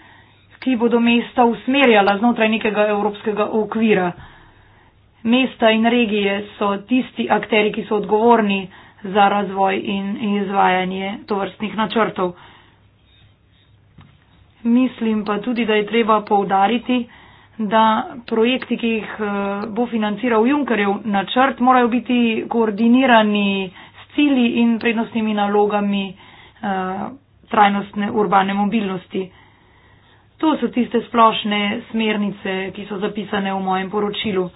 ki bodo mesta usmerjala znotraj nekega evropskega okvira. Mesta in regije so tisti akteri, ki so odgovorni za razvoj in izvajanje tovrstnih načrtov. Mislim pa tudi, da je treba poudariti, da projekti, ki jih eh, bo financiral Junkerjev načrt, morajo biti koordinirani s cili in prednostnimi nalogami eh, trajnostne urbane mobilnosti. To so tiste splošne smernice, ki so zapisane v mojem poročilu.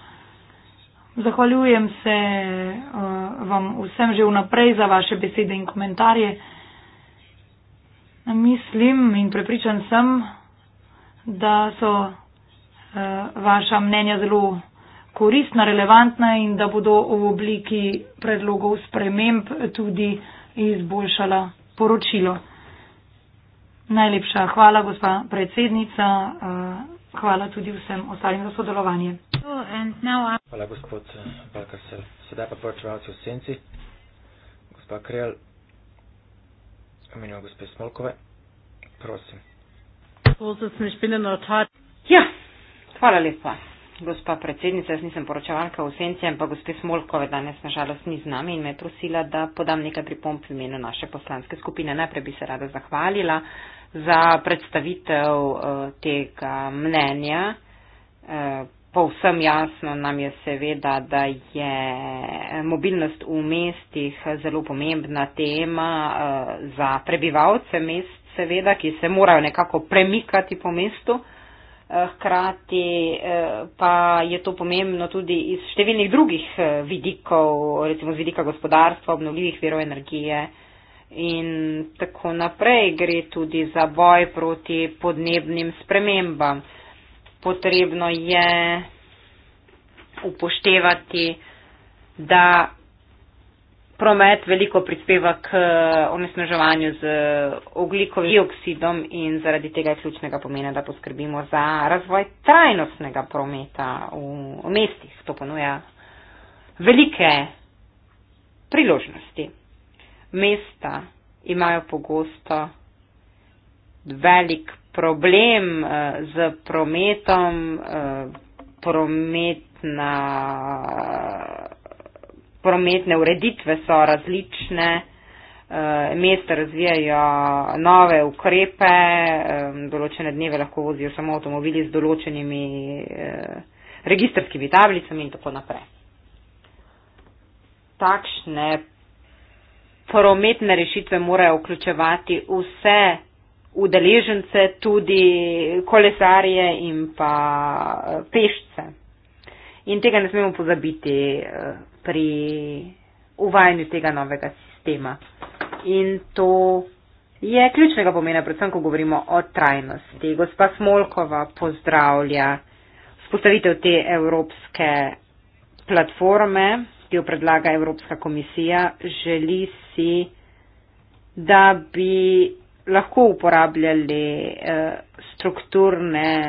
Zahvaljujem se uh, vam vsem že vnaprej za vaše besede in komentarje. Mislim in prepričan sem, da so uh, vaša mnenja zelo koristna, relevantna in da bodo v obliki predlogov sprememb tudi izboljšala poročilo. Najlepša hvala, gospa predsednica. Eh, hvala tudi vsem ostalim za sodelovanje. Hvala, gospod eh, Balkarsel. Sedaj pa poročevalci v senci. Gospa Krejl, omenjamo gospe Smolkove. Prosim. Ja, hvala lepa, gospa predsednica. Jaz nisem poročevalka v senci, ampak gospe Smolkove danes nažalost ni z nami in me je prosila, da podam nekaj pripomp v imenu naše poslanske skupine. Najprej bi se rada zahvalila za predstavitev eh, tega mnenja. Eh, povsem jasno nam je seveda, da je mobilnost v mestih zelo pomembna tema eh, za prebivalce mest, seveda, ki se morajo nekako premikati po mestu. Hkrati pa je to pomembno tudi iz številnih drugih vidikov, recimo z vidika gospodarstva, obnovljivih virov energije, in tako naprej gre tudi za boj proti podnebnim spremembam. Potrebno je upoštevati, da promet veliko prispeva k eh, onesnaževanju z oglikovim dioksidom in zaradi tega je ključnega pomena, da poskrbimo za razvoj trajnostnega prometa v mestih. To ponuja velike priložnosti mesta imajo pogosto velik problem z eh, prometom, eh, prometna, prometne ureditve so različne, eh, mesta razvijajo nove ukrepe, določene dneve lahko vozijo samo avtomobili z določenimi registrskimi tablicami in tako naprej. Takšne prometne rešitve morajo vključevati vse udeležence, tudi kolesarje in pa eh, pešce. In tega ne smemo pozabiti eh, pri uvajanju tega novega sistema. In to je ključnega pomena, predvsem, ko govorimo o trajnosti. Gospa Smolkova pozdravlja spostavitev te evropske platforme ki jo predlaga Evropska komisija, želi si, da bi lahko uporabljali eh, strukturne,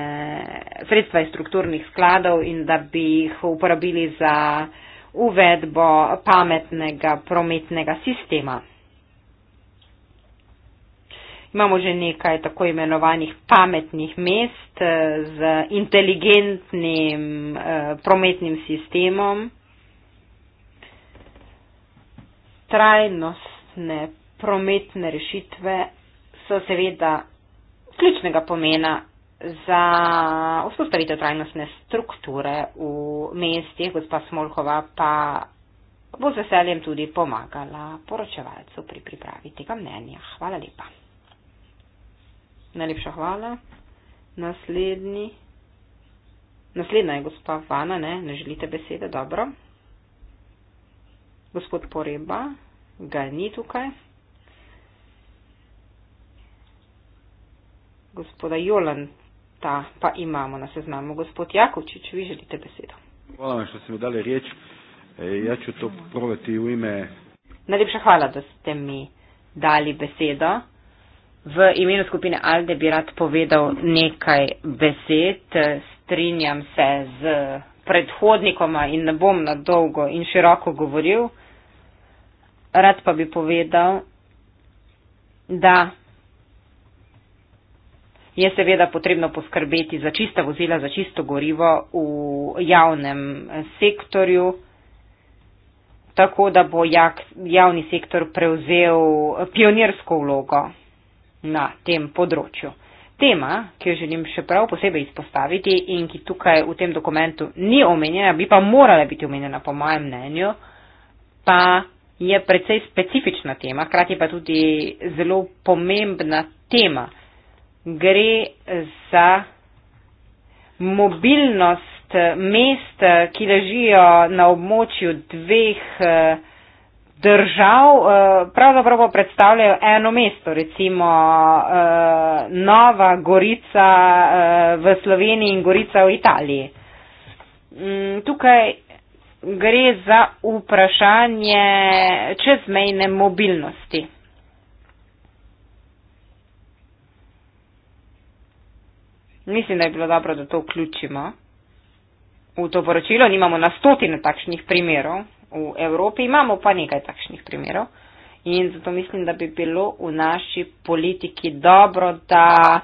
sredstva iz strukturnih skladov in da bi jih uporabili za uvedbo pametnega prometnega sistema. Imamo že nekaj tako imenovanih pametnih mest eh, z inteligentnim eh, prometnim sistemom. trajnostne prometne rešitve so seveda ključnega pomena za vzpostavitev trajnostne strukture v mestih. Gospa Smolhova pa bo z veseljem tudi pomagala poročevalcu pri pripravi tega mnenja. Hvala lepa. Najlepša hvala. Naslednji. Naslednja je gospa Vana, ne, ne želite besede, dobro gospod Poreba, ga ni tukaj. Gospoda Jolanta pa imamo na seznamu. Gospod Jakovčič, vi želite besedo. Hvala vam, što ste mi dali riječ. E, ja ću to provati u ime... Najlepša hvala, da ste mi dali besedo. V imenu skupine Alde bi rad povedal nekaj besed. Strinjam se z predhodnikoma in ne bom na dolgo in široko govoril, rad pa bi povedal, da je seveda potrebno poskrbeti za čista vozila, za čisto gorivo v javnem eh, sektorju, tako da bo jak, javni sektor prevzel pionirsko vlogo na tem področju tema, ki jo želim še prav posebej izpostaviti in ki tukaj v tem dokumentu ni omenjena, bi pa morala biti omenjena po mojem mnenju, pa je precej specifična tema, hkrati pa tudi zelo pomembna tema. Gre za mobilnost mest, ki ležijo na območju dveh eh, držav, eh, pravzaprav pa predstavljajo eno mesto, recimo eh, Nova Gorica eh, v Sloveniji in Gorica v Italiji. Mm, tukaj gre za vprašanje čezmejne mobilnosti. Mislim, da je bilo dobro, da to vključimo v to poročilo. Nimamo na stotine takšnih primerov v Evropi imamo pa nekaj takšnih primerov in zato mislim, da bi bilo v naši politiki dobro, da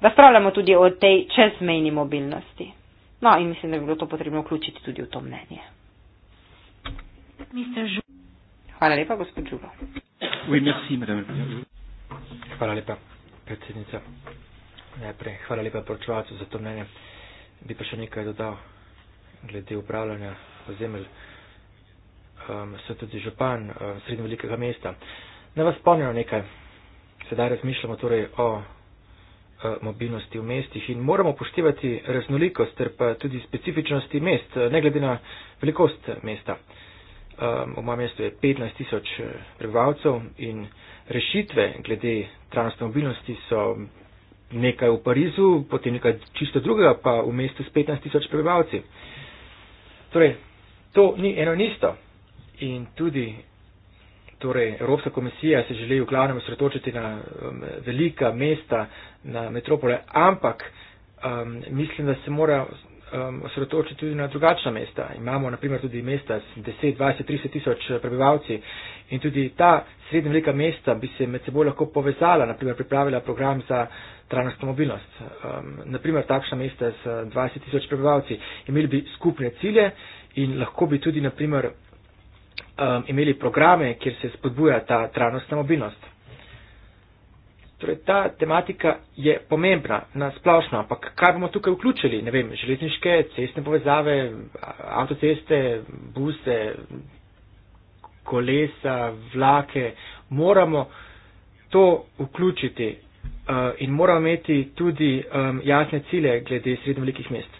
razpravljamo tudi o tej čezmejni mobilnosti. No in mislim, da bi bilo to potrebno vključiti tudi v to mnenje. Hvala lepa, gospod Žuga. Hvala lepa, predsednica. Najprej hvala lepa poročevalcu za to mnenje. Bi pa še nekaj dodal glede upravljanja ozemelj um, sem tudi župan um, srednje velikega mesta. Naj vas spomnim nekaj. Sedaj razmišljamo torej o e, mobilnosti v mestih in moramo poštevati raznolikost ter pa tudi specifičnosti mest, ne glede na velikost mesta. V mojem mestu je 15 tisoč e, prebivalcev in rešitve glede transportne mobilnosti so nekaj v Parizu, potem nekaj čisto drugega pa v mestu s 15 tisoč prebivalci. Torej, to ni eno in isto in tudi torej, Evropska komisija se želi v glavnem osredotočiti na um, velika mesta, na metropole, ampak um, mislim, da se mora um, osredotočiti tudi na drugačna mesta. Imamo naprimer tudi mesta s 10, 20, 30 tisoč uh, prebivalci in tudi ta srednja velika mesta bi se med seboj lahko povezala, naprimer pripravila program za trajnostno mobilnost. Um, naprimer takšna mesta s 20 uh, tisoč prebivalci imeli bi skupne cilje in lahko bi tudi naprimer um, imeli programe, kjer se spodbuja ta trajnostna mobilnost. Torej, ta tematika je pomembna na splošno, ampak kaj bomo tukaj vključili? Ne vem, železniške, cestne povezave, avtoceste, buse, kolesa, vlake. Moramo to vključiti uh, in moramo imeti tudi um, jasne cilje glede srednjo velikih mest.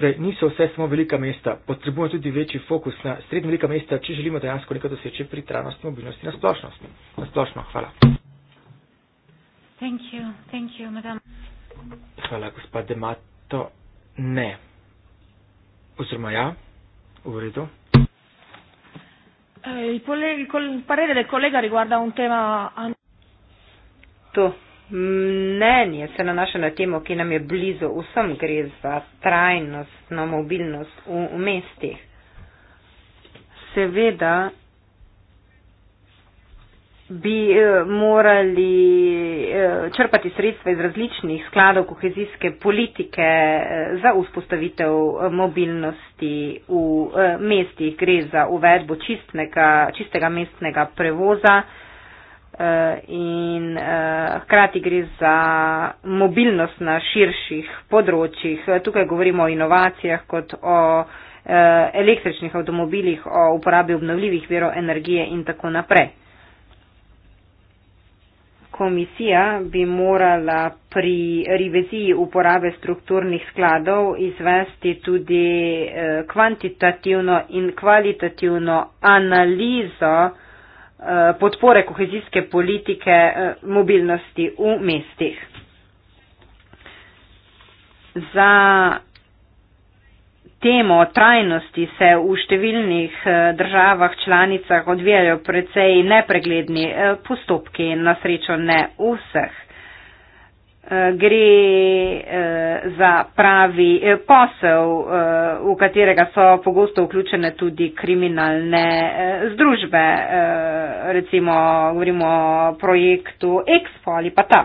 Torej, niso vse samo velika mesta, potrebujemo tudi večji fokus na srednja velika mesta, če želimo dejansko nekaj doseči pri trajnostni mobilnosti na splošno. Na splošno. Hvala. Thank you. Thank you, Hvala, gospod Demato. Ne. Oziroma ja, v redu. Eh, il parere del collega riguarda un tema... To mnenje se nanaša na temo, ki nam je blizu vsem, gre za trajnostno mobilnost v mestih. Seveda bi eh, morali eh, črpati sredstva iz različnih skladov kohezijske politike eh, za vzpostavitev mobilnosti v mestih. Gre za uvedbo čistnega, čistega mestnega prevoza. Eh, in uh, hkrati gre za mobilnost na širših področjih. Eh, tukaj govorimo o inovacijah kot o uh, električnih avtomobilih, o uporabi obnovljivih verov energije in tako naprej. Komisija bi morala pri reviziji uporabe strukturnih skladov izvesti tudi uh, kvantitativno in kvalitativno analizo, Eh, podpore kohezijske politike eh, mobilnosti v mestih. Za temo trajnosti se v številnih eh, državah članicah odvijajo precej nepregledni postopki, na srečo ne vseh gre uh, za pravi eh, posel, uh, v katerega so pogosto vključene tudi kriminalne eh, združbe, uh, recimo govorimo o projektu Expo ali pa ta.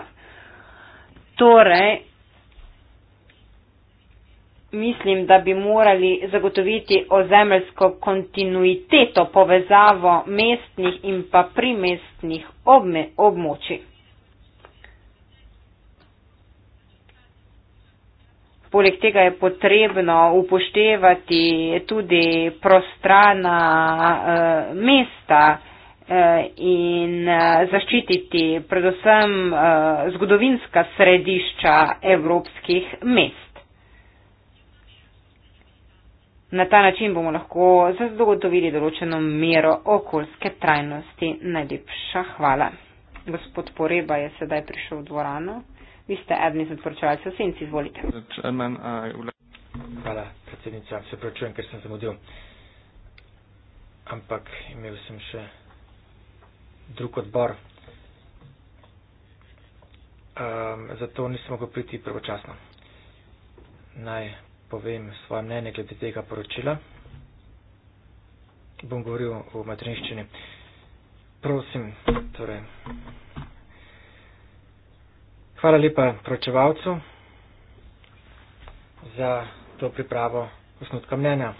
Torej, mislim, da bi morali zagotoviti ozemeljsko kontinuiteto, povezavo mestnih in pa primestnih obme, območij. Poleg tega je potrebno upoštevati tudi prostrana uh, mesta uh, in uh, zaščititi predvsem uh, zgodovinska središča evropskih mest. Na ta način bomo lahko zagotovili določeno mero okoljske trajnosti. Najlepša hvala. Gospod Poreba je sedaj prišel v dvorano. Vi ste eden izmed poročevalcev Senci, izvolite. Hvala, predsednica. Se pravčujem, ker sem zamudil. Ampak imel sem še drug odbor. Um, zato nisem mogel priti pravočasno. Naj povem svoje mnenje glede tega poročila. Bom govoril v materinščini. Prosim, torej. Hvala lepa pročevalcu za to pripravo osnutka mnenja.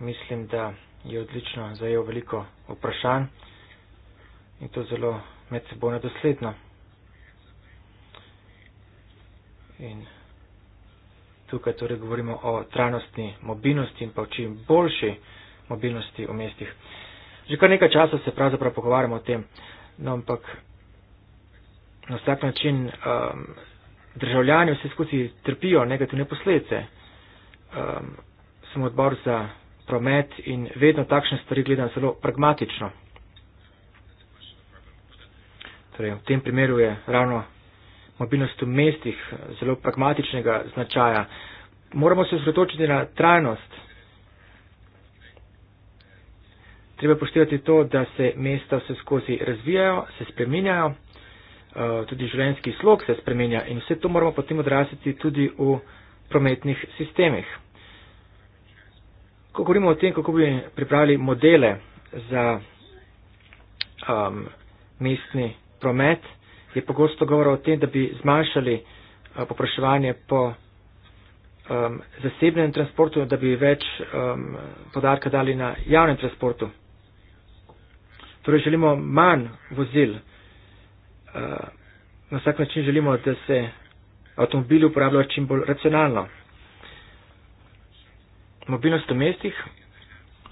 Mislim, da je odlično zajel veliko vprašanj in to zelo med seboj nedosledno. In tukaj torej govorimo o trajnostni mobilnosti in pa o čim boljši mobilnosti v mestih. Že kar nekaj časa se pravzaprav pogovarjamo o tem, no ampak na vsak način um, državljani vse skozi trpijo negativne posledice. Um, sem odbor za promet in vedno takšne stvari gledam zelo pragmatično. Torej, v tem primeru je ravno mobilnost v mestih zelo pragmatičnega značaja. Moramo se osredotočiti na trajnost. Treba poštevati to, da se mesta vse skozi razvijajo, se spreminjajo. Eh, tudi življenjski slog se spremenja in vse to moramo potem odrasiti tudi v prometnih sistemih. Ko govorimo o tem, kako bi pripravili modele za um, mestni promet, je pogosto govora o tem, da bi zmanjšali uh, eh, popraševanje po um, zasebnem transportu, da bi več um, podarka dali na javnem transportu. Torej želimo manj vozil na vsak način želimo, da se avtomobili uporabljajo čim bolj racionalno. Mobilnost v mestih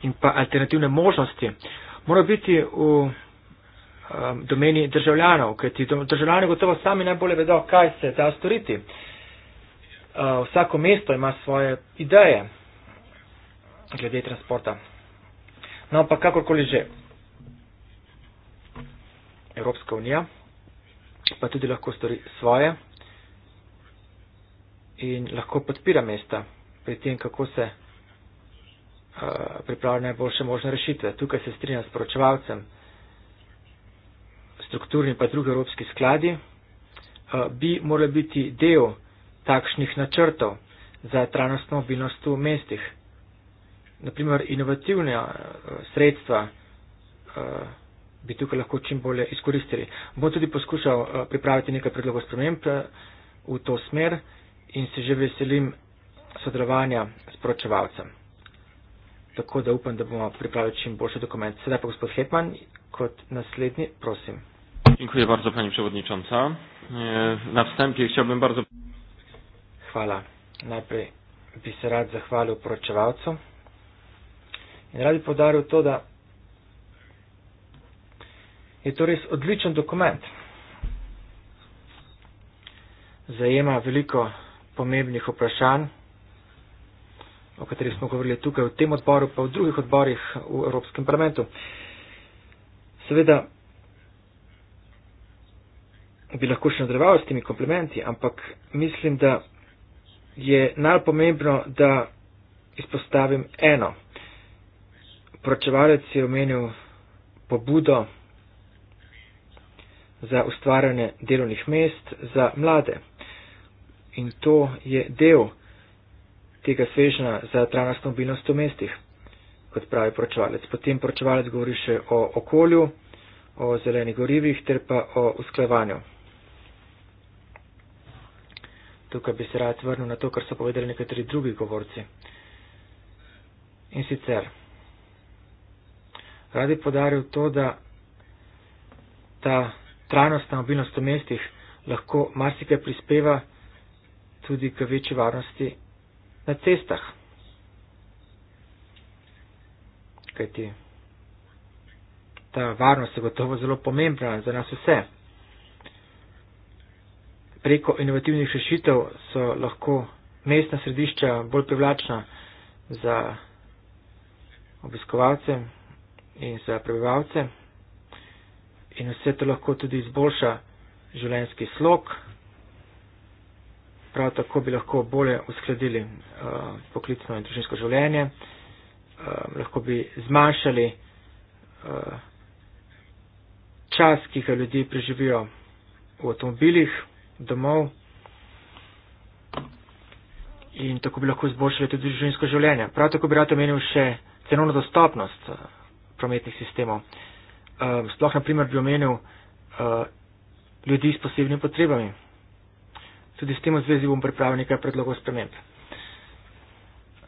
in pa alternativne možnosti mora biti v um, domeni državljanov, ker ti državljani gotovo sami najbolje vedo, kaj se da storiti. Uh, vsako mesto ima svoje ideje glede transporta. No, pa kakorkoli že. Evropska unija pa tudi lahko stori svoje in lahko podpira mesta pri tem, kako se uh, pripravlja najboljše možne rešitve. Tukaj se strinjam s poročevalcem, strukturni pa drugi evropski skladi, uh, bi morali biti del takšnih načrtov za trajnostno mobilnost v mestih. Naprimer, inovativne uh, sredstva. Uh, bi tukaj lahko čim bolje izkoristili. Bom tudi poskušal eh, pripraviti nekaj predlogov sprememb eh, v to smer in se že veselim sodelovanja s poročevalcem. Tako da upam, da bomo pripravili čim boljši dokument. Sedaj pa gospod Hetman kot naslednji, prosim. Dziękuję bardzo Pani Przewodnicząca. E, na wstępie chciałbym bardzo... Chwala. Najpierw bym się rad zachwalił poroczewalcom. I rad podarł to, że da je to res odličen dokument. Zajema veliko pomembnih vprašanj, o katerih smo govorili tukaj v tem odboru, pa v drugih odborih v Evropskem parlamentu. Seveda bi lahko še nadaljeval s temi komplementi, ampak mislim, da je najpomembno, da izpostavim eno. Pročevalec je omenil pobudo, za ustvarjanje delovnih mest za mlade. In to je del tega svežna za trajnostno mobilnost v mestih, kot pravi poročevalec. Potem poročevalec govori še o okolju, o zelenih gorivih ter pa o usklevanju. Tukaj bi se rad vrnil na to, kar so povedali nekateri drugi govorci. In sicer, radi podaril to, da ta trajnostna mobilnost v mestih lahko marsikaj prispeva tudi k večji varnosti na cestah. Kajti ta varnost je gotovo zelo pomembna za nas vse. Preko inovativnih rešitev so lahko mestna središča bolj privlačna za obiskovalce in za prebivalce in vse to lahko tudi izboljša življenjski slog. Prav tako bi lahko bolje uskladili uh, poklicno in družinsko življenje, uh, lahko bi zmanjšali uh, čas, ki ga ljudje preživijo v avtomobilih, domov in tako bi lahko izboljšali tudi družinsko življenje. Prav tako bi rad omenil še cenovno dostopnost uh, prometnih sistemov. Uh, Ehm, sploh naprimer bi omenil eh, ljudi s posebnimi potrebami. Tudi s tem v zvezi bom pripravil nekaj predlogov sprememb.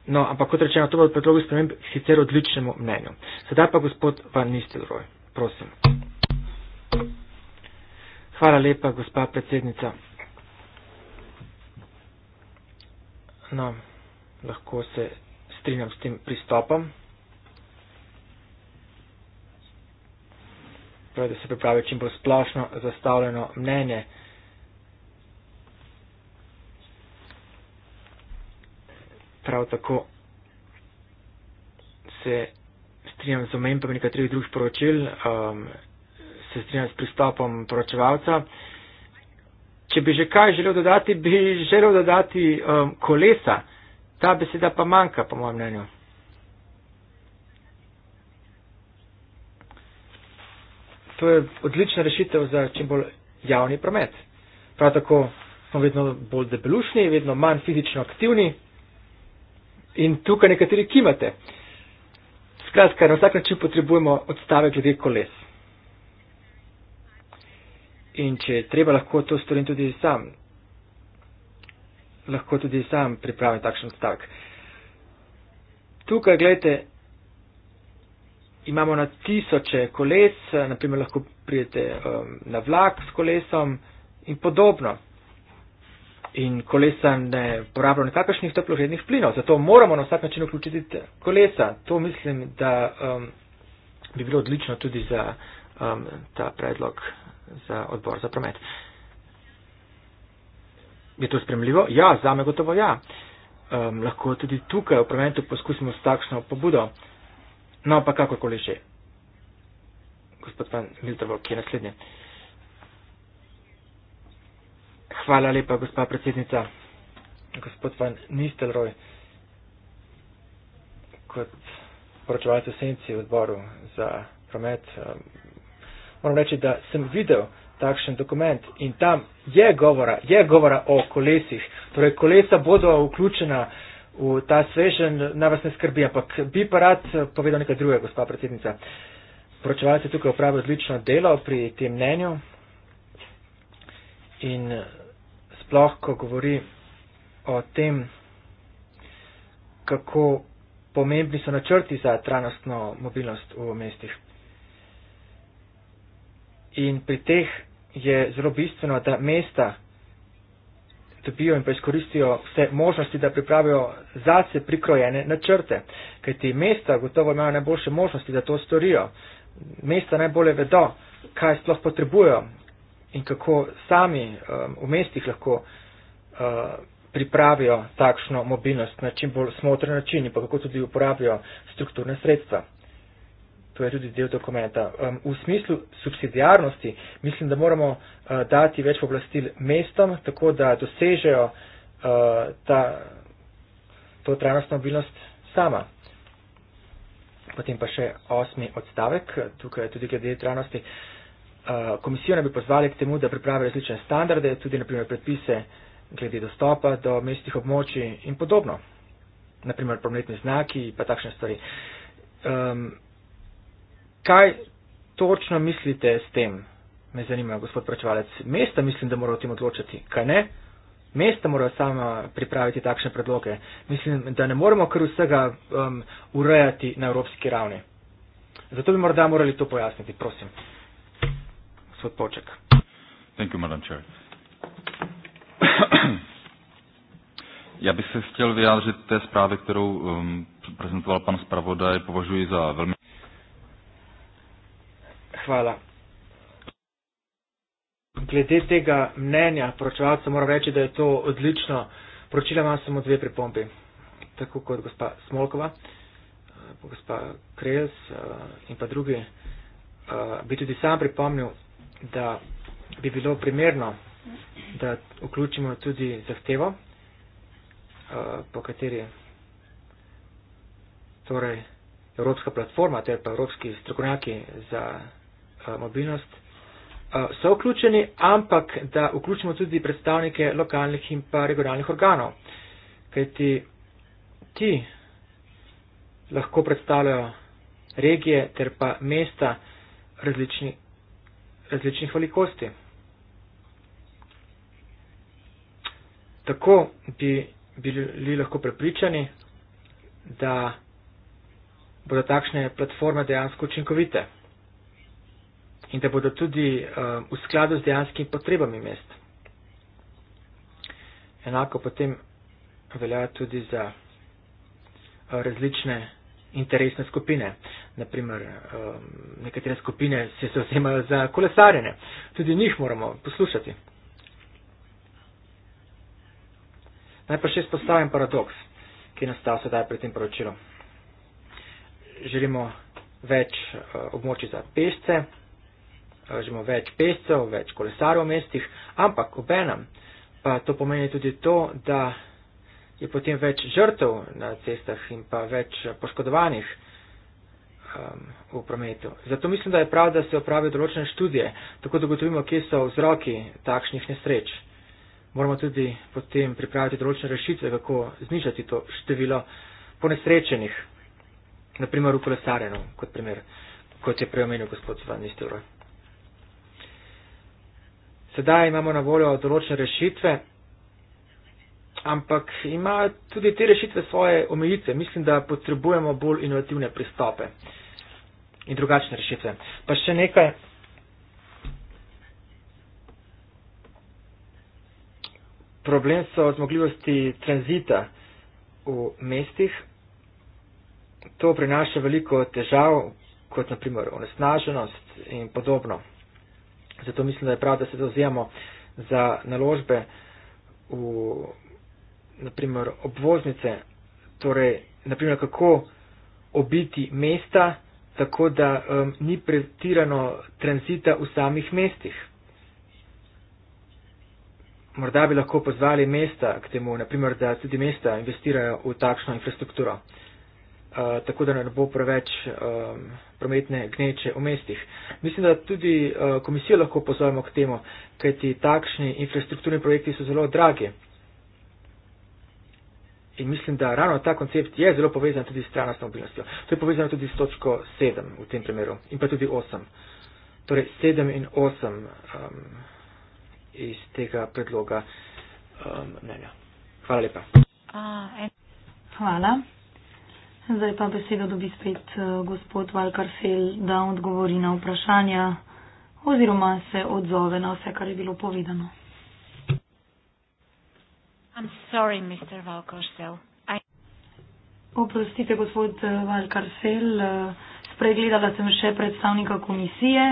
No, ampak kot rečeno, to bo predlog sprememb sicer odličnemu mnenju. Sedaj pa gospod Van Nistelrooy, prosim. Hvala lepa, gospa predsednica. No, lahko se strinjam s tem pristopom. pravi, da se pripravi čim bolj splošno zastavljeno mnenje. Prav tako se strinjam z omenjem nekaterih drugih poročil, um, se strinjam s pristopom poročevalca. Če bi že kaj želel dodati, bi želel dodati um, kolesa. Ta beseda pa manjka, po mojem mnenju. to je odlična rešitev za čim bolj javni promet. Prav tako smo vedno bolj debelušni, vedno manj fizično aktivni in tukaj nekateri kimate. Skratka, na vsak način potrebujemo odstavek glede koles. In če je treba, lahko to storim tudi sam. Lahko tudi sam pripravim takšen odstavek. Tukaj, gledajte, imamo na tisoče koles, naprimer lahko prijete um, na vlak s kolesom in podobno. In kolesa ne porabljajo nekakšnih toplogrednih plinov, zato moramo na vsak način vključiti kolesa. To mislim, da um, bi bilo odlično tudi za um, ta predlog za odbor za promet. Je to spremljivo? Ja, zame gotovo ja. Um, lahko tudi tukaj v prometu poskusimo s takšno pobudo. No, pa kakorkoli že. Gospod van Miltrovo, ki je naslednji. Hvala lepa, gospa predsednica. Gospod van Nistelroj, kot poročevalce v senci v odboru za promet, um, moram reči, da sem videl takšen dokument in tam je govora, je govora o kolesih. Torej, kolesa bodo vključena v ta svežen, na vas ne skrbi, ampak bi pa rad eh, povedal nekaj drugega, gospa predsednica. Poročevalce tukaj opravijo odlično delo pri tem mnenju in eh, sploh, ko govori o tem, kako pomembni so načrti za trajnostno mobilnost v mestih. In pri teh je zelo bistveno, da mesta, dobijo in pa izkoristijo vse možnosti, da pripravijo zase prikrojene načrte. Ker ti mesta gotovo imajo najboljše možnosti, da to storijo. Mesta najbolje vedo, kaj sploh potrebujo in kako sami um, v mestih lahko uh, pripravijo takšno mobilnost na čim bolj smotren način in pa kako tudi uporabijo strukturne sredstva to je tudi del dokumenta. Um, v smislu subsidijarnosti mislim, da moramo uh, dati več poblastil mestom, tako da dosežejo uh, ta, to trajnostno mobilnost sama. Potem pa še osmi odstavek, tukaj tudi glede trajnosti. Eh, komisijo ne bi pozvali k temu, da pripravi različne standarde, tudi naprimer predpise glede dostopa do mestnih območij in podobno. Naprimer prometni znaki in pa takšne stvari. Um, kaj točno mislite s tem? Me zanima, gospod prečevalec. Mesta mislim, da morajo o tem odločiti, kaj ne? Mesta morajo sama pripraviti takšne predloge. Mislim, da ne moremo kar vsega um, urejati na evropski ravni. Zato bi morda morali to pojasniti, prosim. Gospod Poček. Thank you, madam chair. Já bych se chtěl vyjádřit té zprávě, kterou um, prezentoval pan zpravodaj, považuji za velmi hvala. Glede tega mnenja poročevalca moram reči, da je to odlično. Poročila imam samo dve pripombi, tako kot gospa Smolkova, eh, gospa Krejls eh, in pa drugi. Eh, bi tudi sam pripomnil, da bi bilo primerno, da vključimo tudi zahtevo, po kateri torej, Evropska platforma, torej pa Evropski strokovnjaki za mobilnost, so vključeni, ampak da vključimo tudi predstavnike lokalnih in pa regionalnih organov, kajti ti lahko predstavljajo regije ter pa mesta različni, različnih velikosti. Tako bi bili lahko prepričani, da bodo takšne platforme dejansko učinkovite in da bodo tudi uh, v skladu z dejanskimi potrebami mest. Enako potem velja tudi za uh, različne interesne skupine. Naprimer, um, eh, nekatere skupine se zauzemajo za kolesarjene. Tudi njih moramo poslušati. Najprej še spostavim paradoks, ki je nastal sedaj pri tem poročilu. Želimo več uh, območij za pešce, recimo, več pescev, več kolesarov v mestih, ampak obenem pa to pomeni tudi to, da je potem več žrtev na cestah in pa več poškodovanih um, v prometu. Zato mislim, da je prav, da se opravijo določene študije, tako da gotovimo, kje so vzroki takšnih nesreč. Moramo tudi potem pripraviti določene rešitve, kako znižati to število ponesrečenih, naprimer v kolesarjenu, kot, kot je preomenil gospod Svanistor sedaj imamo na voljo določene rešitve, ampak ima tudi te rešitve svoje omejice. Mislim, da potrebujemo bolj inovativne pristope in drugačne rešitve. Pa še nekaj. Problem so zmogljivosti tranzita v mestih. To prinaša veliko težav, kot naprimer onesnaženost in podobno. Zato mislim, da je prav, da se zauzemamo za naložbe v naprimer, obvoznice, torej naprimer, kako obiti mesta, tako da um, ni pretirano tranzita v samih mestih. Morda bi lahko pozvali mesta k temu, naprimer, da tudi mesta investirajo v takšno infrastrukturo. Eh, tako da ne bo preveč um, prometne gneče v mestih. Mislim, da tudi uh, komisijo lahko pozovemo k temu, kajti takšni infrastrukturni projekti so zelo dragi. In mislim, da ravno ta koncept je zelo povezan tudi s trajnostno mobilnostjo. To je povezano tudi s točko 7 v tem primeru in pa tudi 8. Torej 7 in 8 um, ehm, iz tega predloga ehm, mnenja. Um, Hvala lepa. Uh, Hvala. Zdaj pa besedo dobi spet eh, gospod Valkar Fel, da odgovori na vprašanja oziroma se odzove na vse, kar je bilo povedano. Sorry, I... Oprostite, gospod eh, Valkar Fel, eh, spregledala sem še predstavnika komisije,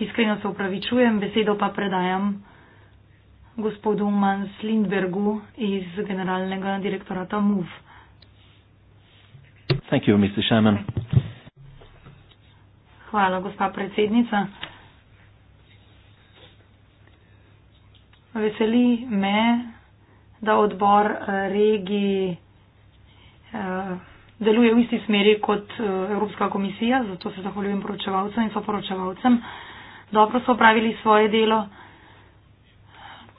iskreno se upravičujem, besedo pa predajam gospodu Mans Lindbergu iz generalnega direktorata MUV. Thank you, Mr. Chairman. Hvala, gospa predsednica. Veseli me, da odbor eh, regij eh, deluje v isti smeri kot eh, Evropska komisija, zato se zahvaljujem poročevalcem in soporočevalcem. Dobro so opravili svoje delo,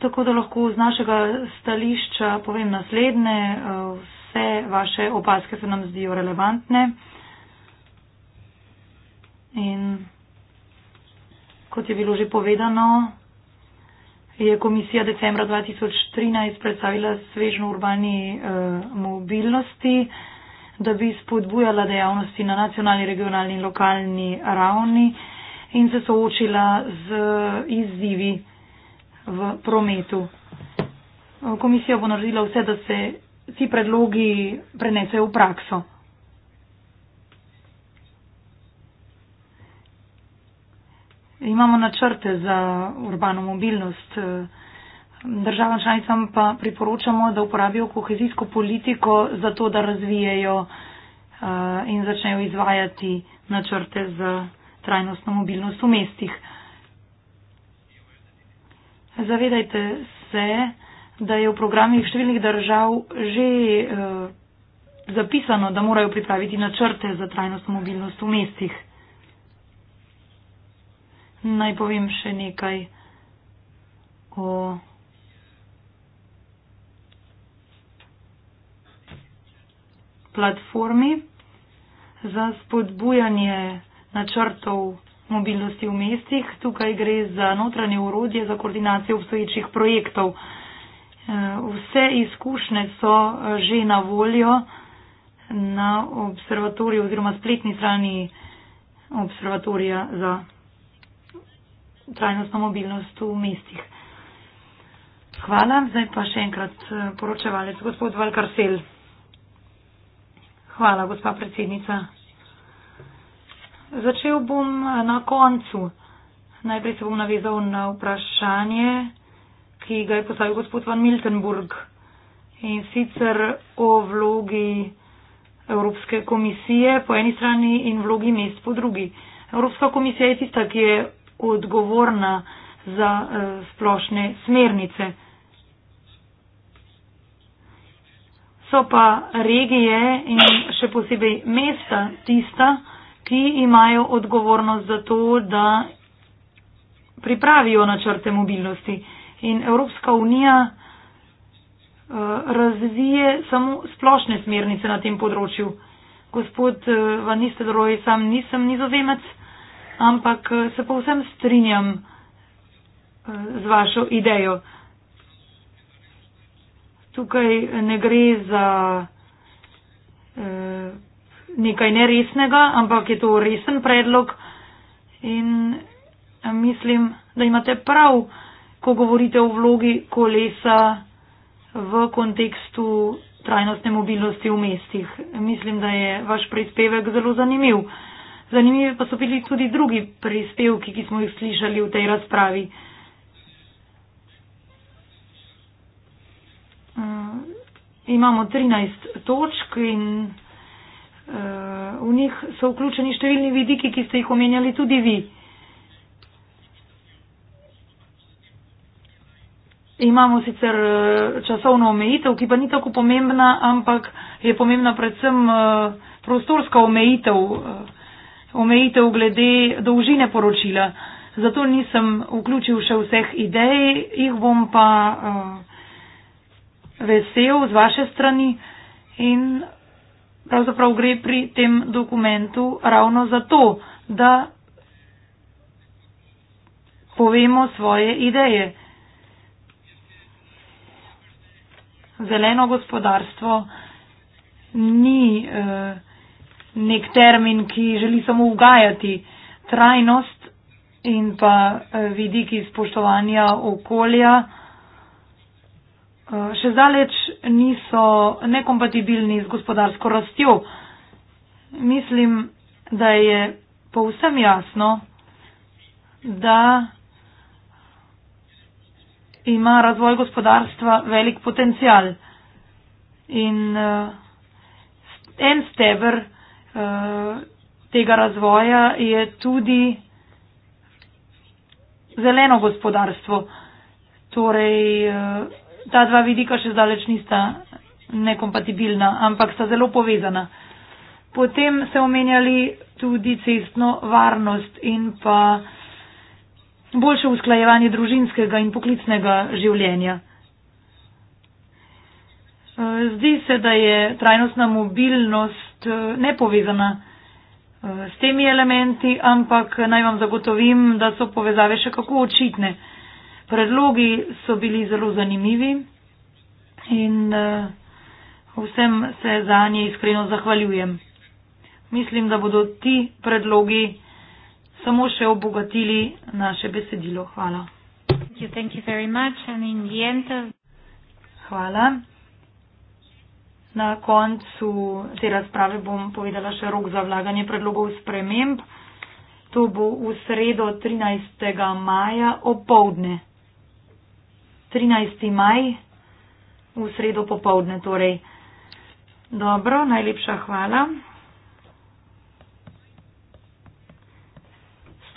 tako da lahko z našega stališča povem naslednje. Vse se vaše opaske se nam zdijo relevantne. In kot je bilo že povedano, je komisija decembra 2013 predstavila svežno urbani eh, mobilnosti, da bi spodbujala dejavnosti na nacionalni, regionalni in lokalni ravni in se soočila z izzivi v prometu. Komisija bo naredila vse, da se ti predlogi prenesejo v prakso. Imamo načrte za urbano mobilnost. Državam članicam pa priporočamo, da uporabijo kohezijsko politiko za to, da razvijajo eh, in začnejo izvajati načrte za trajnostno mobilnost v mestih. Zavedajte se, da je v programih številnih držav že uh, zapisano, da morajo pripraviti načrte za trajnost mobilnost v mestih. Naj povem še nekaj o. platformi za spodbujanje načrtov mobilnosti v mestih. Tukaj gre za notranje urodje za koordinacijo obstoječih projektov. Eh, vse izkušnje so eh, že na voljo na observatoriju oziroma spletni strani observatorija za trajnostno mobilnost v mestih. Hvala, zdaj pa še enkrat eh, poročevalec, gospod Valkarsel. Hvala, gospa predsednica. Začel bom na koncu. Najprej se bom navezal na vprašanje ki ga je postavil gospod Van Miltenburg in sicer o vlogi Evropske komisije po eni strani in vlogi mest po drugi. Evropska komisija je tista, ki je odgovorna za uh, splošne smernice. So pa regije in še posebej mesta tista, ki imajo odgovornost za to, da pripravijo načrte mobilnosti. Uh, in Evropska unija eh, razvije samo splošne smernice na tem področju. Gospod eh, Van Nistelrooy, sam nisem nizozemec, ampak eh, se povsem strinjam z vašo idejo. Tukaj ne gre za nekaj neresnega, ampak je to resen predlog in mislim, da imate prav ko govorite o vlogi kolesa v kontekstu trajnostne mobilnosti v mestih. Mislim, da je vaš prispevek zelo zanimiv. Zanimivi pa so bili tudi drugi prispevki, ki smo jih slišali v tej razpravi. Um, imamo 13 točk in uh, v njih so vključeni številni vidiki, ki ste jih omenjali tudi vi. imamo sicer eh, časovno omejitev, ki pa ni tako pomembna, ampak je pomembna predvsem eh, prostorska omejitev, eh, omejitev glede dolžine poročila. Zato nisem vključil še vseh idej, jih bom pa vesel z vaše strani in pravzaprav gre pri tem dokumentu ravno zato, da povemo svoje ideje. zeleno gospodarstvo ni eh, nek termin, ki želi samo ugajati trajnost in pa eh, vidiki spoštovanja okolja. Eh, še zdaleč niso nekompatibilni z gospodarsko rastjo. Mislim, da je povsem jasno, da ima razvoj gospodarstva velik potencial. In uh, en stebr uh, eh, tega razvoja je tudi zeleno gospodarstvo. Torej, uh, ta dva vidika še zdaleč nista nekompatibilna, ampak sta zelo povezana. Potem se omenjali tudi cestno varnost in pa boljše usklajevanje družinskega in poklicnega življenja. Eh, zdi se, da je trajnostna mobilnost eh, nepovezana eh, s temi elementi, ampak naj vam zagotovim, da so povezave še kako očitne. Predlogi so bili zelo zanimivi in vsem se za nje iskreno zahvaljujem. Mislim, da bodo ti predlogi samo še obogatili naše besedilo. Hvala. Thank you, thank you Hvala. Na koncu te razprave bom povedala še rok za vlaganje predlogov sprememb. To bo v sredo 13. maja opovdne. 13. maj v sredo popovdne torej. Dobro, najlepša hvala.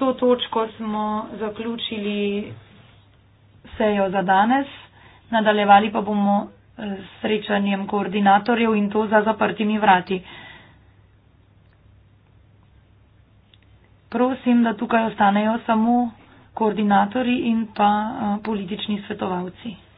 to točko smo zaključili sejo za danes. Nadaljevali pa bomo eh, s srečanjem koordinatorjev in to za zaprtimi vrati. Prosim, da tukaj ostanejo samo koordinatori in pa eh, politični svetovalci.